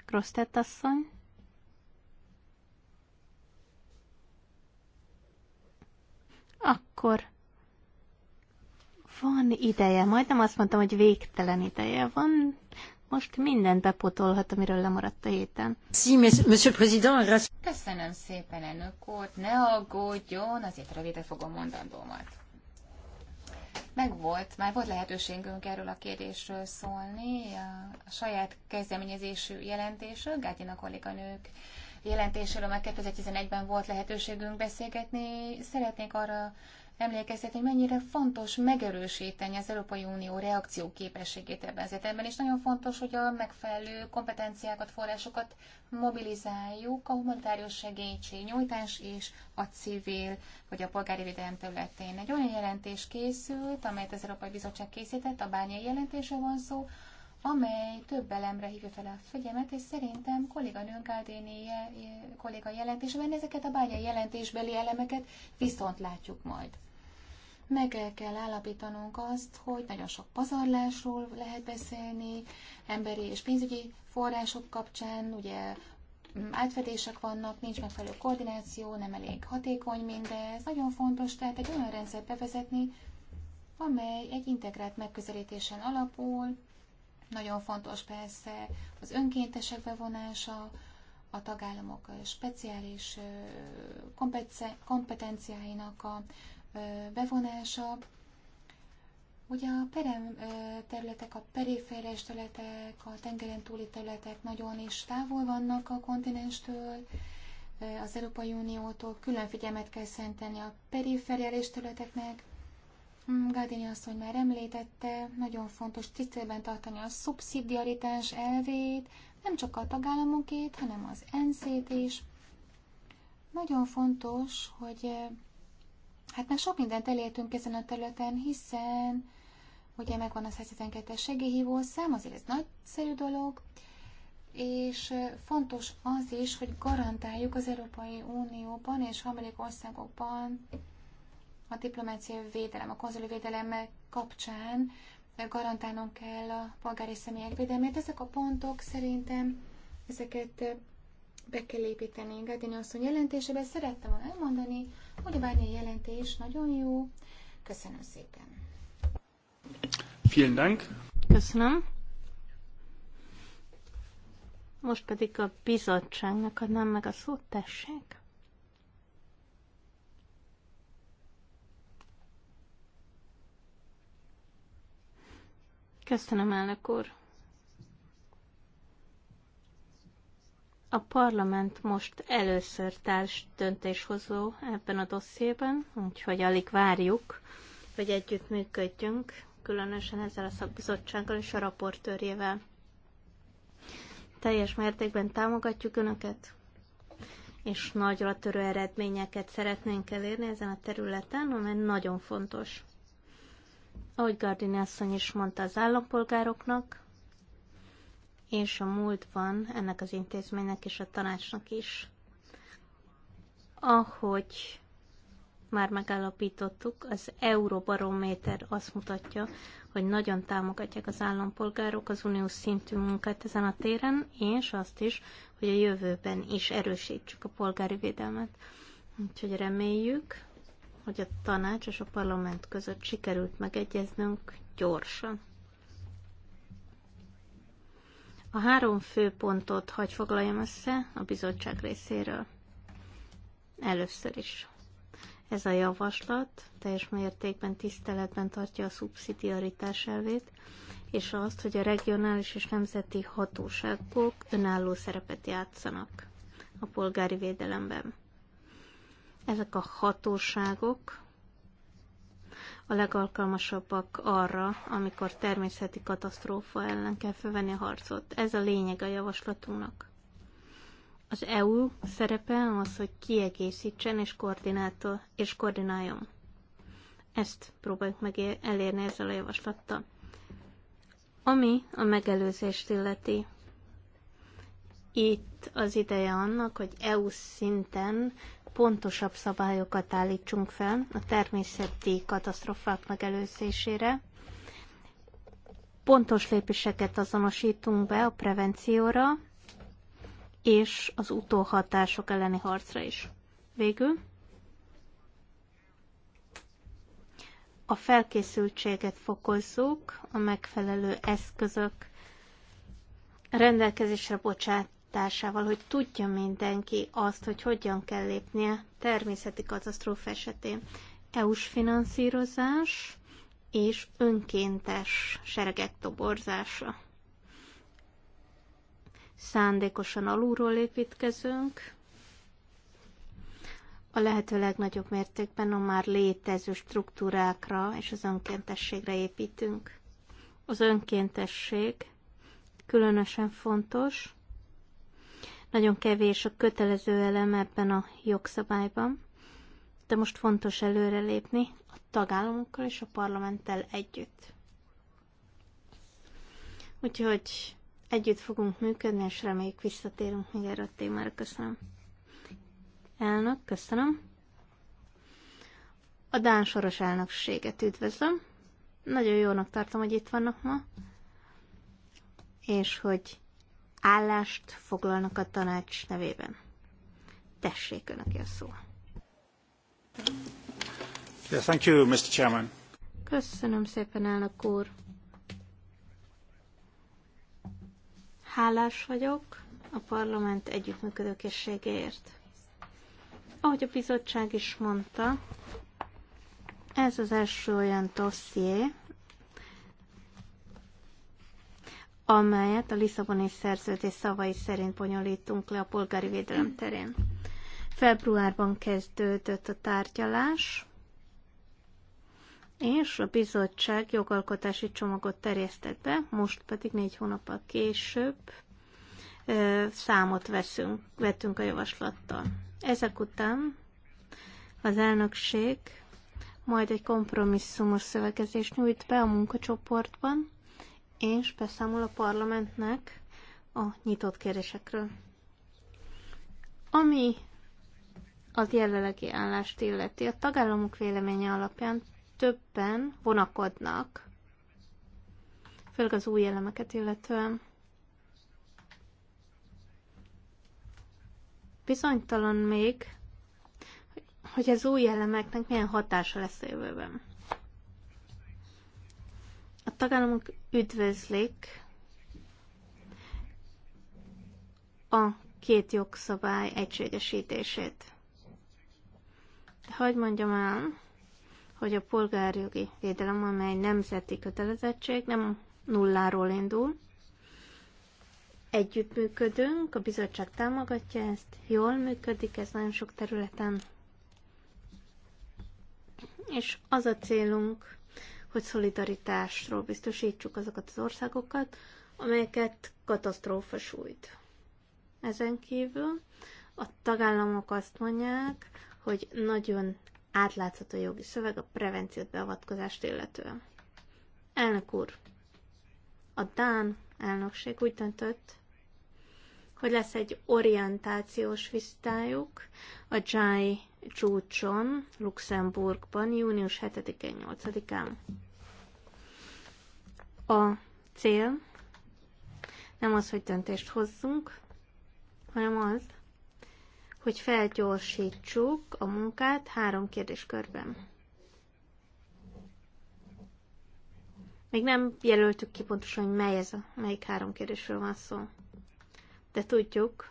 Krosztett asszony. Akkor van ideje, majdnem azt mondtam, hogy végtelen ideje van, most mindent bepotolhat, amiről lemaradt a héten. monsieur président,
Köszönöm szépen, elnök úr. Ne aggódjon, azért rövidre fogom mondandómat. Meg volt, már volt lehetőségünk erről a kérdésről szólni, a, a saját kezdeményezésű jelentésről, Gátyina kolléganők jelentéséről már 2011-ben volt lehetőségünk beszélgetni. Szeretnék arra emlékeztetni, hogy mennyire fontos megerősíteni az Európai Unió reakcióképességét ebben az etemben, és nagyon fontos, hogy a megfelelő kompetenciákat, forrásokat mobilizáljuk a humanitárius nyújtás és a civil vagy a polgári védelem területén. Egy olyan jelentés készült, amelyet az Európai Bizottság készített, a bányai jelentésre van szó, amely több elemre hívja fel a figyelmet, és szerintem kolléganőnk Áldéni kolléga jelentésben ezeket a bányai jelentésbeli elemeket viszont látjuk majd meg kell állapítanunk azt, hogy nagyon sok pazarlásról lehet beszélni, emberi és pénzügyi források kapcsán, ugye mm, átfedések vannak, nincs megfelelő koordináció, nem elég hatékony mindez. Nagyon fontos tehát egy olyan rendszert bevezetni, amely egy integrált megközelítésen alapul. Nagyon fontos persze az önkéntesek bevonása, a tagállamok speciális kompetenciáinak a bevonása. Ugye a perem területek, a periféres területek, a tengeren túli területek nagyon is távol vannak a kontinenstől, az Európai Uniótól külön figyelmet kell szentelni a perifériális területeknek. Hmm, Gádini asszony már említette, nagyon fontos tisztelben tartani a szubszidiaritás elvét, nem csak a tagállamokét, hanem az ENSZ-ét is. Nagyon fontos, hogy Hát már sok mindent elértünk ezen a területen, hiszen ugye megvan a 112-es segélyhívó szám, azért ez nagyszerű dolog, és fontos az is, hogy garantáljuk az Európai Unióban és harmadik országokban a diplomáciai védelem, a konzuli védelem kapcsán garantálnunk kell a polgári személyek védelmét. Ezek a pontok szerintem ezeket be kell építeni. Gardini asszony jelentésében szerettem volna elmondani, hogy a bárnyi jelentés nagyon jó. Köszönöm szépen.
Vielen Dank. Köszönöm. Most pedig a bizottságnak adnám meg a szót, tessék. Köszönöm, elnök úr. A parlament most először társ döntéshozó ebben a dossziében, úgyhogy alig várjuk, hogy együtt működjünk, különösen ezzel a szakbizottsággal és a raportőrjével. Teljes mértékben támogatjuk Önöket, és nagyra törő eredményeket szeretnénk elérni ezen a területen, amely nagyon fontos. Ahogy Gardini asszony is mondta az állampolgároknak, és a múltban ennek az intézménynek és a tanácsnak is, ahogy már megállapítottuk, az Euróbarométer azt mutatja, hogy nagyon támogatják az állampolgárok az uniós szintű munkát ezen a téren, és azt is, hogy a jövőben is erősítsük a polgári védelmet. Úgyhogy reméljük, hogy a tanács és a parlament között sikerült megegyeznünk gyorsan. A három fő pontot hagy foglaljam össze a bizottság részéről. Először is. Ez a javaslat teljes mértékben tiszteletben tartja a szubszidiaritás elvét, és azt, hogy a regionális és nemzeti hatóságok önálló szerepet játszanak a polgári védelemben. Ezek a hatóságok a legalkalmasabbak arra, amikor természeti katasztrófa ellen kell fölvenni a harcot. Ez a lényeg a javaslatunknak. Az EU szerepe az, hogy kiegészítsen és, és koordináljon. Ezt próbáljuk meg elérni ezzel a javaslattal. Ami a megelőzést illeti, itt az ideje annak, hogy EU szinten pontosabb szabályokat állítsunk fel a természeti katasztrofák megelőzésére. Pontos lépéseket azonosítunk be a prevencióra és az utóhatások elleni harcra is. Végül a felkészültséget fokozzuk, a megfelelő eszközök rendelkezésre bocsát hatásával, hogy tudja mindenki azt, hogy hogyan kell lépnie természeti katasztrófa esetén. EU-s finanszírozás és önkéntes seregek toborzása. Szándékosan alulról építkezünk, a lehető legnagyobb mértékben a már létező struktúrákra és az önkéntességre építünk. Az önkéntesség különösen fontos, nagyon kevés a kötelező elem ebben a jogszabályban, de most fontos előrelépni a tagállamokkal és a parlamenttel együtt. Úgyhogy együtt fogunk működni, és reméljük visszatérünk még erre a témára. Köszönöm. Elnök, köszönöm. A Dán Soros elnökséget üdvözlöm. Nagyon jónak tartom, hogy itt vannak ma, és hogy állást foglalnak a tanács nevében. Tessék önök a szó. Yeah, thank you, Mr. Chairman. Köszönöm szépen, elnök úr. Hálás vagyok a parlament együttműködőkészségéért. Ahogy a bizottság is mondta, ez az első olyan dosszié, amelyet a Lisszaboni szerződés szavai szerint bonyolítunk le a polgári védelem terén. Februárban kezdődött a tárgyalás, és a bizottság jogalkotási csomagot terjesztett be, most pedig négy hónappal később ö, számot veszünk, vettünk a javaslattal. Ezek után az elnökség majd egy kompromisszumos szövegezést nyújt be a munkacsoportban, és beszámol a parlamentnek a nyitott kérdésekről. Ami az jelenlegi állást illeti, a tagállamok véleménye alapján többen vonakodnak, főleg az új elemeket illetően. Bizonytalan még, hogy az új elemeknek milyen hatása lesz a jövőben. A tagállamok üdvözlik a két jogszabály egységesítését. hogy mondjam el, hogy a polgárjogi védelem, amely nemzeti kötelezettség, nem nulláról indul. Együttműködünk, a bizottság támogatja ezt, jól működik ez nagyon sok területen. És az a célunk, hogy szolidaritásról biztosítsuk azokat az országokat, amelyeket katasztrófa sújt. Ezen kívül a tagállamok azt mondják, hogy nagyon átlátható jogi szöveg a prevenciót beavatkozást illetően. Elnök úr, a Dán elnökség úgy döntött, hogy lesz egy orientációs visztájuk a Jai csúcson Luxemburgban június 7-én, 8-án. A cél nem az, hogy döntést hozzunk, hanem az, hogy felgyorsítsuk a munkát három kérdéskörben. Még nem jelöltük ki pontosan, hogy mely ez a, melyik három kérdésről van szó de tudjuk,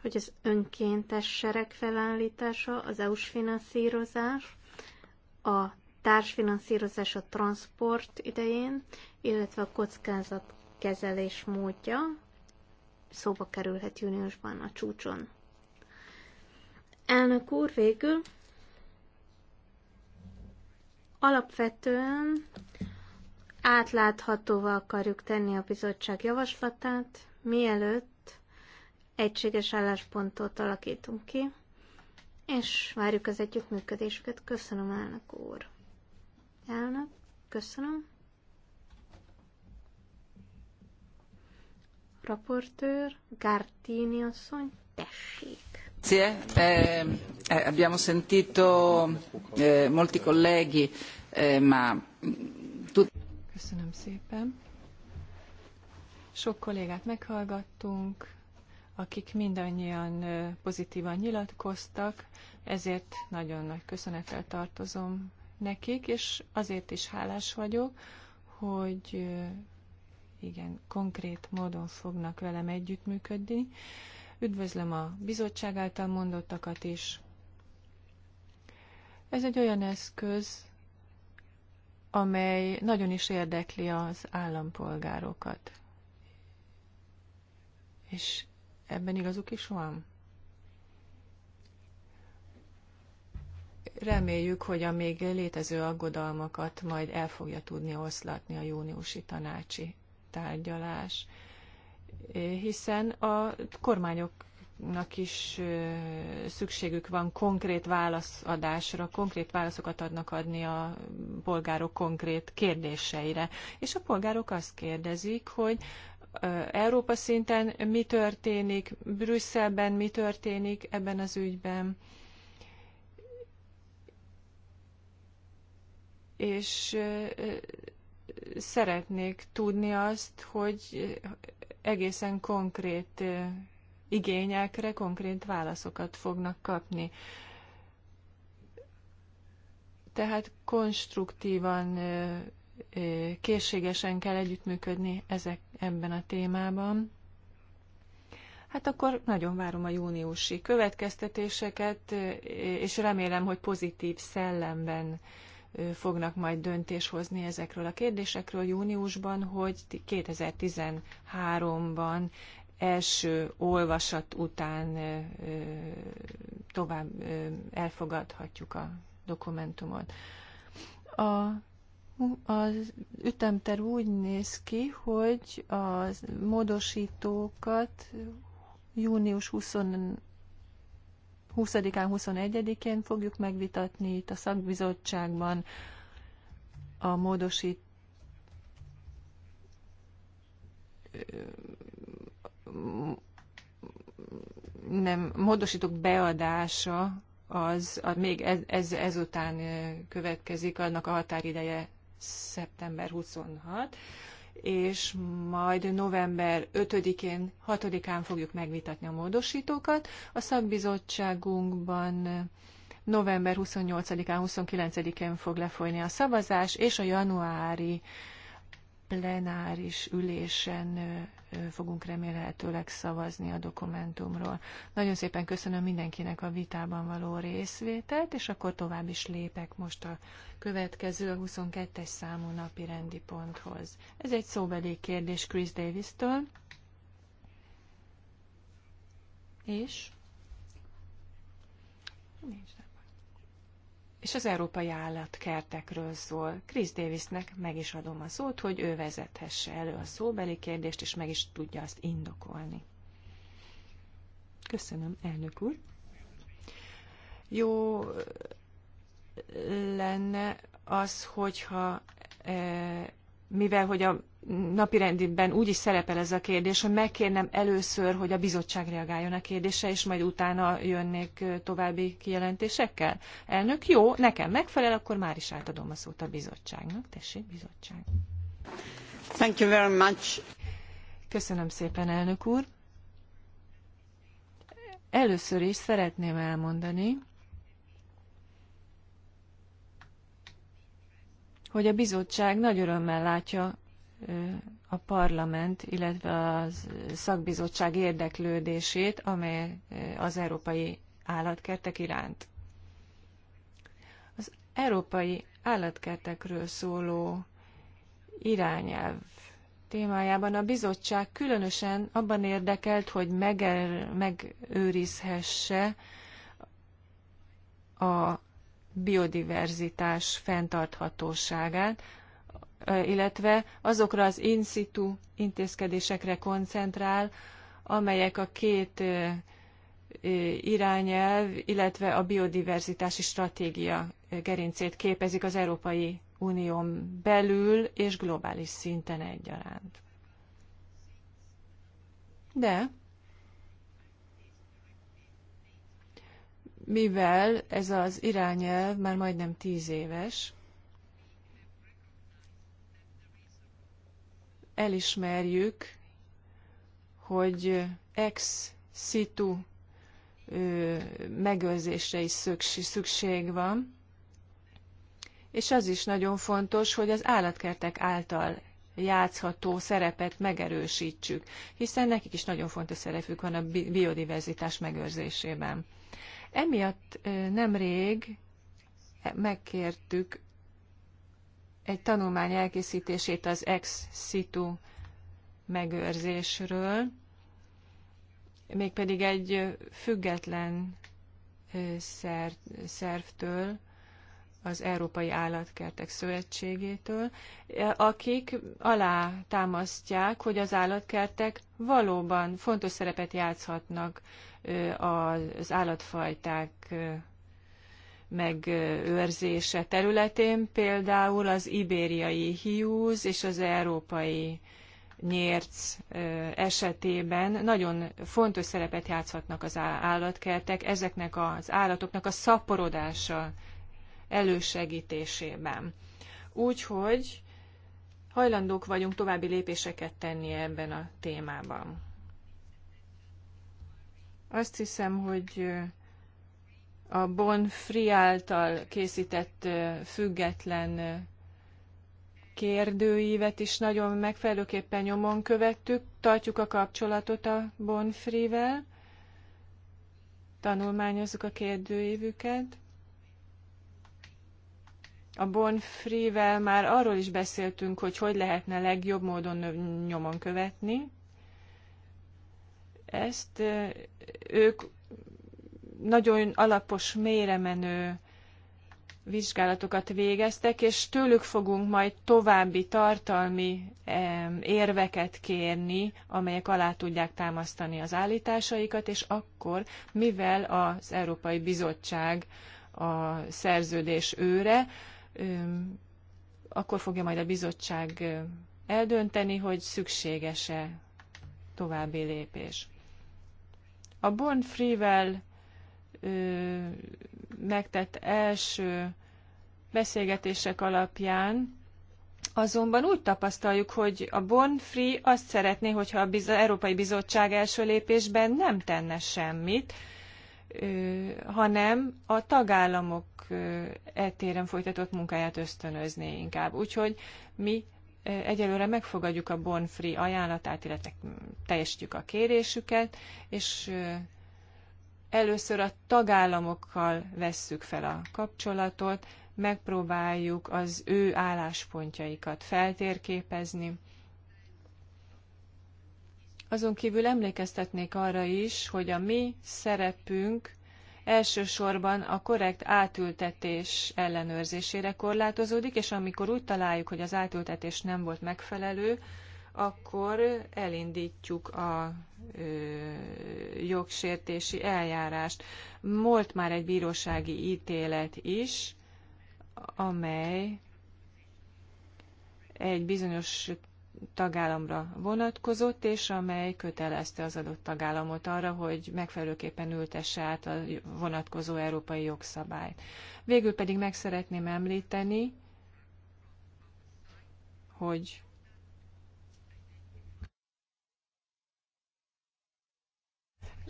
hogy az önkéntes sereg felállítása, az EU-s finanszírozás, a társfinanszírozás a transport idején, illetve a kockázatkezelés módja szóba kerülhet júniusban a csúcson. Elnök úr, végül alapvetően átláthatóvá akarjuk tenni a bizottság javaslatát, mielőtt egységes álláspontot alakítunk ki, és várjuk az együttműködésüket. Köszönöm, elnök úr. Elnök, köszönöm. Raportőr, Gártini asszony, tessék.
Grazie, eh, eh abbiamo sentito eh, molti colleghi, eh, ma Köszönöm szépen. Sok kollégát meghallgattunk, akik mindannyian pozitívan nyilatkoztak, ezért nagyon nagy köszönettel tartozom nekik, és azért is hálás vagyok, hogy igen, konkrét módon fognak velem együttműködni. Üdvözlöm a bizottság által mondottakat is. Ez egy olyan eszköz, amely nagyon is érdekli az állampolgárokat. És ebben igazuk is van? Reméljük, hogy a még létező aggodalmakat majd el fogja tudni oszlatni a júniusi tanácsi tárgyalás, hiszen a kormányok Nak is szükségük van konkrét válaszadásra, konkrét válaszokat adnak adni a polgárok konkrét kérdéseire. És a polgárok azt kérdezik, hogy Európa szinten mi történik, Brüsszelben mi történik ebben az ügyben. És szeretnék tudni azt, hogy egészen konkrét igényekre konkrét válaszokat fognak kapni. Tehát konstruktívan, készségesen kell együttműködni ezek, ebben a témában. Hát akkor nagyon várom a júniusi következtetéseket, és remélem, hogy pozitív szellemben fognak majd döntés hozni ezekről a kérdésekről júniusban, hogy 2013-ban első olvasat után tovább elfogadhatjuk a dokumentumot. A az ütemter úgy néz ki, hogy a módosítókat június 20 án 21-én fogjuk megvitatni itt a szakbizottságban a módosít nem módosítók beadása az a, még ez, ez, ezután következik, annak a határideje szeptember 26, és majd november 5-én, 6-án fogjuk megvitatni a módosítókat. A szakbizottságunkban november 28-án, 29-én fog lefolyni a szavazás, és a januári plenáris ülésen fogunk remélhetőleg szavazni a dokumentumról. Nagyon szépen köszönöm mindenkinek a vitában való részvételt, és akkor tovább is lépek most a következő, a 22-es számú napi rendi ponthoz. Ez egy szóbeli kérdés Chris Davis-től. És? Nincs és az európai állatkertekről szól. Chris Davisnek meg is adom a szót, hogy ő vezethesse elő a szóbeli kérdést, és meg is tudja azt indokolni. Köszönöm, elnök úr. Jó lenne az, hogyha mivel hogy a napirendben úgy is szerepel ez a kérdés, hogy megkérnem először, hogy a bizottság reagáljon a kérdésre, és majd utána jönnék további kijelentésekkel. Elnök, jó, nekem megfelel, akkor már is átadom a szót a bizottságnak. Tessék, bizottság. Thank you very much. Köszönöm szépen, elnök úr. Először is szeretném elmondani, hogy a bizottság nagy örömmel látja a parlament, illetve a szakbizottság érdeklődését, amely az európai állatkertek iránt. Az európai állatkertekről szóló irányelv témájában a bizottság különösen abban érdekelt, hogy meger, megőrizhesse a biodiverzitás fenntarthatóságát, illetve azokra az in situ intézkedésekre koncentrál, amelyek a két irányelv, illetve a biodiverzitási stratégia gerincét képezik az Európai Unión belül és globális szinten egyaránt. De mivel ez az irányelv már majdnem tíz éves, elismerjük, hogy ex situ megőrzésre is szükség van, és az is nagyon fontos, hogy az állatkertek által játszható szerepet megerősítsük, hiszen nekik is nagyon fontos szerepük van a biodiverzitás megőrzésében. Emiatt nemrég megkértük egy tanulmány elkészítését az ex situ megőrzésről, mégpedig egy független szer, szervtől, az Európai Állatkertek Szövetségétől, e, akik alá támasztják, hogy az állatkertek valóban fontos szerepet játszhatnak az állatfajták megőrzése területén, például az ibériai hiúz és az európai nyérc esetében nagyon fontos szerepet játszhatnak az állatkertek ezeknek az állatoknak a szaporodása elősegítésében. Úgyhogy hajlandók vagyunk további lépéseket tenni ebben a témában. Azt hiszem, hogy a Bon Free által készített független kérdőívet is nagyon megfelelőképpen nyomon követtük, tartjuk a kapcsolatot a Bon Free-vel, tanulmányozzuk a kérdőívüket. A Bon Free-vel már arról is beszéltünk, hogy hogy lehetne legjobb módon nyomon követni. Ezt ők nagyon alapos, méremenő vizsgálatokat végeztek, és tőlük fogunk majd további tartalmi érveket kérni, amelyek alá tudják támasztani az állításaikat, és akkor, mivel az Európai Bizottság a szerződés őre, akkor fogja majd a bizottság eldönteni, hogy szükséges-e további lépés. A Born Freewell megtett első beszélgetések alapján Azonban úgy tapasztaljuk, hogy a Bonfri azt szeretné, hogyha a Biz Európai Bizottság első lépésben nem tenne semmit, hanem a tagállamok etéren folytatott munkáját ösztönözné inkább. Úgyhogy mi egyelőre megfogadjuk a Bonfri ajánlatát, illetve teljesítjük a kérésüket, és először a tagállamokkal vesszük fel a kapcsolatot, megpróbáljuk az ő álláspontjaikat feltérképezni. Azon kívül emlékeztetnék arra is, hogy a mi szerepünk elsősorban a korrekt átültetés ellenőrzésére korlátozódik, és amikor úgy találjuk, hogy az átültetés nem volt megfelelő, akkor elindítjuk a ö, jogsértési eljárást. Volt már egy bírósági ítélet is, amely egy bizonyos tagállamra vonatkozott, és amely kötelezte az adott tagállamot arra, hogy megfelelőképpen ültesse át a vonatkozó európai jogszabályt. Végül pedig meg szeretném említeni, hogy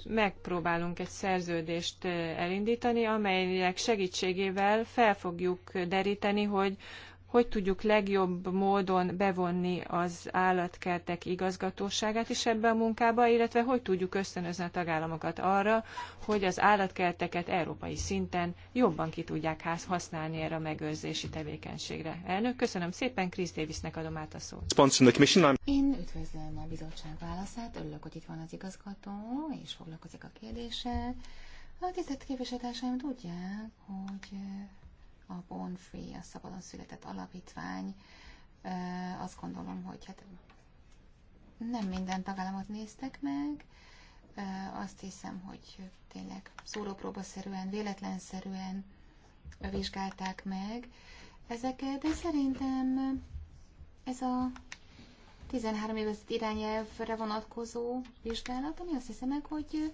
megpróbálunk egy szerződést eh, elindítani, amelynek segítségével fel fogjuk deríteni, hogy hogy tudjuk legjobb módon bevonni az állatkertek igazgatóságát is ebbe a munkába, illetve hogy tudjuk ösztönözni a tagállamokat arra, hogy az állatkerteket európai szinten jobban ki tudják használni erre a megőrzési tevékenységre. Elnök, köszönöm szépen, Krisz Davisnek adom át a szót. Én üdvözlöm a bizottság válaszát, örülök, hogy itt van az igazgató, és foglalkozik
a kérdéssel. A tisztelt képviselőtársaim tudják, hogy a Born Free, a szabadon született alapítvány, azt gondolom, hogy hát nem minden tagállamot néztek meg, azt hiszem, hogy tényleg szórópróbaszerűen, véletlenszerűen vizsgálták meg ezeket, de szerintem ez a 13 éves irányelvre vonatkozó vizsgálat, ami azt hiszem meg, hogy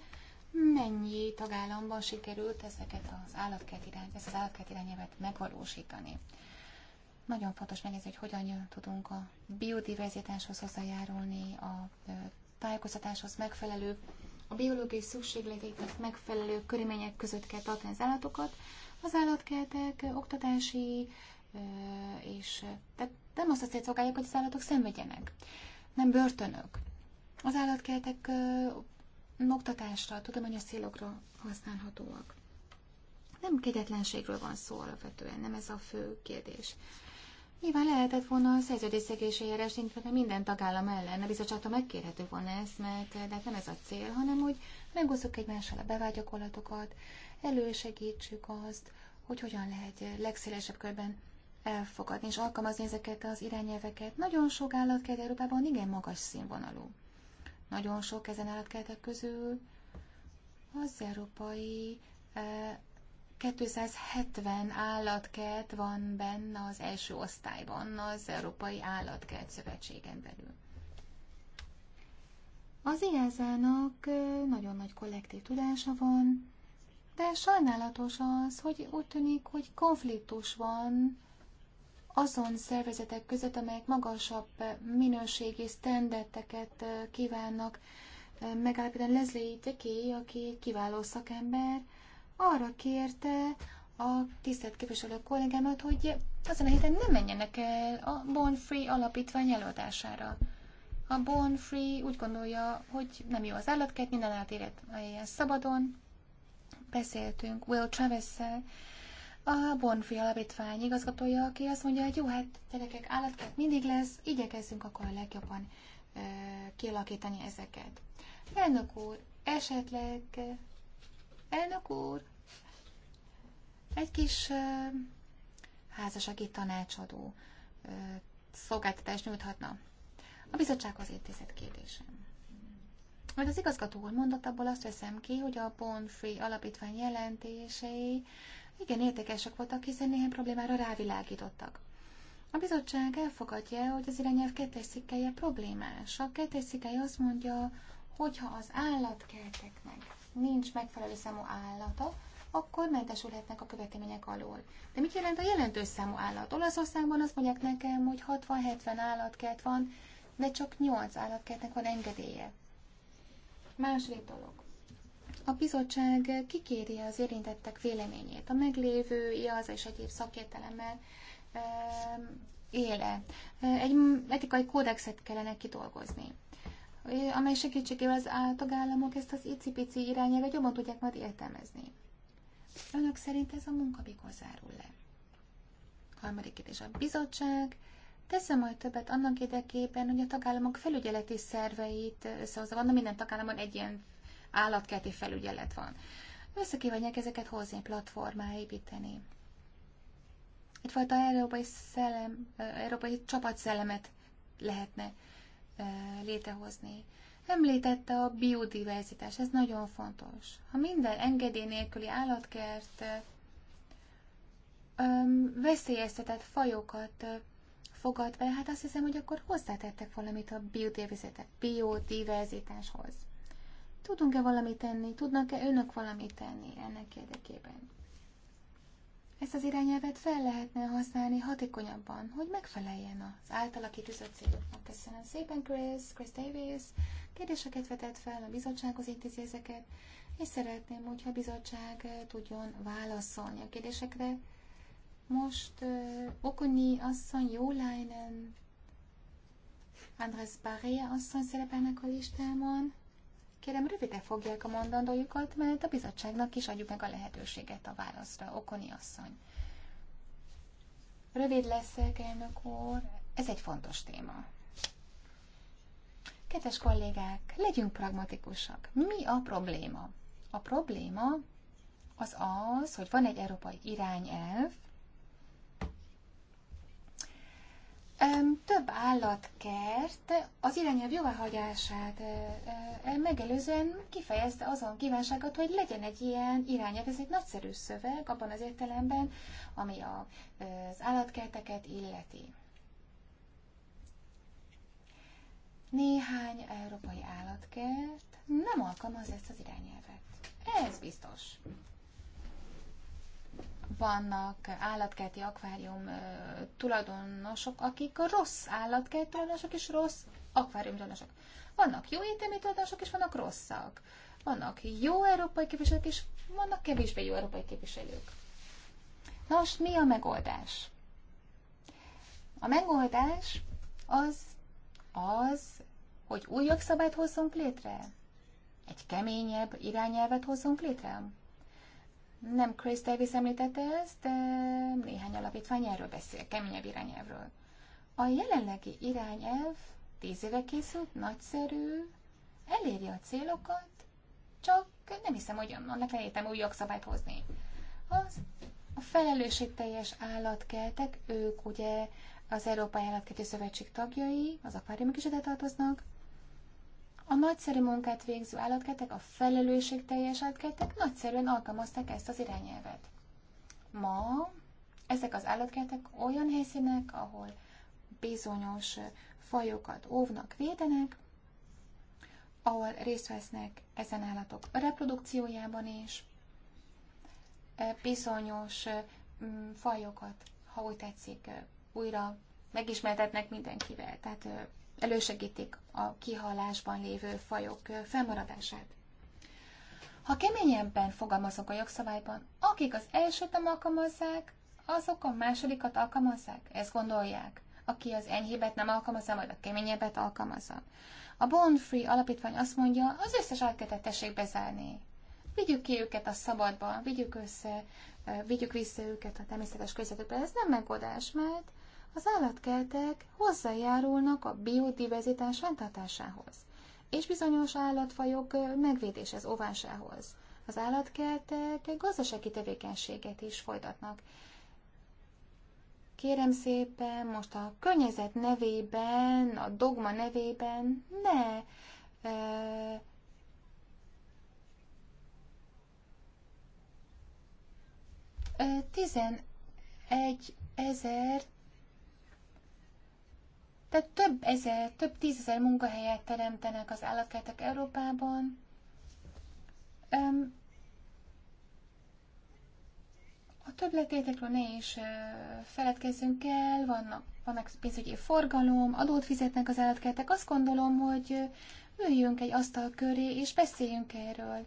mennyi tagállamban sikerült ezeket az állatkert irány, ezt az állatkert irányelvet megvalósítani. Nagyon fontos megnézni, hogy hogyan tudunk a biodiverzitáshoz hozzájárulni, a tájékoztatáshoz megfelelő, a biológiai szükségletéknek megfelelő körülmények között kell tartani az állatokat. Az állatkertek oktatási és tehát nem azt a célt szolgálják, hogy az állatok szenvedjenek. Nem börtönök. Az állatkertek oktatásra, tudományos célokra használhatóak. Nem kegyetlenségről van szó alapvetően, nem ez a fő kérdés. Nyilván lehetett volna a szerződésszegési eljárás mert minden tagállam ellen. A bizottságtól megkérhető volna ezt, mert de hát nem ez a cél, hanem hogy megosztjuk egymással a bevágyakorlatokat, elősegítsük azt, hogy hogyan lehet legszélesebb körben elfogadni és alkalmazni ezeket az irányelveket. Nagyon sok állat Európában igen magas színvonalú nagyon sok ezen állatkertek közül, az európai 270 eh, állatkert van benne az első osztályban az Európai Állatkert Szövetségen belül. Az IASA-nak eh, nagyon nagy kollektív tudása van, de sajnálatos az, hogy úgy tűnik, hogy konfliktus van azon szervezetek között, amelyek magasabb minőségi sztenderdeket kívánnak megállapítani. Leslie Deké, aki kiváló szakember, arra kérte a tisztelt képviselő kollégámat, hogy azon a héten nem menjenek el a Born Free alapítvány előadására. A Born Free úgy gondolja, hogy nem jó az állatkert, minden átéret szabadon. Beszéltünk Will travis a Bonfi Alapítvány igazgatója, aki azt mondja, hogy jó, hát gyerekek, állatkert mindig lesz, igyekezzünk akkor a legjobban ö, kialakítani ezeket. Elnök úr, esetleg, elnök úr, egy kis ö, házasági tanácsadó ö, szolgáltatást nyújthatna. A bizottsághoz intézett kérdésem. Mert az igazgató úr mondott, abból azt veszem ki, hogy a Bonfi Alapítvány jelentései igen értékesek voltak, hiszen néhány problémára rávilágítottak. A bizottság elfogadja, hogy az irányelv kettes szikkelje problémás. A kettes szikkelje azt mondja, hogyha az állatkerteknek nincs megfelelő számú állata, akkor mentesülhetnek a követelmények alól. De mit jelent a jelentős számú állat? Olaszországban azt mondják nekem, hogy 60-70 állatkert van, de csak 8 állatkertnek van engedélye. Második dolog. A bizottság kikéri az érintettek véleményét, a meglévő IAZ és egyéb szakértelemmel éle. Egy etikai kódexet kellene kidolgozni amely segítségével az tagállamok ezt az icipici irányelvet jobban tudják majd értelmezni. Önök szerint ez a munka mikor zárul le? Harmadik kérdés. A bizottság tesz majd többet annak érdekében, hogy a tagállamok felügyeleti szerveit összehozza. Van minden tagállamon egy ilyen állatkerti felügyelet van. Összekívánják ezeket hozni, platformá építeni. Egyfajta európai, szellem, európai csapatszellemet lehetne létrehozni. Említette a biodiverzitás, ez nagyon fontos. Ha minden engedély nélküli állatkert veszélyeztetett fajokat fogad be, hát azt hiszem, hogy akkor hozzátettek valamit a biodiverzitáshoz. Tudunk-e valamit tenni? Tudnak-e önök valamit tenni ennek érdekében? Ezt az irányelvet fel lehetne használni hatékonyabban, hogy megfeleljen az általa kitűzött céloknak. Köszönöm szépen, Chris, Chris Davis. Kérdéseket vetett fel, a bizottsághoz intézi ezeket, és szeretném, hogyha a bizottság eh, tudjon válaszolni a kérdésekre. Most uh, eh, Okonyi asszony, Jólájnen, András Barré asszony szerepelnek a listámon. Kérem, rövide fogják a mondandójukat, mert a bizottságnak is adjuk meg a lehetőséget a válaszra. Okoni asszony. Rövid leszek, elnök úr. Ez egy fontos téma. Kedves kollégák, legyünk pragmatikusak. Mi a probléma? A probléma az az, hogy van egy európai irányelv, Több állatkert az irányelv jóváhagyását e, e, e, megelőzően kifejezte azon kívánságot, hogy legyen egy ilyen irányelv. Ez egy nagyszerű szöveg abban az értelemben, ami az állatkerteket illeti. Néhány európai állatkert nem alkalmaz ezt az irányelvet. Ez biztos vannak állatkerti akvárium tulajdonosok, akik rossz állatkerti tulajdonosok és rossz akvárium tulajdonosok. Vannak jó étemi tulajdonosok és vannak rosszak. Vannak jó európai képviselők és vannak kevésbé jó európai képviselők. Na most mi a megoldás? A megoldás az, az, hogy új jogszabályt hozzunk létre? Egy keményebb irányelvet hozzunk létre? Nem Chris Davis említette ezt, de néhány alapítvány erről beszél, keményebb irányelvről. A jelenlegi irányelv tíz éve készült, nagyszerű, eléri a célokat, csak nem hiszem, hogy annak lehetem új jogszabályt hozni. Az a felelősségteljes állatkeltek, ők ugye az Európai Állatkerti Szövetség tagjai, az akváriumok is ide tartoznak, a nagyszerű munkát végző állatkertek, a felelősségteljes állatkertek nagyszerűen alkalmazták ezt az irányelvet. Ma ezek az állatkertek olyan helyszínek, ahol bizonyos fajokat óvnak, védenek, ahol részt vesznek ezen állatok reprodukciójában is, e, bizonyos e, fajokat, ha úgy tetszik, e, újra megismertetnek mindenkivel. Tehát elősegítik a kihalásban lévő fajok felmaradását. Ha keményebben fogalmazok a jogszabályban, akik az elsőt nem alkalmazzák, azok a másodikat alkalmazzák, ezt gondolják. Aki az enyhébet nem alkalmazza, majd a keményebbet alkalmazza. A Bond Free alapítvány azt mondja, az összes átkötet tessék bezárni. Vigyük ki őket a szabadba, vigyük össze, vigyük vissza őket a természetes közvetőkbe. Ez nem megoldás, mert az állatkertek hozzájárulnak a biodiverzitás fenntartásához, és bizonyos állatfajok megvédéshez, óvásához. Az állatkertek gazdasági tevékenységet is folytatnak. Kérem szépen, most a környezet nevében, a dogma nevében ne e, e, 11 ezer tehát több ezer, több tízezer munkahelyet teremtenek az állatkertek Európában. Um, a többletétekről ne is feledkezzünk el, vannak, vannak pénzügyi forgalom, adót fizetnek az állatkertek. Azt gondolom, hogy üljünk egy asztal köré, és beszéljünk erről.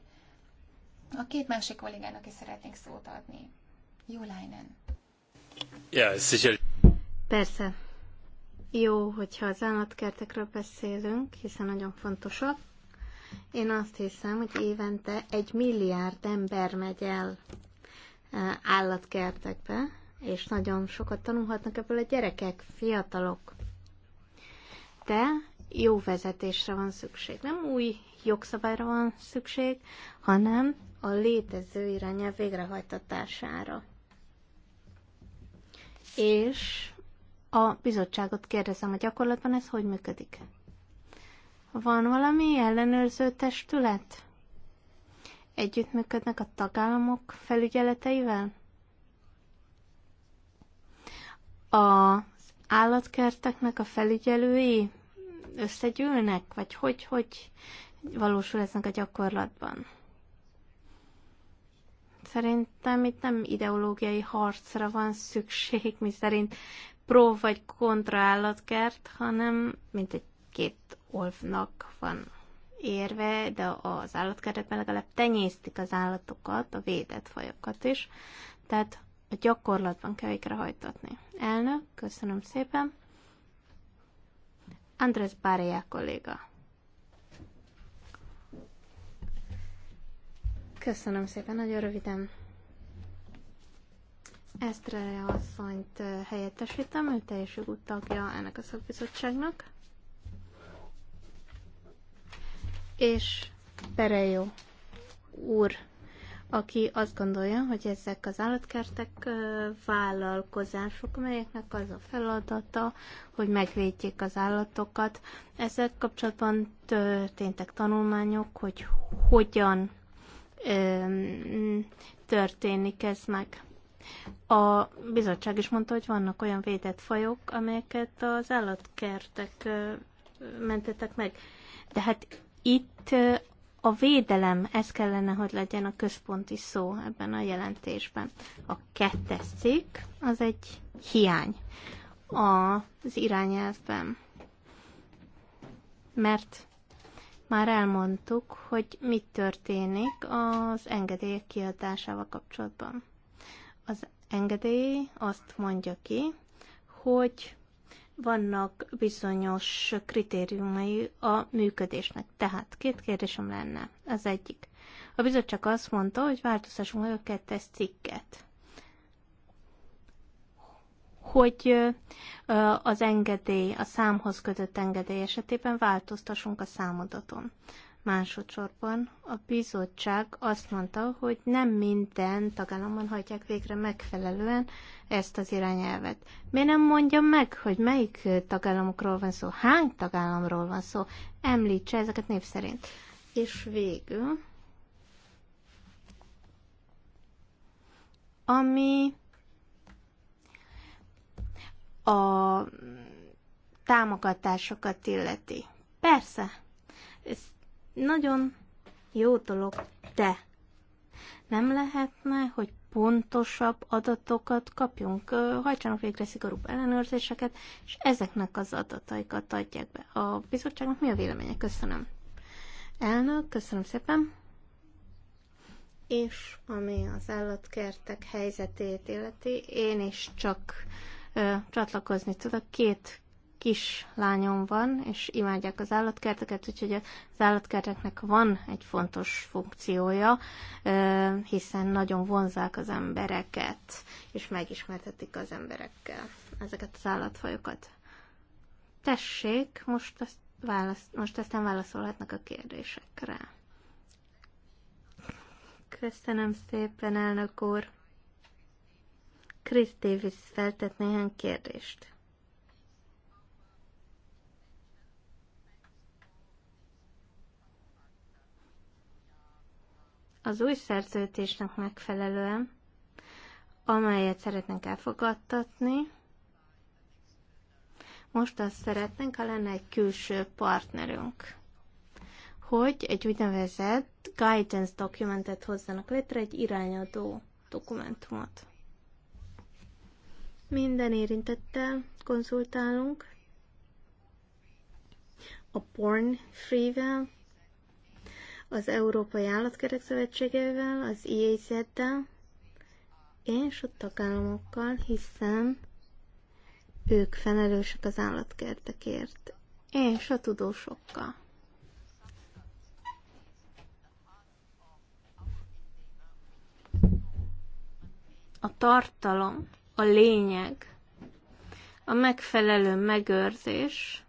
A két másik kollégának is szeretnénk szót adni. Jó Leinen.
Ja, sicher.
Persze, jó, hogyha az állatkertekről beszélünk, hiszen nagyon fontosak. Én azt hiszem, hogy évente egy milliárd ember megy el e, állatkertekbe, és nagyon sokat tanulhatnak ebből a gyerekek, fiatalok. De jó vezetésre van szükség. Nem új jogszabályra van szükség, hanem a létező irányelv végrehajtatására. És a bizottságot kérdezem, a gyakorlatban ez hogy működik? Van valami ellenőrző testület? Együttműködnek a tagállamok felügyeleteivel? Az állatkerteknek a felügyelői összegyűlnek, vagy hogy, hogy valósul eznek a gyakorlatban? Szerintem itt nem ideológiai harcra van szükség, mi szerint pro vagy kontra állatkert, hanem mint egy két olfnak van érve, de az állatkertekben legalább tenyésztik az állatokat, a védett fajokat is. Tehát a gyakorlatban kell végrehajtatni. Elnök, köszönöm szépen. Andrés Bárejá kolléga. Köszönöm szépen, nagyon röviden. Esztrele asszonyt helyettesítem, ő teljes jogú tagja ennek a szakbizottságnak. És Perejo úr, aki azt gondolja, hogy ezek az állatkertek vállalkozások, amelyeknek az a feladata, hogy megvédjék az állatokat. Ezzel kapcsolatban történtek tanulmányok, hogy hogyan történik ez meg. A bizottság is mondta, hogy vannak olyan védett fajok, amelyeket az állatkertek mentetek meg. De hát itt a védelem, ez kellene, hogy legyen a központi szó ebben a jelentésben. A kettes cikk az egy hiány az irányelvben. Mert már elmondtuk, hogy mit történik az engedélyek kiadásával kapcsolatban. Az engedély azt mondja ki, hogy vannak bizonyos kritériumai a működésnek. Tehát két kérdésem lenne. Az egyik. A bizottság azt mondta, hogy változtassunk meg a kettes cikket. Hogy az engedély, a számhoz kötött engedély esetében változtassunk a számadaton. Másodszorban a bizottság azt mondta, hogy nem minden tagállamban hagyják végre megfelelően ezt az irányelvet. Miért nem mondja meg, hogy melyik tagállamokról van szó, hány tagállamról van szó, említse ezeket név szerint. És végül, ami a támogatásokat illeti. Persze, nagyon jó dolog, de nem lehetne, hogy pontosabb adatokat kapjunk, hajtsanak végre szigorúbb ellenőrzéseket, és ezeknek az adataikat adják be. A bizottságnak mi a véleménye? Köszönöm. Elnök, köszönöm szépen. És ami az állatkertek helyzetét illeti, én is csak ö, csatlakozni tudok. Két kis lányom van, és imádják az állatkerteket, úgyhogy az állatkerteknek van egy fontos funkciója, hiszen nagyon vonzák az embereket, és megismertetik az emberekkel ezeket az állatfajokat. Tessék, most, azt válasz, most aztán válaszolhatnak a kérdésekre. Köszönöm szépen, elnök úr! Chris feltett néhány kérdést. Az új szerződésnek megfelelően, amelyet szeretnénk elfogadtatni, most azt szeretnénk, ha lenne egy külső partnerünk, hogy egy úgynevezett guidance dokumentet hozzanak létre, egy irányadó dokumentumot. Minden érintettel konzultálunk, a Porn Free-vel, az Európai Állatkerek Szövetségével, az IAZ-del és a tagállamokkal, hiszen ők felelősek az állatkertekért, és a tudósokkal. A tartalom, a lényeg, a megfelelő megőrzés,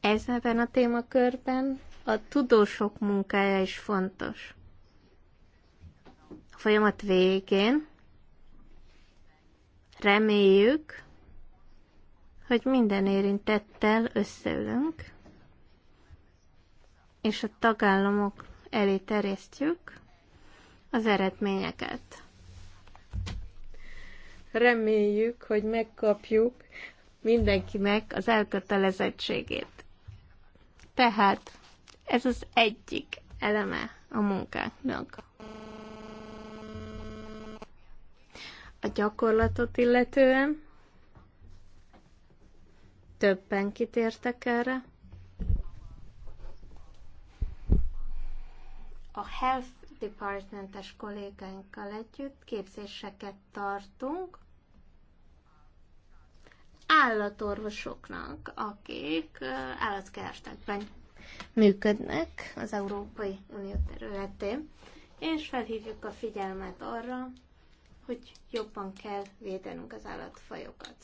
ezen a témakörben a tudósok munkája is fontos. A folyamat végén reméljük, hogy minden érintettel összeülünk, és a tagállamok elé terjesztjük az eredményeket. Reméljük, hogy megkapjuk mindenkinek az elkötelezettségét. Tehát ez az egyik eleme a munkáknak. A gyakorlatot illetően többen kitértek erre. A Health Departmentes kollégánkkal együtt képzéseket tartunk állatorvosoknak, akik állatkertekben működnek az Európai Unió területén, és felhívjuk a figyelmet arra, hogy jobban kell védenünk az állatfajokat.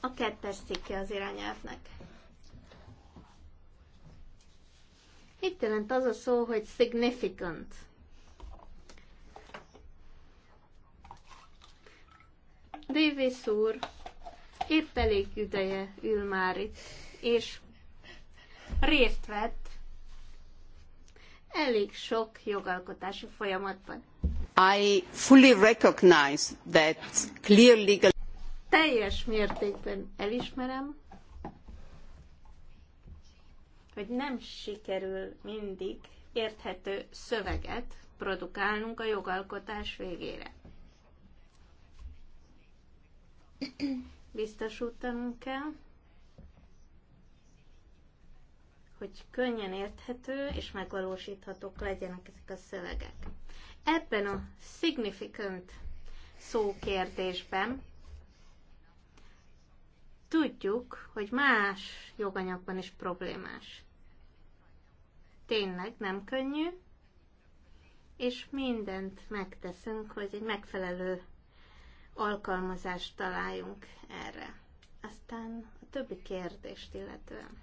A kettes cikke az irányelvnek. Itt jelent az a szó, hogy significant Davis úr épp elég ideje ül már itt, és részt vett elég sok jogalkotási folyamatban.
I fully recognize that clear legal...
Teljes mértékben elismerem, hogy nem sikerül mindig érthető szöveget produkálnunk a jogalkotás végére biztosítanunk kell, hogy könnyen érthető és megvalósíthatók legyenek ezek a szövegek. Ebben a significant szókérdésben tudjuk, hogy más joganyagban is problémás. Tényleg nem könnyű, és mindent megteszünk, hogy egy megfelelő alkalmazást találjunk erre. Aztán a többi kérdést illetően.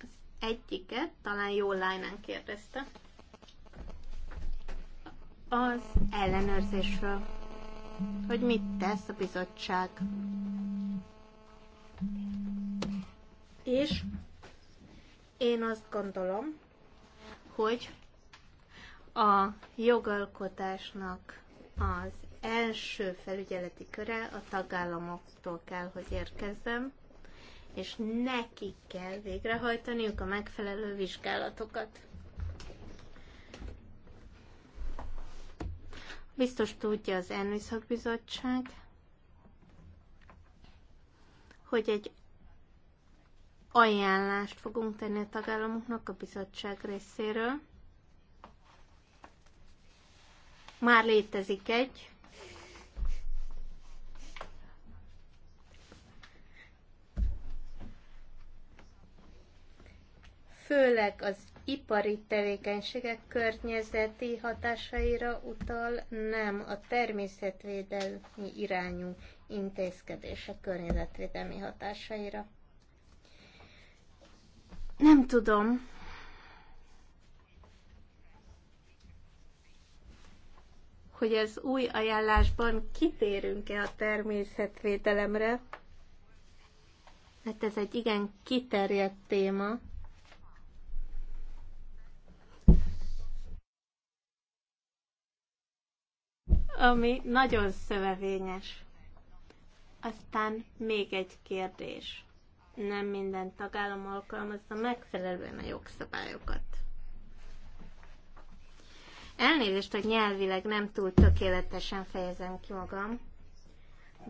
Az egyiket talán jó lányán kérdezte. Az ellenőrzésről, hogy mit tesz a bizottság. És én azt gondolom, hogy a jogalkotásnak az első felügyeleti köre a tagállamoktól kell, hogy érkezzem, és nekik kell végrehajtaniuk a megfelelő vizsgálatokat. Biztos tudja az bizottság, hogy egy ajánlást fogunk tenni a tagállamoknak a bizottság részéről, Már létezik egy. Főleg az ipari tevékenységek környezeti hatásaira utal, nem a természetvédelmi irányú intézkedések környezetvédelmi hatásaira. Nem tudom, hogy az új ajánlásban kitérünk-e a természetvédelemre, mert ez egy igen kiterjedt téma. ami nagyon szövevényes. Aztán még egy kérdés. Nem minden tagállam alkalmazza megfelelően a jogszabályokat. Elnézést, hogy nyelvileg nem túl tökéletesen fejezem ki magam,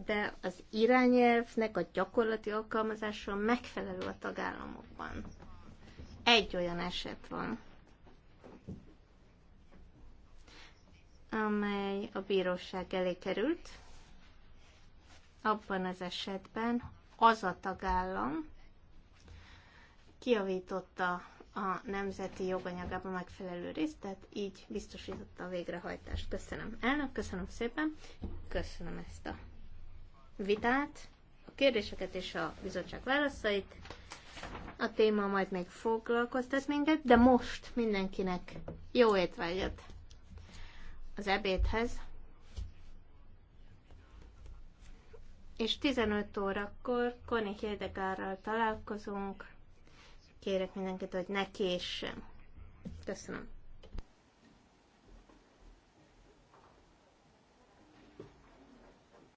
de az irányelvnek a gyakorlati alkalmazása megfelelő a tagállamokban. Egy olyan eset van, amely a bíróság elé került. Abban az esetben az a tagállam kiavította a nemzeti joganyagában megfelelő részt, így biztosította a végrehajtást. Köszönöm. Elnök, köszönöm szépen. Köszönöm ezt a vitát, a kérdéseket és a bizottság válaszait. A téma majd még foglalkoztat minket, de most mindenkinek jó étvágyat az ebédhez. És 15 órakor Koni Hildegárral találkozunk. Kérek mindenkit, hogy ne késsen. Köszönöm.